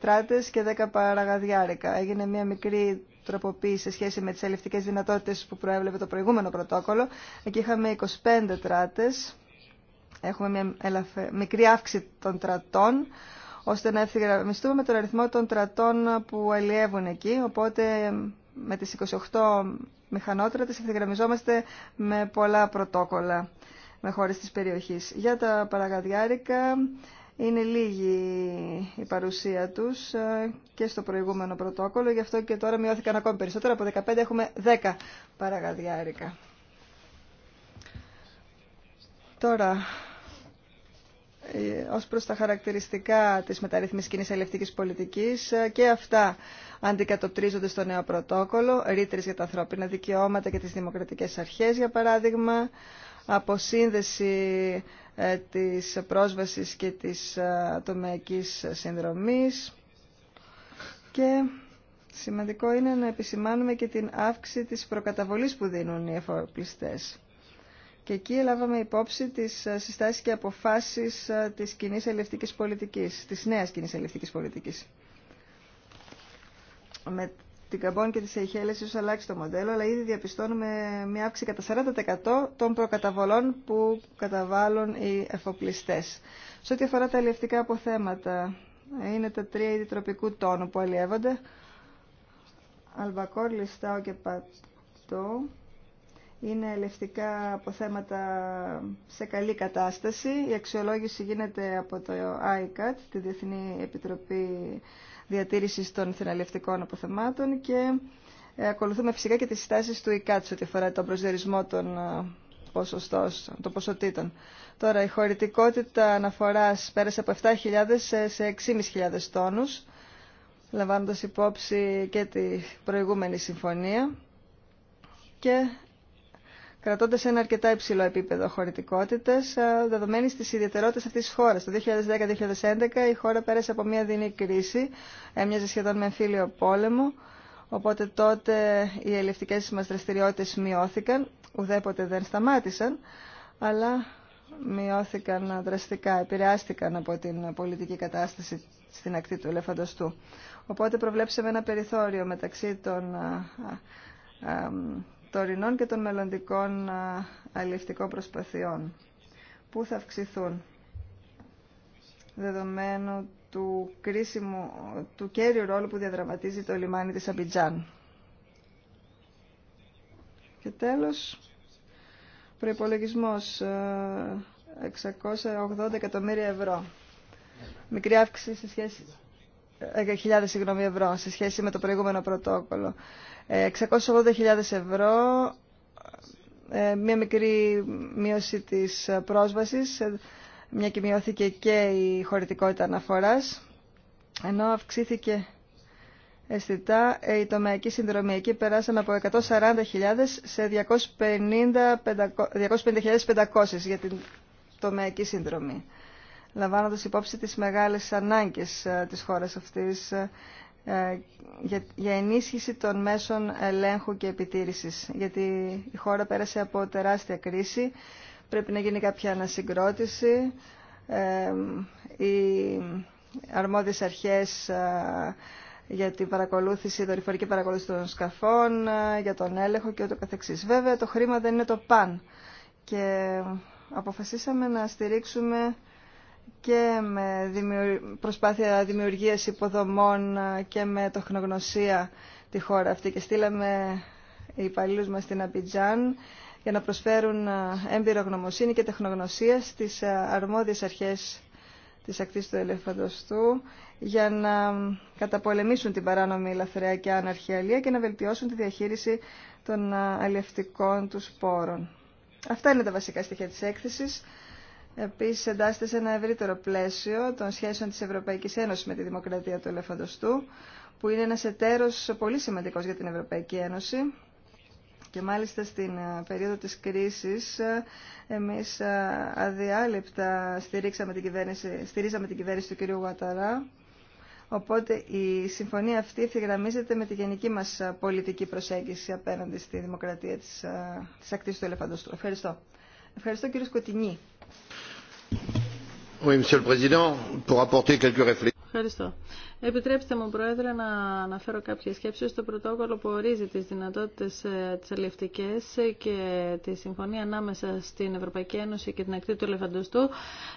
τράτες και 10 παραγαδιάρικα. Έγινε μια μικρή τροποποίηση σε σχέση με τις ελευτικέ δυνατότητες που προέβλεπε το προηγούμενο πρωτόκολλο. Εκεί είχαμε 25 τράτες. Έχουμε μια μικρή αύξηση των τρατών ώστε να ευθυγραμμιστούμε με τον αριθμό των τρατών που αλλιεύουν εκεί. Οπότε με τις 28 μηχανότρατες ευθυγραμμιζόμαστε με πολλά πρωτόκολλα με χώρες της περιοχής. Για τα παραγαδιάρικα είναι λίγη η παρουσία τους ε, και στο προηγούμενο πρωτόκολλο, γι' αυτό και τώρα μειώθηκαν ακόμη περισσότερο. Από 15 έχουμε 10 παραγαδιάρικα. Τώρα, ε, ως προς τα χαρακτηριστικά της μεταρρύθμισης κοινής ελευτικής πολιτικής ε, και αυτά αντικατοπτρίζονται στο νέο πρωτόκολλο, ρήτρες για τα ανθρώπινα δικαιώματα και τις δημοκρατικές αρχές για παράδειγμα, αποσύνδεση ε, της πρόσβασης και της ατομιακής ε, συνδρομής και σημαντικό είναι να επισημάνουμε και την αύξηση της προκαταβολής που δίνουν οι εφοπλιστές. Και εκεί έλαβαμε υπόψη τις ε, συστάσεις και αποφάσεις της κοινής ελευτικής πολιτικής, της νέας κοινής ελευτικής πολιτικής την Καμπόν και τις αιχέλες, ίσως αλλάξει το μοντέλο, αλλά ήδη διαπιστώνουμε μια αύξηση κατά 40% των προκαταβολών που καταβάλουν οι εφοπλιστές. Σε ό,τι αφορά τα αλλιευτικά αποθέματα, είναι τα τρία είδη τροπικού τόνου που αλλιεύονται. Αλβακόρ, Λιστάο και Πατό είναι ελευτικά αποθέματα σε καλή κατάσταση. Η αξιολόγηση γίνεται από το ICAT, τη Διεθνή Επιτροπή διατήρηση των θηναλευτικών αποθεμάτων και ε, ακολουθούμε φυσικά και τις συστάσεις του ΙΚΑΤΣ ότι αφορά τον προσδιορισμό των ε, ποσοστός, των ποσοτήτων. Τώρα, η χωρητικότητα αναφορά πέρασε από 7.000 σε 6.500 τόνους, λαμβάνοντας υπόψη και τη προηγούμενη συμφωνία και κρατώντας ένα αρκετά υψηλό επίπεδο χωρητικότητας, ε, δεδομένης της ιδιαιτερότητας αυτής της χώρας. Το 2010-2011 η χώρα πέρασε από μια δινή κρίση, έμοιαζε σχεδόν με εμφύλιο πόλεμο, οπότε τότε οι ελευτικές μας δραστηριότητες μειώθηκαν, ουδέποτε δεν σταμάτησαν, αλλά μειώθηκαν δραστικά, επηρεάστηκαν από την πολιτική κατάσταση στην ακτή του ελεφαντοστού. Οπότε προβλέψαμε ένα περιθώριο μεταξύ των ε, ε, τωρινών και των μελλοντικών αλληλευτικών προσπαθειών που θα αυξηθούν δεδομένου του, κρίσιμου, του κέριου ρόλου που διαδραματίζει το λιμάνι της Αμπιτζάν. Και τέλος, προϋπολογισμός 680 εκατομμύρια ευρώ. Μικρή αύξηση σε σχέση συγγνώμη, ευρώ σε σχέση με το προηγούμενο πρωτόκολλο. 680.000 ε, ευρώ, ε, μια μικρή μείωση της πρόσβασης, ε, μια και μειώθηκε και η χωρητικότητα αναφοράς, ενώ αυξήθηκε αισθητά η τομεακή συνδρομή. Εκεί περάσαμε από 140.000 σε 250.500 για την τομεακή συνδρομή λαμβάνοντας υπόψη τις μεγάλες ανάγκες ε, της χώρας αυτής ε, για ενίσχυση των μέσων ελέγχου και επιτήρησης. Γιατί η χώρα πέρασε από τεράστια κρίση, πρέπει να γίνει κάποια ανασυγκρότηση. Ε, οι αρμόδιες αρχές για την παρακολούθηση, δορυφορική παρακολούθηση των σκαφών, για τον έλεγχο και ούτω καθεξής. Βέβαια το χρήμα δεν είναι το παν και αποφασίσαμε να στηρίξουμε και με προσπάθεια δημιουργίας υποδομών ε, και με τεχνογνωσία τη χώρα αυτή και στείλαμε οι υπαλλήλους μας στην Αμπιτζάν για να προσφέρουν ε, έμπειρο γνωμοσύνη και τεχνογνωσία στις ε, αρμόδιες αρχές της ακτής του Ελεφαντοστού για να καταπολεμήσουν την παράνομη λαθρέα και άναρχη και να βελτιώσουν τη διαχείριση των αλλιευτικών τους πόρων. Αυτά είναι τα βασικά στοιχεία της έκθεσης. Επίση, εντάσσεται σε ένα ευρύτερο πλαίσιο των σχέσεων τη Ευρωπαϊκή Ένωση με τη Δημοκρατία του Ελεφαντοστού, που είναι ένας εταίρο πολύ σημαντικό για την Ευρωπαϊκή Ένωση. Και μάλιστα στην ε, περίοδο της κρίσης ε, εμείς ε, αδιάλειπτα στηρίξαμε την κυβέρνηση, στηρίζαμε την κυβέρνηση του κ. Γουαταρά. Οπότε η συμφωνία αυτή ευθυγραμμίζεται με τη γενική μας πολιτική προσέγγιση απέναντι στη δημοκρατία της, της ακτής του Ελεφαντοστού. Ευχαριστώ. Ευχαριστώ κ. Σκοτεινή. Monsieur le Président, pour apporter quelques réflexions. Επιτρέψτε μου, Πρόεδρε, να αναφέρω κάποιες σκέψεις στο πρωτόκολλο που ορίζει τις δυνατότητες ε, της αλληλευτικής και τη συμφωνία ανάμεσα στην Ευρωπαϊκή Ένωση και την ακτή του Ελεφαντοστού.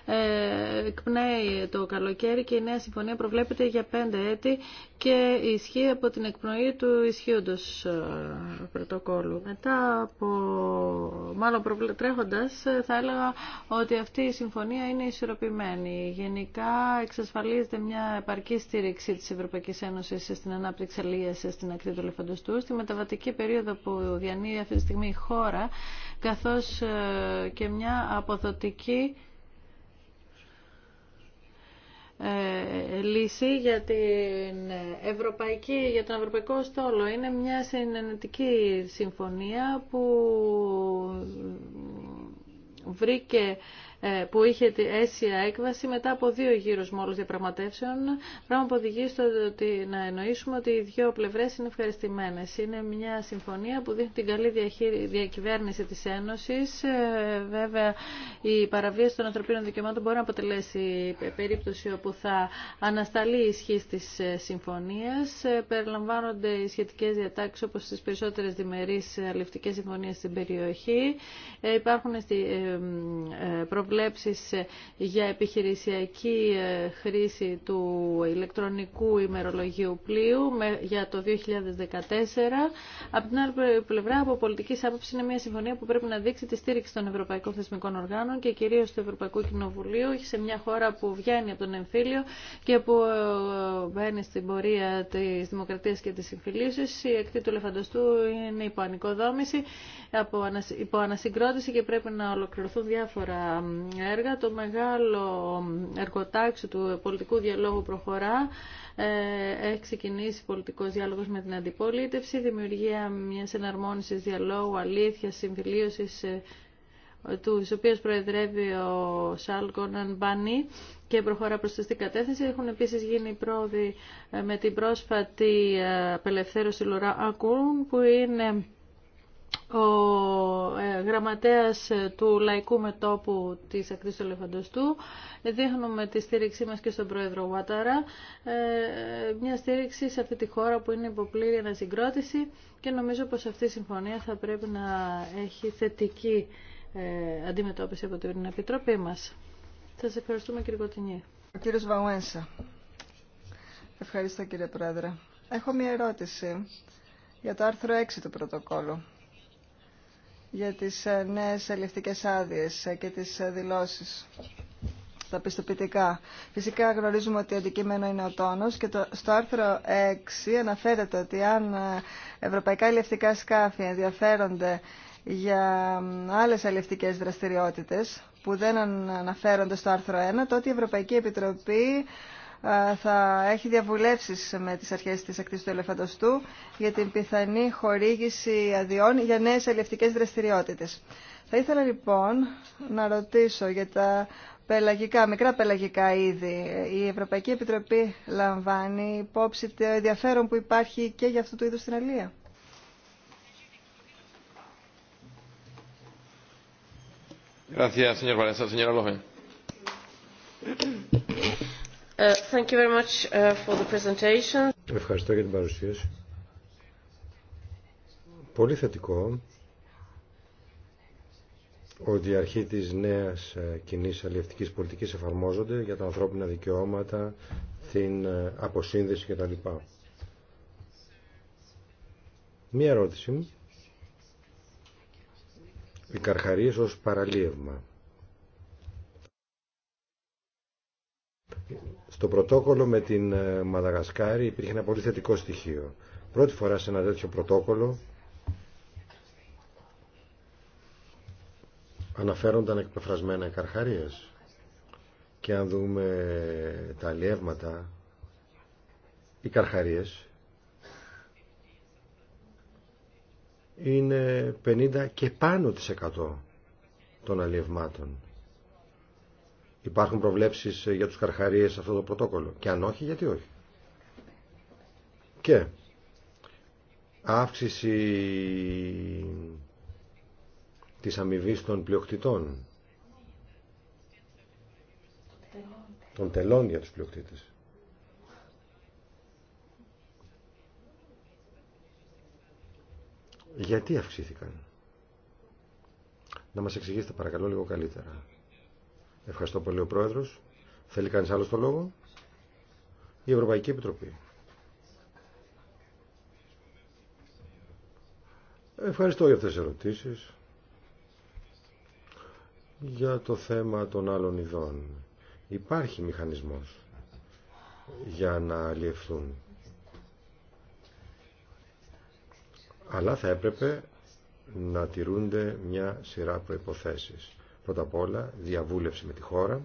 Ε, εκπνέει το καλοκαίρι και η νέα συμφωνία προβλέπεται για πέντε έτη και ισχύει από την εκπνοή του ισχύοντος ε, πρωτοκόλλου. Μετά από, μάλλον τρέχοντας, θα έλεγα ότι αυτή η συμφωνία είναι ισορροπημένη. Γενικά εξασφαλίζεται μια επαρκή στήριξη της Ευρωπαϊκής Ένωσης στην ανάπτυξη αλίας στην ακτή του Λεφαντοστού, στη μεταβατική περίοδο που διανύει αυτή τη στιγμή η χώρα, καθώς ε, και μια αποδοτική ε, λύση για, την ευρωπαϊκή, για τον ευρωπαϊκό στόλο. Είναι μια συνενετική συμφωνία που ε, βρήκε ε, που είχε αίσια έκβαση μετά από δύο γύρους μόλις διαπραγματεύσεων, πράγμα που οδηγεί στο ότι να εννοήσουμε ότι οι δύο πλευρές είναι ευχαριστημένες. Είναι μια συμφωνία που δείχνει την καλή διακυβέρνηση της Ένωσης. Ε, βέβαια, η παραβίαση των ανθρωπίνων δικαιωμάτων μπορεί να αποτελέσει περίπτωση όπου θα ανασταλεί η ισχύ της ε, συμφωνίας. Περιλαμβάνονται οι σχετικές διατάξεις όπως στις περισσότερες διμερείς αλληλευτικές συμφωνίες στην περιοχή. Υπάρχουν προβλήματα προβλέψεις ε, για επιχειρησιακή ε, χρήση του ηλεκτρονικού ημερολογίου πλοίου για το 2014. Από την άλλη πλευρά, από πολιτική άποψη, είναι μια συμφωνία που πρέπει να δείξει τη στήριξη των ευρωπαϊκών θεσμικών οργάνων και κυρίω του Ευρωπαϊκού Κοινοβουλίου σε μια χώρα που βγαίνει από τον εμφύλιο και που ε, μπαίνει στην πορεία τη δημοκρατία και τη συμφιλίωση. Η εκτή του λεφαντοστού είναι υπό ανοικοδόμηση, υπό ανασυγκρότηση και πρέπει να ολοκληρωθούν διάφορα έργα. Το μεγάλο εργοτάξιο του πολιτικού διαλόγου προχωρά. Ε, έχει ξεκινήσει πολιτικό διάλογο με την αντιπολίτευση, δημιουργία μια εναρμόνιση διαλόγου, αλήθεια συμφιλίωσης, ε, του οποίου προεδρεύει ο Σάλκον Μπανί και προχωρά προς την κατεύθυνση. Έχουν επίσης γίνει πρόοδοι ε, με την πρόσφατη απελευθέρωση Λουρά Ακούν που είναι ο ε, γραμματέας του Λαϊκού Μετόπου της Ακτής του Ελεφαντοστού. Δείχνουμε τη στήριξή μας και στον Πρόεδρο Βάταρα, ε, μια στήριξη σε αυτή τη χώρα που είναι υποπλήρη ανασυγκρότηση και νομίζω πως αυτή η συμφωνία θα πρέπει να έχει θετική ε, αντιμετώπιση από την Επιτροπή μας. Σας ευχαριστούμε κύριε Κοτινή. Ο κύριος Βαουένσα. Ευχαριστώ κύριε Πρόεδρε. Έχω μια ερώτηση για το άρθρο 6 του πρωτοκόλλου για τις ε, νέες ελευτικές άδειες ε, και τις ε, δηλώσεις στα πιστοποιητικά. Φυσικά γνωρίζουμε ότι αντικείμενο είναι ο τόνος και το, στο άρθρο 6 αναφέρεται ότι αν ευρωπαϊκά ελευτικά σκάφη ενδιαφέρονται για άλλες αλληλευτικές δραστηριότητες που δεν αναφέρονται στο άρθρο 1, τότε η Ευρωπαϊκή Επιτροπή ε, θα έχει διαβουλεύσεις με τις αρχές της ακτής του Ελεφαντοστού για την πιθανή χορήγηση αδειών για νέες αλληλευτικές δραστηριότητες. Θα ήθελα λοιπόν να ρωτήσω για τα πελαγικά, μικρά πελαγικά είδη. Η Ευρωπαϊκή Επιτροπή λαμβάνει υπόψη το ενδιαφέρον που υπάρχει και για αυτού του είδους στην Αλία. Gracias, Uh, thank you very much uh, for the presentation. Ευχαριστώ για την παρουσίαση. Πολύ θετικό ότι οι αρχή της νέας ε, κοινή αλληλευτικής πολιτικής εφαρμόζονται για τα ανθρώπινα δικαιώματα, την ε, αποσύνδεση κτλ. Μία ερώτηση. Οι καρχαρίες ως παραλίευμα. Το πρωτόκολλο με την ε, Μαδαγασκάρη υπήρχε ένα πολύ θετικό στοιχείο. Πρώτη φορά σε ένα τέτοιο πρωτόκολλο αναφέρονταν εκπεφρασμένα οι καρχαρίες. Και αν δούμε τα αλλιεύματα, οι καρχαρίες είναι 50 και πάνω της 100 των αλλιευμάτων. Υπάρχουν προβλέψεις ε, για τους καρχαρίες σε αυτό το πρωτόκολλο. Και αν όχι, γιατί όχι. Και αύξηση της αμοιβή των πλειοκτητών. Των τελών για τους πλειοκτήτες. Γιατί αυξήθηκαν. Να μας εξηγήσετε παρακαλώ λίγο καλύτερα. Ευχαριστώ πολύ ο Πρόεδρος. Θέλει κανείς άλλο το λόγο. Η Ευρωπαϊκή Επιτροπή. Ευχαριστώ για αυτές τις ερωτήσεις. Για το θέμα των άλλων ειδών. Υπάρχει μηχανισμός για να αλλιευθούν. Αλλά θα έπρεπε να τηρούνται μια σειρά προϋποθέσεις. Πρώτα απ' όλα διαβούλευση με τη χώρα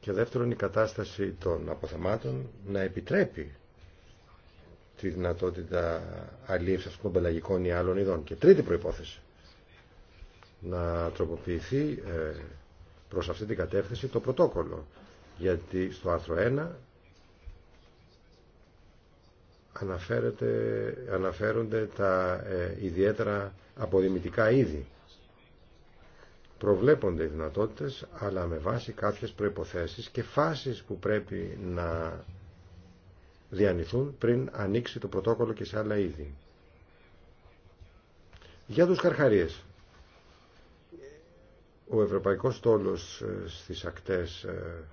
και δεύτερον η κατάσταση των αποθεμάτων να επιτρέπει τη δυνατότητα αλήψης των πελαγικών ή άλλων ειδών. Και τρίτη προϋπόθεση, να τροποποιηθεί ε, προς αυτή την κατεύθυνση το πρωτόκολλο. Γιατί στο άρθρο 1 αναφέρονται τα ε, ιδιαίτερα αποδημητικά είδη προβλέπονται οι δυνατότητες αλλά με βάση κάποιες προϋποθέσεις και φάσεις που πρέπει να διανυθούν πριν ανοίξει το πρωτόκολλο και σε άλλα είδη. Για τους καρχαρίες. Ο ευρωπαϊκός στόλος ε, στις ακτές ε,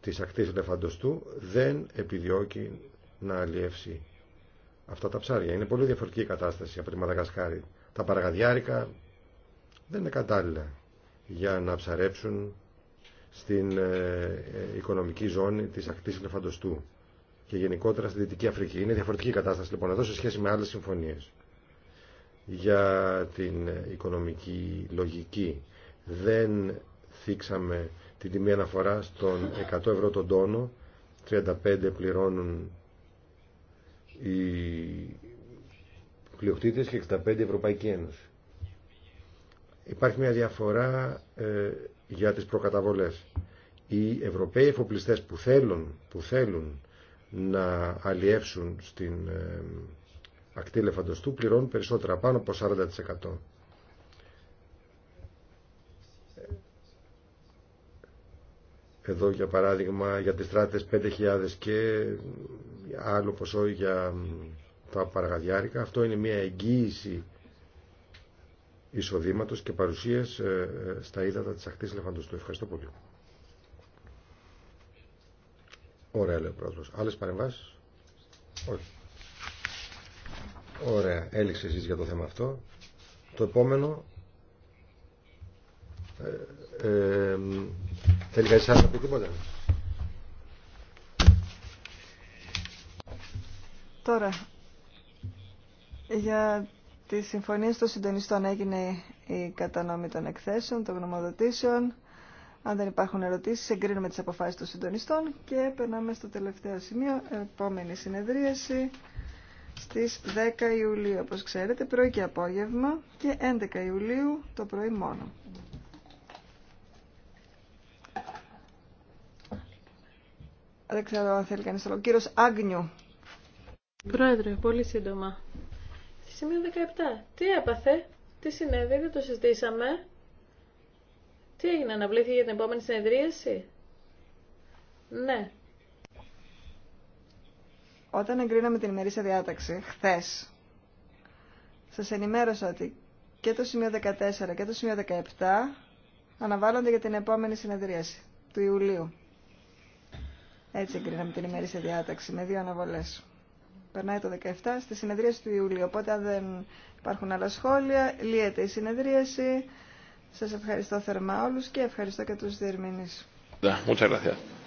της ακτής ελεφαντοστού δεν επιδιώκει να αλλιεύσει αυτά τα ψάρια. Είναι πολύ διαφορετική η κατάσταση από τη Μαδαγασκάρη. Τα παραγαδιάρικα δεν είναι κατάλληλα για να ψαρέψουν στην ε, ε, οικονομική ζώνη της ακτής ελεφαντοστού και γενικότερα στη Δυτική Αφρική. Είναι διαφορετική κατάσταση λοιπόν εδώ σε σχέση με άλλες συμφωνίες. Για την ε, οικονομική λογική δεν θίξαμε την τιμή αναφορά στον 100 ευρώ τον τόνο, 35 πληρώνουν οι πλειοκτήτες και 65 η Ευρωπαϊκή Ένωση. Υπάρχει μια διαφορά ε, για τις προκαταβολές. Οι Ευρωπαίοι εφοπλιστές που θέλουν, που θέλουν να αλλιεύσουν στην ε, ακτή λεφαντοστού πληρώνουν περισσότερα, πάνω από 40%. Εδώ για παράδειγμα για τις στράτες 5.000 και άλλο ποσό για τα παραγαδιάρικα. Αυτό είναι μια εγγύηση εισοδήματος και παρουσίας ε, ε, στα ύδατα της ακτής Λεφαντοστού. Ευχαριστώ πολύ. Ωραία, λέει ο πρόεδρος. Άλλες παρεμβάσεις? Όχι. Ωραία. Έληξε εσείς για το θέμα αυτό. Το επόμενο... Ε, ε, θέλει κανείς να πει τίποτα. Τώρα, για τη συμφωνία των συντονιστών έγινε η κατανόμη των εκθέσεων, των γνωμοδοτήσεων. Αν δεν υπάρχουν ερωτήσεις, εγκρίνουμε τις αποφάσεις των συντονιστών και περνάμε στο τελευταίο σημείο, επόμενη συνεδρίαση στις 10 Ιουλίου, όπως ξέρετε, πρωί και απόγευμα και 11 Ιουλίου το πρωί μόνο. Δεν ξέρω αν θέλει κανείς το λόγο. Κύριος Άγνιου. Πρόεδρε, πολύ σύντομα. Σημείο 17. Τι έπαθε, τι συνέβη, δεν το συζητήσαμε. Τι έγινε, αναβλήθηκε για την επόμενη συνεδρίαση. Ναι. Όταν εγκρίναμε την ημερήσια διάταξη, χθες, σας ενημέρωσα ότι και το σημείο 14 και το σημείο 17 αναβάλλονται για την επόμενη συνεδρίαση του Ιουλίου. Έτσι εγκρίναμε την ημερήσια διάταξη με δύο αναβολές περνάει το 17 στη συνεδρίαση του Ιουλίου. Οπότε αν δεν υπάρχουν άλλα σχόλια, λύεται η συνεδρίαση. Σας ευχαριστώ θερμά όλους και ευχαριστώ και τους διερμηνείς. Ναι,